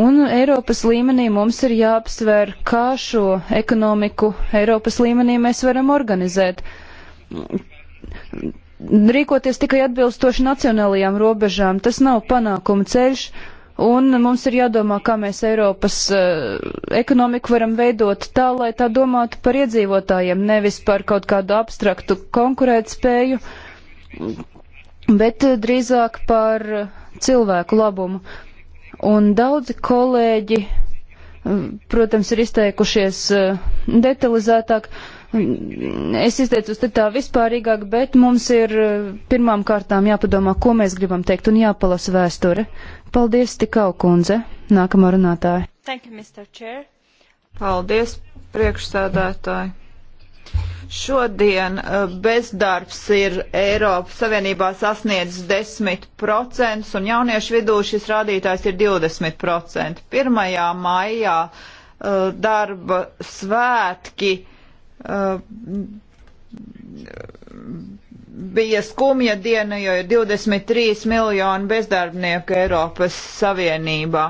S6: Un Eiropas līmenī mums ir jāapsver, kā šo ekonomiku Eiropas līmenī mēs varam organizēt. Rīkoties tikai atbilstoši nacionālajām robežām, tas nav panākuma ceļš. Uh, Un mums ir jādomā, kā mēs Eiropas uh, ekonomiku varam veidot tā, lai tā domātu par iedzīvotājiem, nevis par kaut kādu abstraktu konkurētspēju, bet eh, drīzāk par eh, cilvēku labumu. Un daudzi kolēģi, protams, ir izteikušies detalizētāk. Uh, Es izteicos te tā vispārīgāk, bet mums ir eh, pirmām kārtām jāpadomā, ko mēs gribam teikt un jāpalasa vēsture. Paldies, Tikau kundze, nākamā runātāja.
S1: Thank you, Mr. Chair. Paldies, priekšsēdētāji. Šodien eh, bezdarbs ir Eiropas Savienībā sasniedzis 10% un jauniešu vidū šis rādītājs ir 20%. 1. maijā eh, darba svētki Uh, bija skumja diena, jo ir 23 miljoni bezdarbnieku Eiropas Savienībā.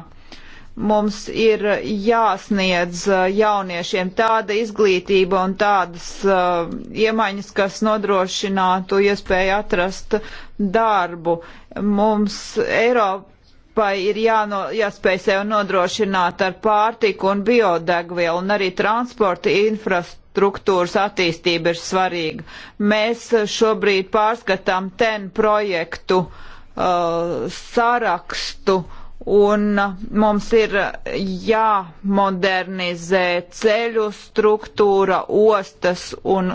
S1: Mums ir jāsniedz eh, jauniešiem tāda izglītība un tādas uh, iemaņas, kas nodrošinātu iespēju atrast darbu. Mums Eiropai ir jāno, jāspēj sev nodrošināt ar pārtiku un biodegvielu un arī transporta infrastruktūru infrastruktūras attīstība ir svarīga. Mēs šobrīd pārskatām ten projektu uh, sarakstu un mums ir jāmodernizē ceļu struktūra, ostas un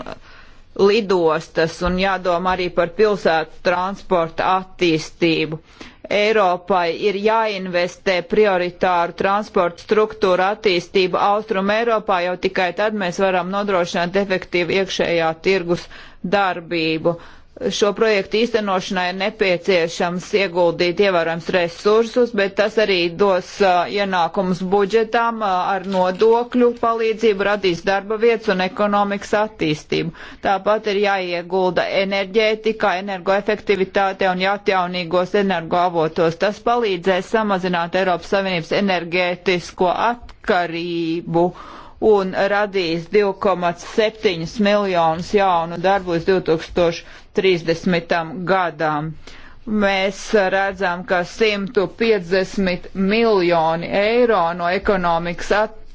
S1: lidostas un jādomā arī par pilsētu transporta attīstību. Uh, Eiropai ir jāinvestē prioritāru transportu struktūru attīstību Austrum Eiropā, jo tikai tad mēs varam nodrošināt efektīvu iekšējā tirgus darbību. Uh, šo projektu īstenošanai ir nepieciešams ieguldīt ievērojams resursus, bet tas arī dos uh, ienākumus budžetām uh, ar nodokļu palīdzību, radīs darba vietas un ekonomikas attīstību. Tāpat ir jāiegulda enerģētikā, energoefektivitātē un jāatjaunīgos energoavotos. Tas palīdzēs samazināt Eiropas Savienības energētisko atkarību un radīs 2,7 miljonus jaunu darbu līdz 2000. 30. gadam. Mēs redzam, ka 150 miljoni eiro no ekonomikas attīstības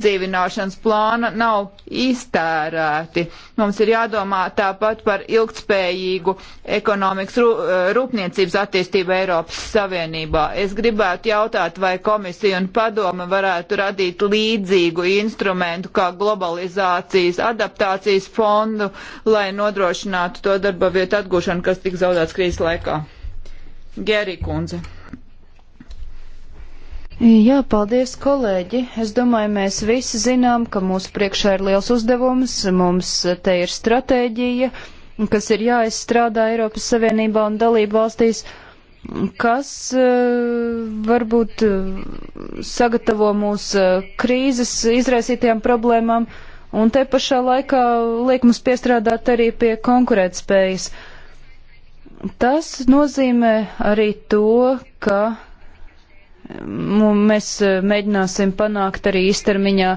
S1: dzīvināšanas plāna nav iztērēti. Mums ir jādomā tāpat par ilgtspējīgu ekonomikas eh, rūpniecības attīstību Eiropas Savienībā. Es gribētu jautāt, vai komisija un padome varētu radīt līdzīgu instrumentu kā globalizācijas adaptācijas fondu, lai nodrošinātu to darba vietu atgūšanu, kas tik zaudēts krīzes laikā. Gerikundze.
S6: Jā, paldies, kolēģi. Es domāju, mēs visi zinām, ka mūsu priekšā ir liels uzdevums, mums te ir stratēģija, kas ir jāizstrādā Eiropas Savienībā un dalību valstīs, kas eh, varbūt eh, sagatavo mūs eh, krīzes izraisītajām problēmām, un te pašā laikā liek mums piestrādāt arī pie konkurētspējas. Tas nozīmē arī to, ka Mēs eh, mēģināsim panākt arī īstermiņā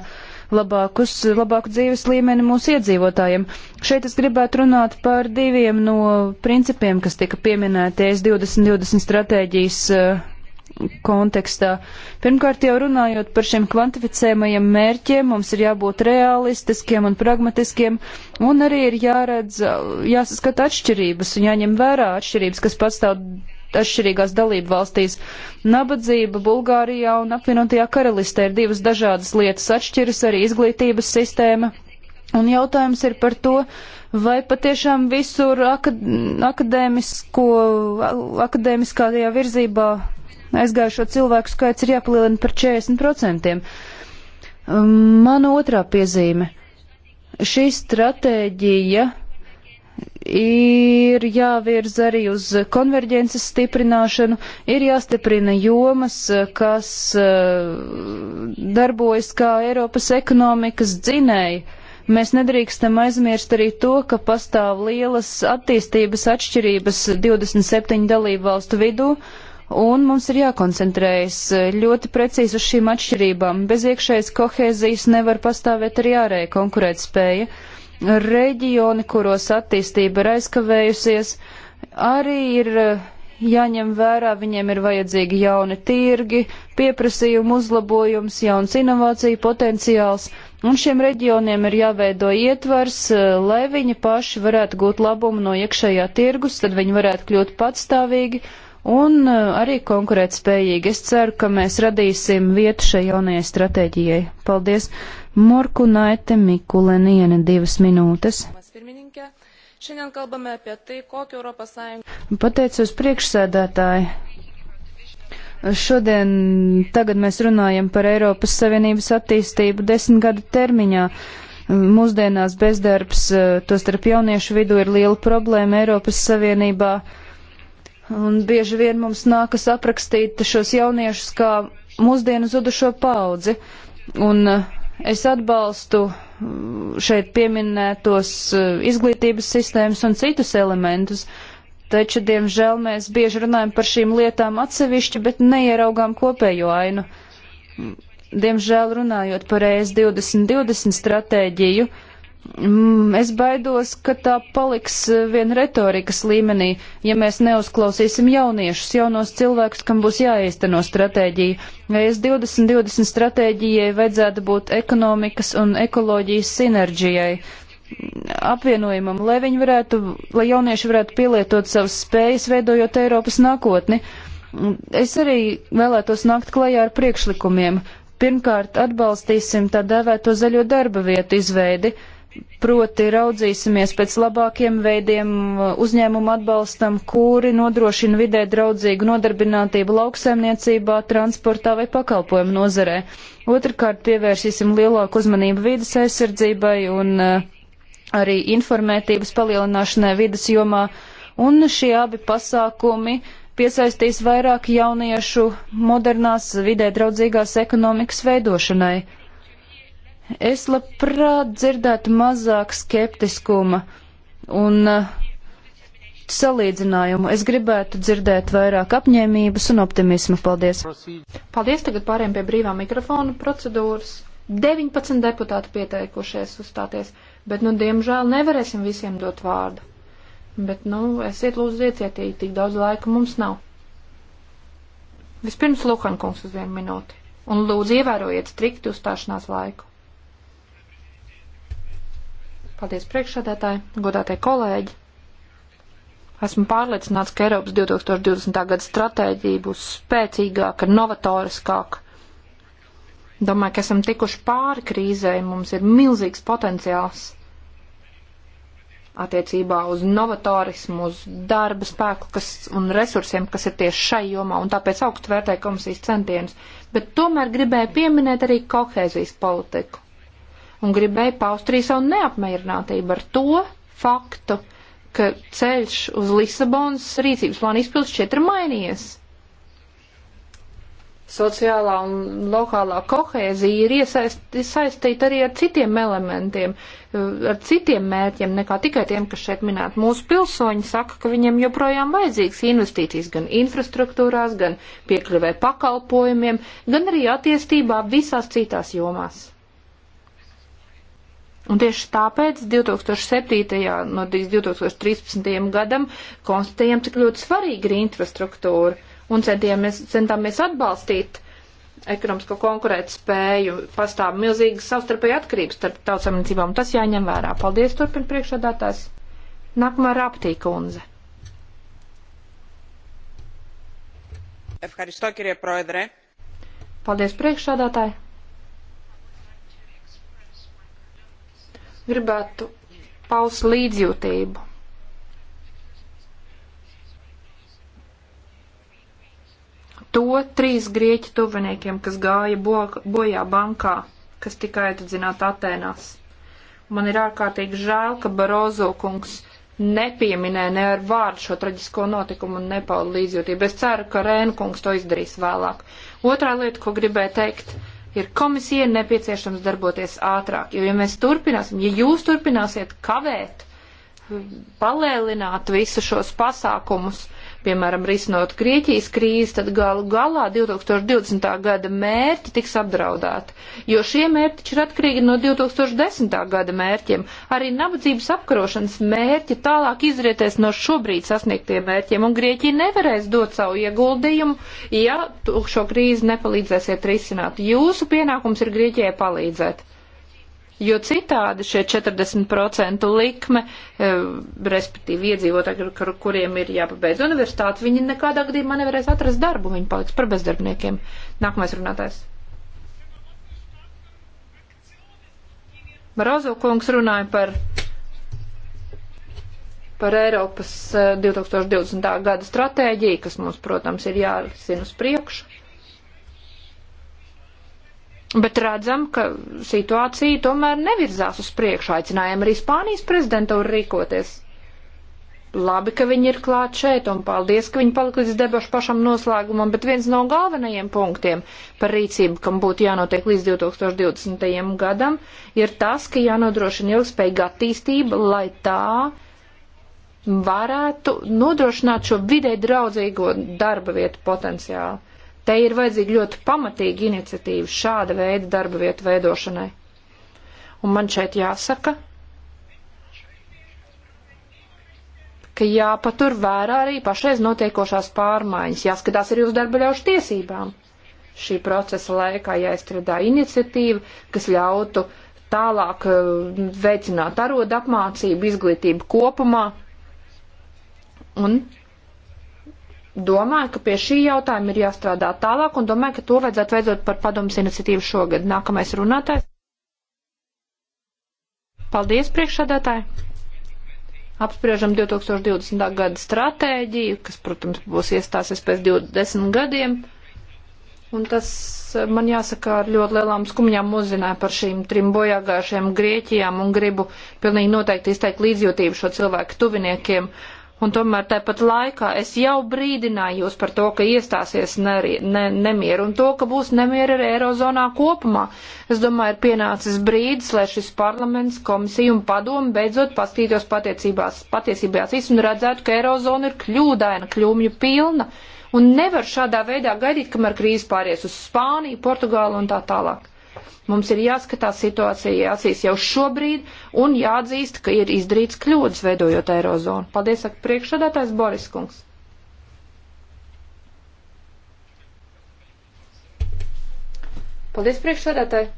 S6: labākus, labāku dzīves līmeni mūsu iedzīvotājiem. Šeit es gribētu runāt par diviem no principiem, kas tika pieminēties 2020 stratēģijas eh, kontekstā. Pirmkārt, jau runājot par šiem kvantificējumajiem mērķiem, mums ir jābūt realistiskiem un pragmatiskiem, un arī ir jāredz, jāsaskata atšķirības un jāņem vērā atšķirības, kas pastāv atšķirīgās dalību valstīs. Nabadzība Bulgārijā un apvienotajā karalistē ir divas dažādas lietas, atšķiras arī izglītības sistēma. Un jautājums ir par to, vai patiešām visur akad akadēmisko, akadēmiskajā virzībā aizgājušo cilvēku skaits ir jāpalielina par 40%. Um, mana otrā piezīme. Šī stratēģija ir jāvirz arī uz konverģences stiprināšanu, ir jāstiprina jomas, kas eh, darbojas kā Eiropas ekonomikas dzinēji. Mēs nedrīkstam aizmirst arī to, ka pastāv lielas attīstības atšķirības 27 dalību valstu vidū, un mums ir jākoncentrējas ļoti precīzi uz šīm atšķirībām. Bez iekšējas kohēzijas nevar pastāvēt arī ārēja konkurētspēja. spēja reģioni, kuros attīstība ir aizkavējusies, arī ir eh, jāņem vērā, viņiem ir vajadzīgi jauni tirgi, pieprasījuma uzlabojums, jauns inovāciju potenciāls, un šiem reģioniem ir jāveido ietvars, eh, lai viņi paši varētu gūt labumu no iekšējā tirgus, tad viņi varētu kļūt patstāvīgi un eh, arī konkurēt spējīgi. Es ceru, ka mēs radīsim vietu šai jaunajai stratēģijai. Paldies! Morkunaite Mikuleniene divas minūtes.
S2: Šiandien kalbame apie tai, kokiu
S4: Europos
S6: Sąjungu. Pateicos priekšsēdētāji. Šodien tagad mēs runājam par Eiropas Savienības attīstību desmit gadu termiņā. Mūsdienās bezdarbs, tostarp jauniešu vidū, ir liela problēma Eiropas Savienībā. Un bieži vien mums nākas aprakstīt šos jauniešus kā mūsdienu zudušo paudzi. Un uh, Es atbalstu mm, šeit pieminētos eh, izglītības sistēmas un citus elementus, taču, diemžēl, mēs bieži runājam par šīm lietām atsevišķi, bet neieraugām kopējo ainu. Mm, diemžēl, runājot par e ES 2020 stratēģiju, uh, Mm, es baidos, ka tā paliks eh, vien retorikas līmenī, ja mēs neuzklausīsim jauniešus, jaunos cilvēkus, kam būs jāīsteno stratēģija. ES 2020 stratēģijai vajadzētu būt ekonomikas un ekoloģijas sinerģijai apvienojumam, lai viņi varētu, lai jaunieši varētu pielietot savas spējas, veidojot Eiropas nākotni. Mm, es arī vēlētos nākt klajā ar priekšlikumiem. Pirmkārt, atbalstīsim tā dēvēto zaļo darba vietu izveidi. Uh, Proti raudzīsimies pēc labākiem veidiem uzņēmumu atbalstam, kuri nodrošina vidē draudzīgu nodarbinātību lauksaimniecībā, transportā vai pakalpojumu nozarē. Otrakārt pievērsīsim lielāku uzmanību vidas aizsardzībai un eh, arī informētības palielināšanai vidas jomā. Un šie abi pasākumi piesaistīs vairāk jauniešu modernās vidē draudzīgās ekonomikas veidošanai. Es labprāt dzirdētu mazāk skeptiskuma un uh, salīdzinājumu. Es gribētu dzirdēt vairāk apņēmības un optimisma. Paldies!
S5: Paldies! Tagad pāriem pie brīvā mikrofona procedūras. 19 deputāti pieteikušies uzstāties, bet, nu, diemžēl nevarēsim visiem dot vārdu. Bet, nu, esiet lūdzu iecietīgi, tik daudz laika mums nav. Vispirms Luhankungs uz vienu minūti. Un lūdzu ievērojiet strikti uzstāšanās laiku. Paldies priekšsādātāji, godātie kolēģi. Esmu pārliecināts, ka Eiropas 2020. gada stratēģija būs spēcīgāka, novatoriskāka. Domāju, ka esam tikuši pāri krīzē, mums ir milzīgs potenciāls attiecībā uz novatorismu, uz darba spēku kas, un resursiem, kas ir tieši šai jomā, un tāpēc augstu vērtēju komisijas centienus. Bet tomēr gribēju pieminēt arī kohēzijas politiku un gribēju paust arī savu neapmierinātību ar to faktu, ka ceļš uz Lisabonas rīcības plānu izpildus šķiet ir mainījies. Sociālā un lokālā kohēzija ir iesaistīta arī ar citiem elementiem, ar citiem mērķiem, nekā tikai tiem, kas šeit minēt. Mūsu pilsoņi saka, ka viņiem joprojām vajadzīgs investīcijas gan infrastruktūrās, gan piekļuvē pakalpojumiem, gan arī attiestībā visās citās jomās. Un tieši tāpēc 2007. no 2013. gadam konstatējām, cik ļoti svarīga ir infrastruktūra un centāmies, centāmies atbalstīt ekonomisko konkurētu spēju. Pastāv milzīga savstarpēja atkarības starp tautsamniecībām. Tas jāņem vērā. Paldies, turpin priekšādātājs. Nākamā raptī kundze. Paldies, priekšādātāji. gribētu paust līdzjūtību. To trīs grieķu tuviniekiem, kas gāja bo, bojā bankā, kas tika aitadzināti Atēnās. Man ir ārkārtīgi žēl, ka Barozo kungs nepieminē ne ar vārdu šo traģisko notikumu un nepauda līdzjūtību. Es ceru, ka Rēna kungs to izdarīs vēlāk. Otrā lieta, ko gribēju teikt, ir komisija nepieciešams darboties ātrāk. Jo, ja mēs turpināsim, ja jūs turpināsiet kavēt, palēlināt visu šos pasākumus, piemēram, risinot Grieķijas krīzi, tad galu galā 2020. gada mērķi tiks apdraudēti, jo šie mērķi ir atkarīgi no 2010. gada mērķiem. Arī nabadzības apkarošanas mērķi tālāk izrietēs no šobrīd sasniegtiem mērķiem, un Grieķija nevarēs dot savu ieguldījumu, ja šo krīzi nepalīdzēsiet risināt. Jūsu pienākums ir Grieķijai palīdzēt jo citādi šie 40% likme, e, respektīvi iedzīvotāji, ar kuriem ir jāpabeidz universitāti, viņi nekādā gadījumā nevarēs atrast darbu, viņi paliks par bezdarbniekiem. Nākamais runātājs. Barozo kungs runāja par par Eiropas 2020. E, gada stratēģiju, kas mums, protams, ir jārisina uz priekšu. Bet redzam, ka situācija tomēr nevirzās uz priekšu. Aicinājām arī Spānijas prezidentūru rīkoties. Labi, ka viņi ir klāt šeit, un paldies, ka viņi palika līdz debašu pašam noslēgumam, bet viens no galvenajiem punktiem par rīcību, kam būtu jānotiek līdz 2020. gadam, ir tas, ka jānodrošina ilgspējīga attīstība, lai tā varētu nodrošināt šo vidē draudzīgo darba vietu potenciālu Te ir vajadzīga ļoti pamatīga iniciatīva šāda veida darba vietu veidošanai. Un man šeit jāsaka, ka jāpatur vērā arī pašreiz notiekošās pārmaiņas, jāskatās arī uz darba ļaušu tiesībām. Šī procesa laikā jāizstrādā iniciatīva, kas ļautu tālāk eh, veicināt arodu apmācību, izglītību kopumā. Un domāju, ka pie šī jautājuma ir jāstrādā tālāk un domāju, ka to vajadzētu veidot par padomus iniciatīvu šogad. Nākamais runātājs. Paldies, priekšsādātāji! Apspriežam 2020. gada stratēģiju, kas, protams, būs iestāsies pēc 20 gadiem. Un tas, man jāsaka, ar ļoti lielām skumjām uzzināja par šīm trim bojāgājušajām Grieķijām un gribu pilnīgi noteikti izteikt līdzjūtību šo cilvēku tuviniekiem un tomēr tāpat laikā es jau brīdināju jūs par to, ka iestāsies neri, ne, nemieru un to, ka būs nemieru arī Eirozonā kopumā. Es domāju, ir pienācis brīdis, lai šis parlaments, komisija un padomu beidzot pastītos patiesībās visu un redzētu, ka Eirozona ir kļūdaina, kļūmju pilna un nevar šādā veidā gaidīt, kamēr krīze pāries uz Spāniju, Portugālu un tā tālāk. Mums ir jāskatās situācija jāsīs jau šobrīd un jāatzīst, ka ir izdarīts kļūdas veidojot eirozonu. Paldies, saka priekšsādātājs Boris Kungs. Paldies, priekšsādātāji!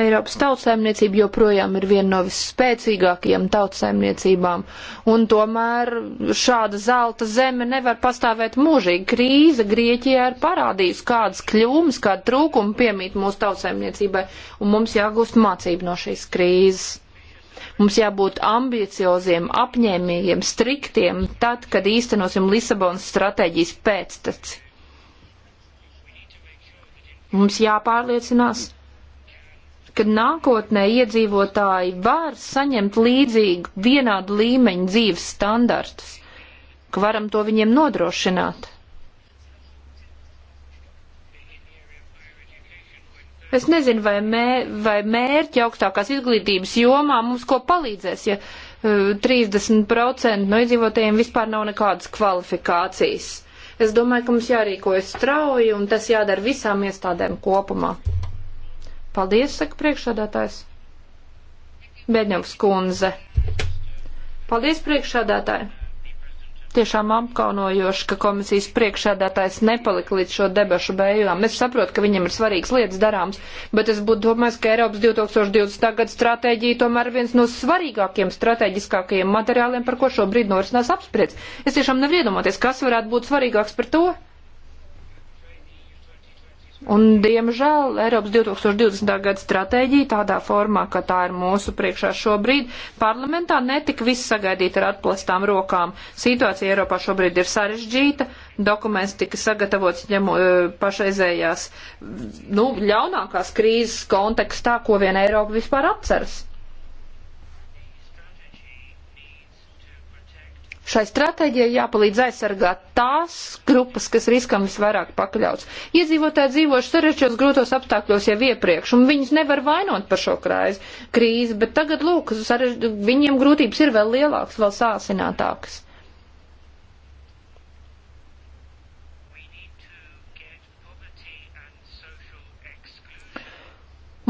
S5: Eiropas tautsēmniecība joprojām ir viena no visspēcīgākajām tautsēmniecībām, un tomēr šāda zelta zeme nevar pastāvēt mūžīgi. Krīze Grieķijā ir parādījusi, kādas kļūmes, kāda trūkuma piemīt mūsu tautsēmniecībai, un mums jāgūst mācību no šīs krīzes. Mums jābūt ambicioziem, apņēmīgiem, striktiem, tad, kad īstenosim Lisabonas stratēģijas pēctaci. Mums jāpārliecinās. Mm ka nākotnē iedzīvotāji var saņemt līdzīgu vienādu līmeņu dzīves standartus, ka varam to viņiem nodrošināt. Es nezinu, vai, mē, vai mērķi augstākās izglītības jomā mums ko palīdzēs, ja uh, e, 30% no iedzīvotājiem vispār nav nekādas kvalifikācijas. Es domāju, ka mums jārīkojas strauji un tas jādara visām iestādēm kopumā. Paldies, saka priekšādātājs. Beņovs kundze. Paldies, priekšādātāji. Tiešām apkaunojoši, ka komisijas priekšādātājs nepalika līdz šo debašu beigām. Es saprotu, ka viņam ir svarīgas lietas darāms, bet es būtu domājis, ka Eiropas 2020. gada stratēģija tomēr ir viens no svarīgākiem strateģiskākajiem materiāliem, par ko šobrīd norisinās apspriedz. Es tiešām nevar iedomāties, kas varētu būt svarīgāks par to. Un, diemžēl, Eiropas 2020. gada stratēģija tādā formā, ka tā ir mūsu priekšā šobrīd, parlamentā netika viss sagaidīt ar atplastām rokām. Situācija Eiropā šobrīd ir sarežģīta, dokuments tika sagatavots ņem, e, pašreizējās, nu, ļaunākās krīzes kontekstā, ko vien Eiropa vispār atceras. Šai stratēģijai jāpalīdz aizsargāt tās grupas, kas riskam visvairāk pakļauts. Iedzīvotāji dzīvoši sarešķos grūtos apstākļos jau iepriekš, un viņus nevar vainot par šo krāzi, krīzi, bet tagad, lūk, sarež... viņiem grūtības ir vēl lielākas, vēl sāsinātākas.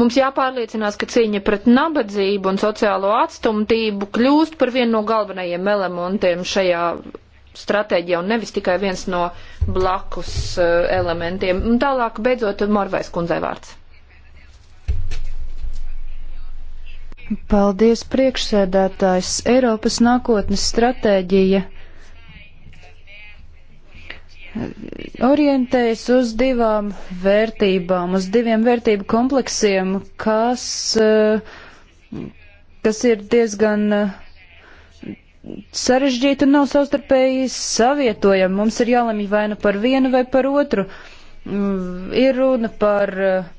S5: Mums jāpārliecinās, ka cīņa pret nabadzību un sociālo atstumtību kļūst par vienu no galvenajiem elementiem šajā stratēģijā un nevis tikai viens no blakus uh, elementiem. Un tālāk beidzot Morvais
S6: kundzei vārds. Paldies priekšsēdētājs. Eiropas nākotnes stratēģija orientējas uz divām vērtībām, uz diviem vērtību kompleksiem, kas, eh, kas ir diezgan eh, sarežģīti un nav savstarpēji savietojami. Mums ir jālemj vai nu par vienu vai par otru. Mm, ir runa par eh,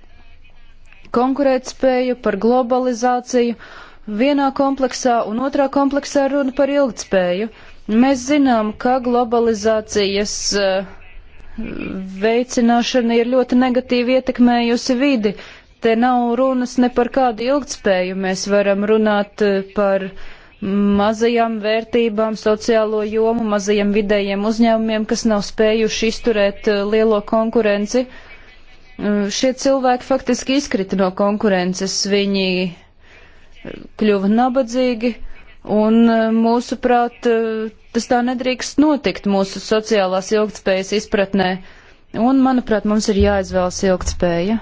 S6: konkurētspēju, par globalizāciju vienā kompleksā un otrā kompleksā runa par ilgtspēju. Uh, Mēs zinām, ka globalizācijas eh, veicināšana ir ļoti negatīvi ietekmējusi vidi. Te nav runas ne par kādu ilgtspēju. Mēs varam runāt eh, par mazajām vērtībām, sociālo jomu, mazajiem vidējiem uzņēmumiem, kas nav spējuši izturēt eh, lielo konkurenci. Šie cilvēki faktiski izkrita no konkurences, viņi kļuva nabadzīgi Un e, mūsuprāt, e, tas tā nedrīkst notikt mūsu sociālās ilgtspējas izpratnē. Un, manuprāt, mums ir jāizvēlas ilgtspēja.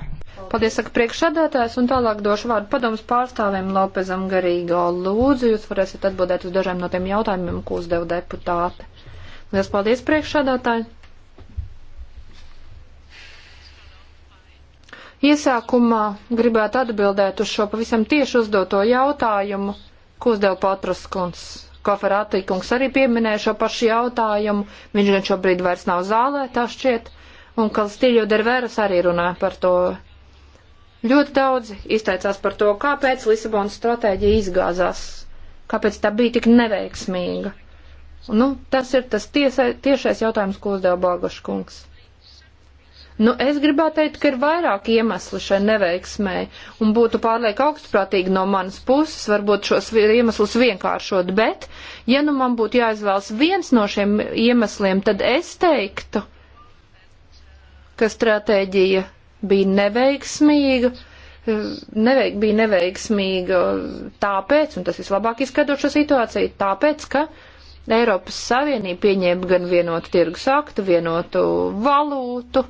S6: Paldies, saka priekšsādātājs, un tālāk došu vārdu padomus pārstāvēm Lopezam Garīgo.
S5: Lūdzu, jūs varēsiet atbildēt uz dažiem no tiem jautājumiem, ko uzdev deputāti. Lielas paldies, priekšsādātāji! Iesākumā gribētu atbildēt uz šo pavisam tieši uzdoto jautājumu ko uzdeva Patras kungs. Koferātī kungs arī pieminēja šo pašu jautājumu, viņš gan šobrīd vairs nav zālē, tā šķiet, un Kalstīļo dervēras arī runāja par to. Ļoti daudzi izteicās par to, kāpēc Lisabonas stratēģija izgāzās, kāpēc tā bija tik neveiksmīga. Nu, tas ir tas tiesai, tiešais jautājums, ko uzdeva Bāgaškungs. Nu, es gribētu teikt, ka ir vairāk iemeslu šai neveiksmēji, un būtu pārlieku augstprātīgi no manas puses varbūt šos iemeslus vienkāršot, bet, ja nu man būtu jāizvēlas viens no šiem iemesliem, tad es teiktu, ka stratēģija bija neveiksmīga, neveik, bija neveiksmīga tāpēc, un tas vislabāk izskaidro šo situāciju, tāpēc, ka Eiropas Savienība pieņēma gan vienotu tirgus aktu, vienotu valūtu,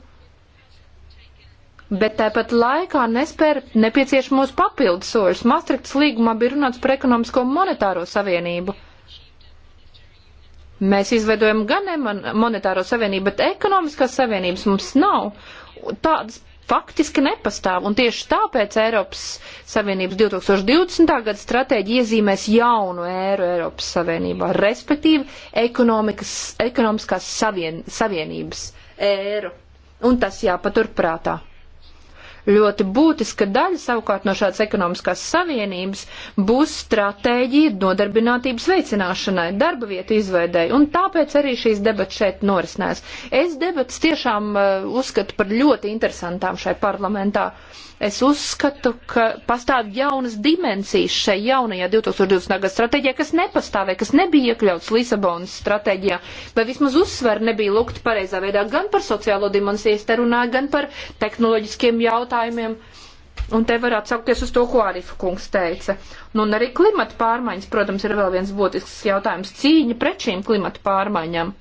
S5: bet tāpat laikā nespēr nepieciešamos papildus soļus. Maastrichtas līgumā bija runāts par ekonomisko monetāro savienību. Mēs izveidojam gan monetāro savienību, bet ekonomiskās savienības mums nav. Tādas faktiski nepastāv, un tieši tāpēc Eiropas Savienības 2020. gada stratēģija iezīmēs jaunu ēru Eiropas Savienībā, respektīvi ekonomiskās savien, savienības ēru. Un tas jāpaturprātā. Ļoti būtiska daļa savukārt no šādas ekonomiskās savienības būs stratēģija nodarbinātības veicināšanai, darba vietu izveidēji, un tāpēc arī šīs debats šeit norisinās. Es debats tiešām uh, uzskatu par ļoti interesantām šai parlamentā. Uh, es uzskatu, ka pastāv jaunas dimensijas šai jaunajā 2020. gada stratēģijā, kas nepastāvēja, kas nebija iekļauts Lisabonas stratēģijā, vai vismaz uzsver nebija lūgt pareizā veidā gan par sociālo dimensiju, te runāja, gan par tehnoloģiskiem jautājumiem. Un te var atsaukties uz to, ko Arifa kungs teica. Nu, un arī klimata pārmaiņas, protams, ir vēl viens būtisks jautājums - cīņa pret šīm klimata pārmaiņām.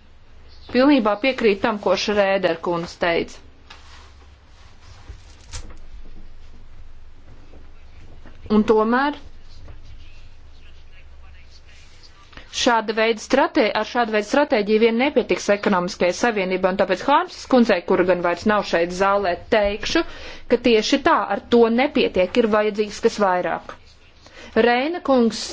S5: Pilnībā piekrīt tam, ko Šrēder kungs teica. Un tomēr šāda veida stratē, ar šādu veidu stratēģiju vien nepietiks ekonomiskajai savienībai, un tāpēc Hārmas kundzei, kura gan vairs nav šeit zālē, teikšu, ka tieši tā ar to nepietiek, ir vajadzīgs kas vairāk. Reina kungs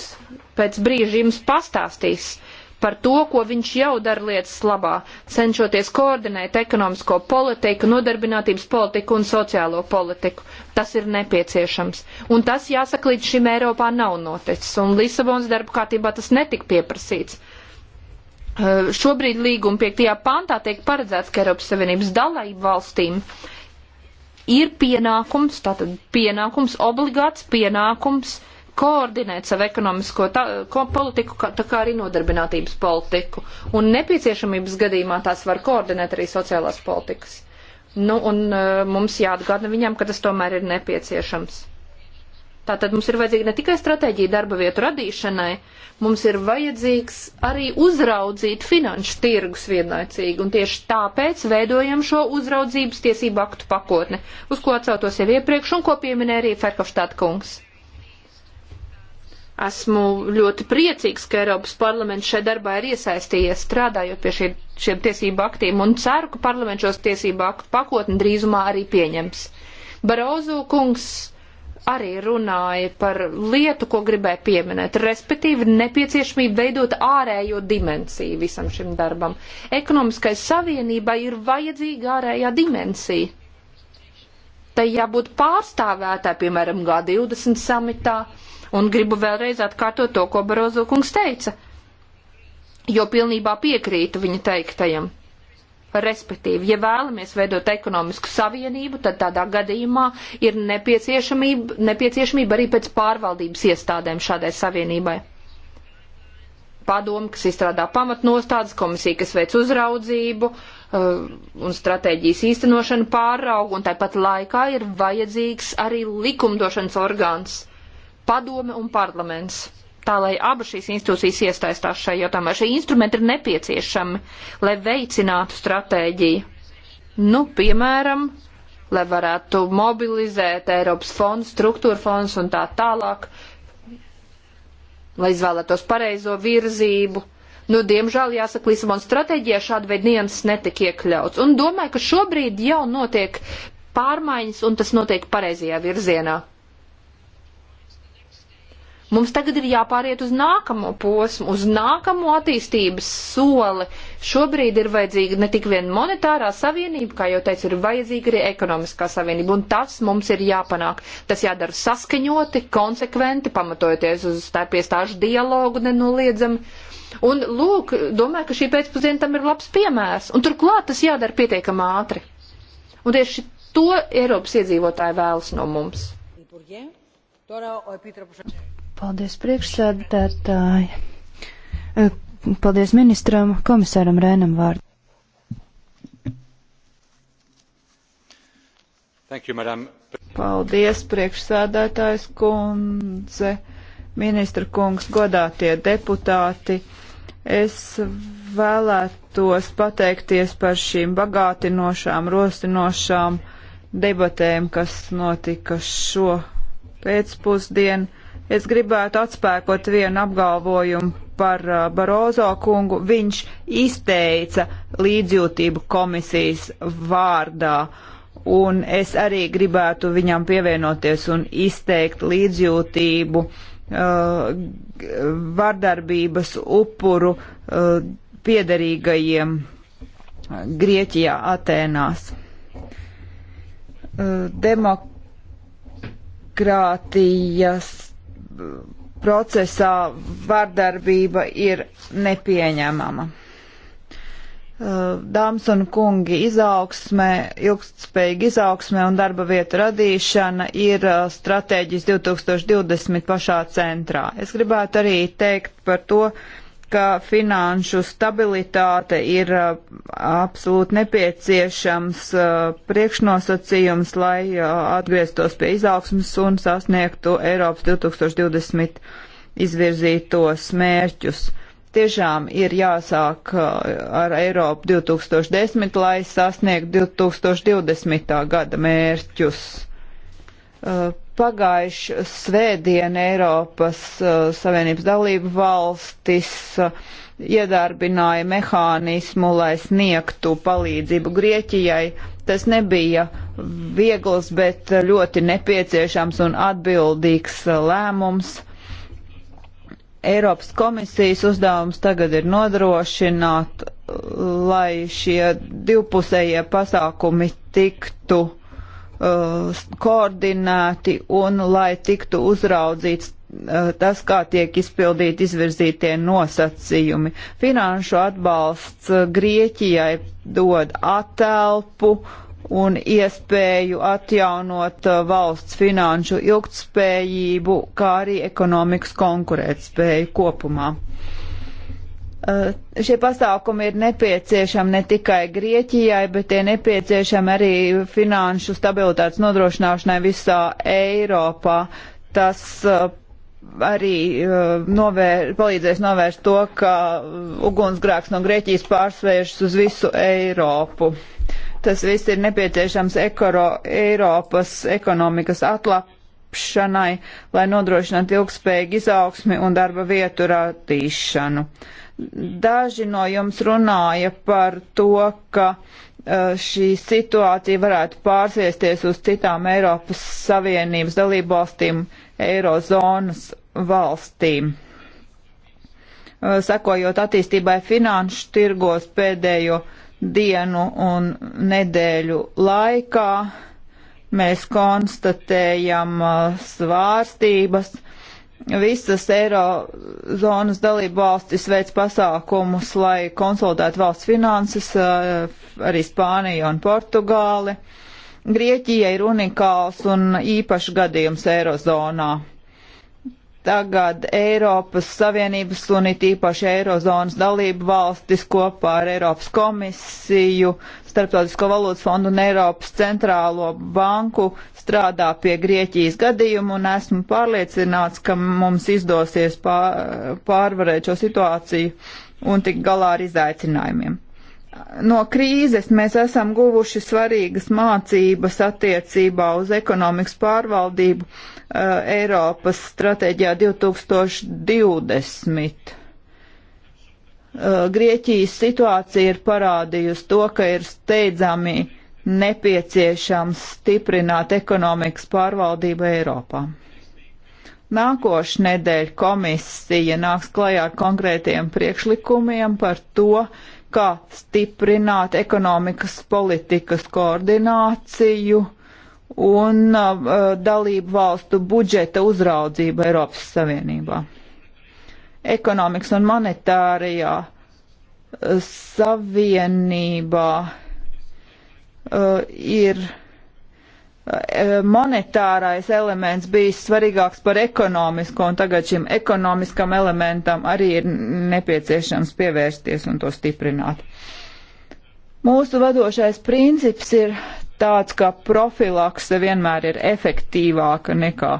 S5: pēc brīža jums pastāstīs, uh, par to, ko viņš jau dara lietas labā, cenšoties koordinēt ekonomisko politiku, nodarbinātības politiku un sociālo politiku. Tas ir nepieciešams. Un tas, jāsaka, līdz šim Eiropā nav noticis, un Lisabonas darba kārtībā tas netika pieprasīts. Uh, šobrīd līguma 5. pantā tiek paredzēts, ka Eiropas Savienības dalību valstīm ir pienākums, tātad pienākums, obligāts pienākums uh, koordinēt savu ekonomisko tā, ko, politiku, kā, tā kā arī nodarbinātības politiku. Un nepieciešamības gadījumā tās var koordinēt arī sociālās politikas. Nu, un uh, mums jāatgādina viņam, ka tas tomēr ir nepieciešams. Tātad mums ir vajadzīga ne tikai stratēģija darba vietu radīšanai, mums ir vajadzīgs arī uzraudzīt finanšu tirgus vienlaicīgi, un tieši tāpēc veidojam šo uzraudzības tiesību aktu pakotni, uz ko atsautos jau iepriekš un ko pieminēja arī Ferkovštāt kungs. Esmu ļoti priecīgs, ka Eiropas parlaments šai darbā ir iesaistījies strādājot pie šie, šiem tiesību aktiem un ceru, ka parlaments šos tiesību aktu pakotni drīzumā arī pieņems. Barozu kungs arī runāja par lietu, ko gribēja pieminēt, respektīvi nepieciešamību veidot ārējo dimensiju visam šim darbam. Ekonomiskai savienībai ir vajadzīga ārējā dimensija. Tai jābūt pārstāvētā, piemēram, G20 samitā Un gribu vēlreiz atkārtot to, ko Barozo kungs teica, jo pilnībā piekrītu viņa teiktajam. Respektīvi, ja vēlamies veidot ekonomisku savienību, tad tādā gadījumā ir nepieciešamība, nepieciešamība arī pēc pārvaldības iestādēm šādai savienībai. Padomu, kas izstrādā pamatnostādes, komisija, kas veic uzraudzību, uh, un stratēģijas īstenošanu pārauga, un tāpat laikā ir vajadzīgs arī likumdošanas orgāns, padome un parlaments. Tā lai abas šīs institūcijas iesaistās šajā jautājumā. Šie instrumenti ir nepieciešami, lai veicinātu stratēģiju. Nu, piemēram, lai varētu mobilizēt Eiropas fondus, struktūra fondus un tā tālāk, lai izvēlētos pareizo virzību. Nu, diemžēl, jāsaka, Lisabonas stratēģijā šāda veida nianses netika iekļauts. Un domāju, ka šobrīd jau notiek pārmaiņas, un tas notiek pareizajā virzienā. Mums tagad ir jāpāriet uz nākamo posmu, uz nākamo attīstības soli. Šobrīd ir vajadzīga ne tik vien monetārā savienība, kā jau teicu, ir vajadzīga arī ekonomiskā savienība, un tas mums ir jāpanāk. Tas jādara saskaņoti, konsekventi, pamatojoties uz starpiestāžu dialogu nenoliedzami. Un, lūk, domāju, ka šī pēcpusdiena tam ir labs piemērs, un turklāt tas jādara pietiekam ātri. Un tieši to Eiropas iedzīvotāji vēlas no mums.
S6: Yeah. Τώρα ο Επίτροπος... Paldies priekšsēdētāji. Eh, paldies ministram, komisāram Rēnam vārdu.
S3: Thank you, madam.
S1: Paldies priekšsēdētājs kundze, ministra kungs, godātie deputāti. Es vēlētos pateikties par šīm bagātinošām, rostinošām debatēm, kas notika šo pēcpusdienu. Es gribētu atspēkot vienu apgalvojumu par uh, Barozo kungu. Viņš izteica līdzjūtību komisijas vārdā, un es arī gribētu viņam pievienoties un izteikt līdzjūtību uh, vardarbības upuru uh, piederīgajiem uh, Grieķijā, Atēnās. Uh, demokrātijas procesā vardarbība ir nepieņemama. Uh, dāmas un kungi, izaugsme, ilgspējīga izaugsme un darba vietu radīšana ir uh, stratēģijas 2020 pašā centrā. Es gribētu arī teikt par to, uh, ka finanšu stabilitāte ir uh, absolūti nepieciešams uh, priekšnosacījums, lai uh, atgrieztos pie izaugsmas un sasniegtu Eiropas 2020 izvirzītos mērķus. Tiešām ir jāsāk ar Eiropu 2010, lai sasniegtu 2020. gada mērķus Pagājuši svētdien Eiropas uh, Savienības dalību valstis uh, iedarbināja mehānismu, lai sniegtu palīdzību Grieķijai. Tas nebija viegls, bet ļoti nepieciešams un atbildīgs uh, lēmums. Eiropas komisijas uzdevums tagad ir nodrošināt, lai šie divpusējie pasākumi tiktu Uh, koordinēti un lai tiktu uzraudzīts uh, tas, kā tiek izpildīti izvirzītie nosacījumi. Finanšu atbalsts uh, Grieķijai dod atelpu un iespēju atjaunot valsts finanšu ilgtspējību, kā arī ekonomikas konkurētspēju kopumā. Eh, šie pasākumi ir nepieciešami ne tikai Grieķijai, bet tie nepieciešami arī finanšu stabilitātes nodrošināšanai visā Eiropā. Tas eh, arī eh, novēr, palīdzēs novērst to, ka ugunsgrēks no Grieķijas pārsvēršas uz visu Eiropu. Tas viss ir nepieciešams ekoro, Eiropas ekonomikas atlapšanai, lai nodrošinātu ilgspējīgu izaugsmi un darba vietu radīšanu. Uh, Daži no jums runāja par to, ka uh, šī situācija varētu pārsviesties uz citām Eiropas Savienības dalībvalstīm, Eirozonas valstīm. Uh, sekojot attīstībai finanšu tirgos pēdējo dienu un nedēļu laikā, mēs konstatējam uh, svārstības visas eirozonas dalību valstis veic pasākumus, lai konsolidētu valsts finanses, eh, arī Spāniju un Portugāli. Grieķija ir unikāls un īpašs gadījums eirozonā. Tagad Eiropas Savienības un it īpaši Eirozonas dalību valstis kopā ar Eiropas komisiju, Starptautisko valūtas fondu un Eiropas centrālo banku strādā pie Grieķijas gadījumu un esmu pārliecināts, ka mums izdosies pārvarēt šo situāciju un tik galā ar izaicinājumiem no krīzes mēs esam guvuši svarīgas mācības attiecībā uz ekonomikas pārvaldību Uh, Eiropas stratēģijā 2020. Uh, Grieķijas situācija ir parādījusi to, ka ir steidzami nepieciešams stiprināt ekonomikas pārvaldību Eiropā. Nākošu nedēļu komisija nāks klajā ar konkrētiem priekšlikumiem par to, kā stiprināt ekonomikas politikas koordināciju, un uh, uh, dalību valstu budžeta uzraudzība Eiropas Savienībā. Ekonomikas un monetārajā uh, savienībā uh, ir uh, monetārais elements bijis svarīgāks par ekonomisko, un tagad šim ekonomiskam elementam arī ir nepieciešams pievērsties un to stiprināt. Mūsu vadošais princips ir tāds, ka profilakse vienmēr ir efektīvāka nekā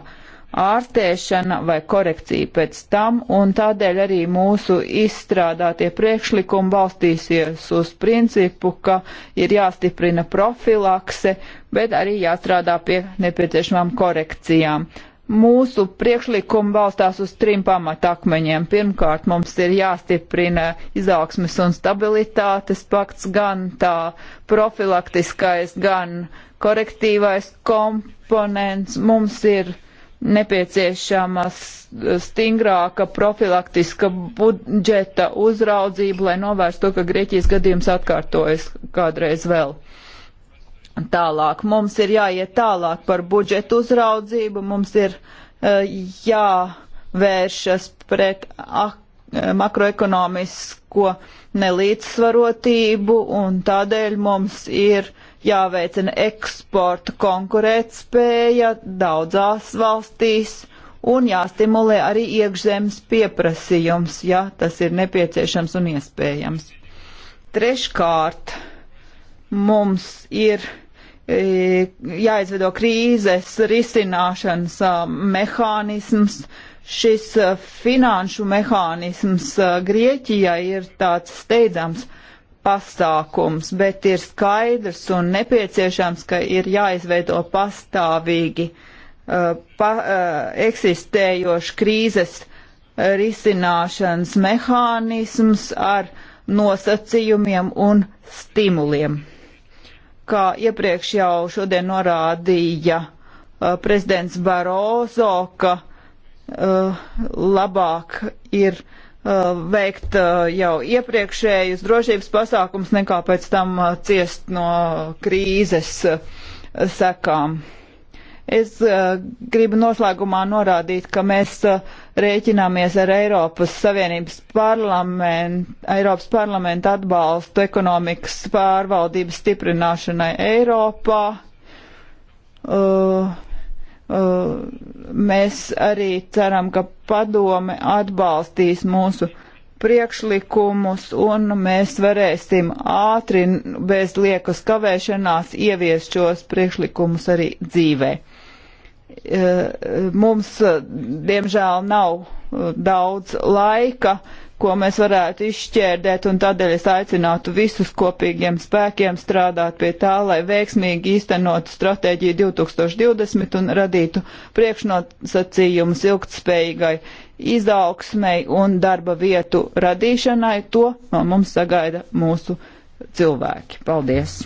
S1: ārstēšana vai korekcija pēc tam, un tādēļ arī mūsu izstrādātie priekšlikumi balstīsies uz principu, ka ir jāstiprina profilakse, bet arī jāstrādā pie nepieciešamām korekcijām. Mūsu priekšlikumi balstās uz trim pamatakmeņiem. Pirmkārt, mums ir jāstiprina izaugsmes un stabilitātes pakts, gan tā profilaktiskais, gan korektīvais komponents. Mums ir nepieciešama stingrāka profilaktiska budžeta uzraudzība, lai novērstu to, ka Grieķijas gadījums atkārtojas kādreiz vēl. Uh, tālāk. Mums ir jāiet tālāk par budžetu uzraudzību, mums ir uh, jāvēršas pret e, makroekonomisko nelīdzsvarotību un tādēļ mums ir jāveicina eksporta konkurētspēja daudzās valstīs un jāstimulē arī iekšzemes pieprasījums, ja tas ir nepieciešams un iespējams. Treškārt, mums ir jāizveido krīzes risināšanas mehānisms. Šis finanšu mehānisms Grieķijai ir tāds steidzams pasākums, bet ir skaidrs un nepieciešams, ka ir jāizveido pastāvīgi pa, eksistējoši krīzes risināšanas mehānisms ar nosacījumiem un stimuliem kā iepriekš jau šodien norādīja uh, prezidents Barozo, ka uh, labāk ir uh, veikt uh, jau iepriekšējus drošības pasākums nekā pēc tam uh, ciest no krīzes uh, sekām. Uh, Es uh, gribu noslēgumā norādīt, ka mēs uh, rēķināmies ar Eiropas Savienības parlamentu, Eiropas parlamentu atbalstu ekonomikas pārvaldības stiprināšanai Eiropā. Uh, uh, mēs arī ceram, ka padome atbalstīs mūsu priekšlikumus un mēs varēsim ātri bez liekas kavēšanās ieviest šos priekšlikumus arī dzīvē. Eh, mums, eh, diemžēl, nav eh, daudz laika, ko mēs varētu izšķērdēt, un tādēļ es aicinātu visus kopīgiem spēkiem strādāt pie tā, lai veiksmīgi īstenotu stratēģiju 2020 un radītu priekšnosacījumus ilgtspējīgai izaugsmei un darba vietu radīšanai. To no mums sagaida mūsu cilvēki. Paldies!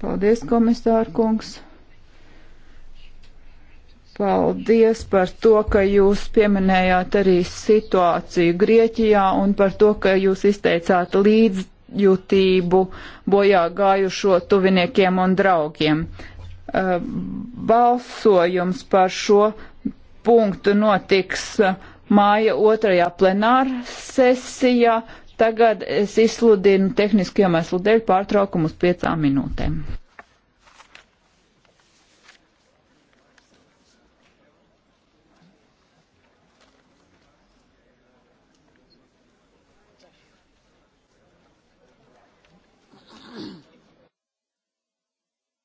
S1: Paldies, komisārkungs! Paldies par to, ka jūs pieminējāt arī situāciju Grieķijā un par to, ka jūs izteicāt līdzjūtību bojā gājušo tuviniekiem un draugiem. Uh, balsojums par šo punktu notiks uh, māja otrajā plenāra sesijā. Tagad es izsludinu tehnisku iemeslu dēļ pārtraukumu uz piecām minūtēm.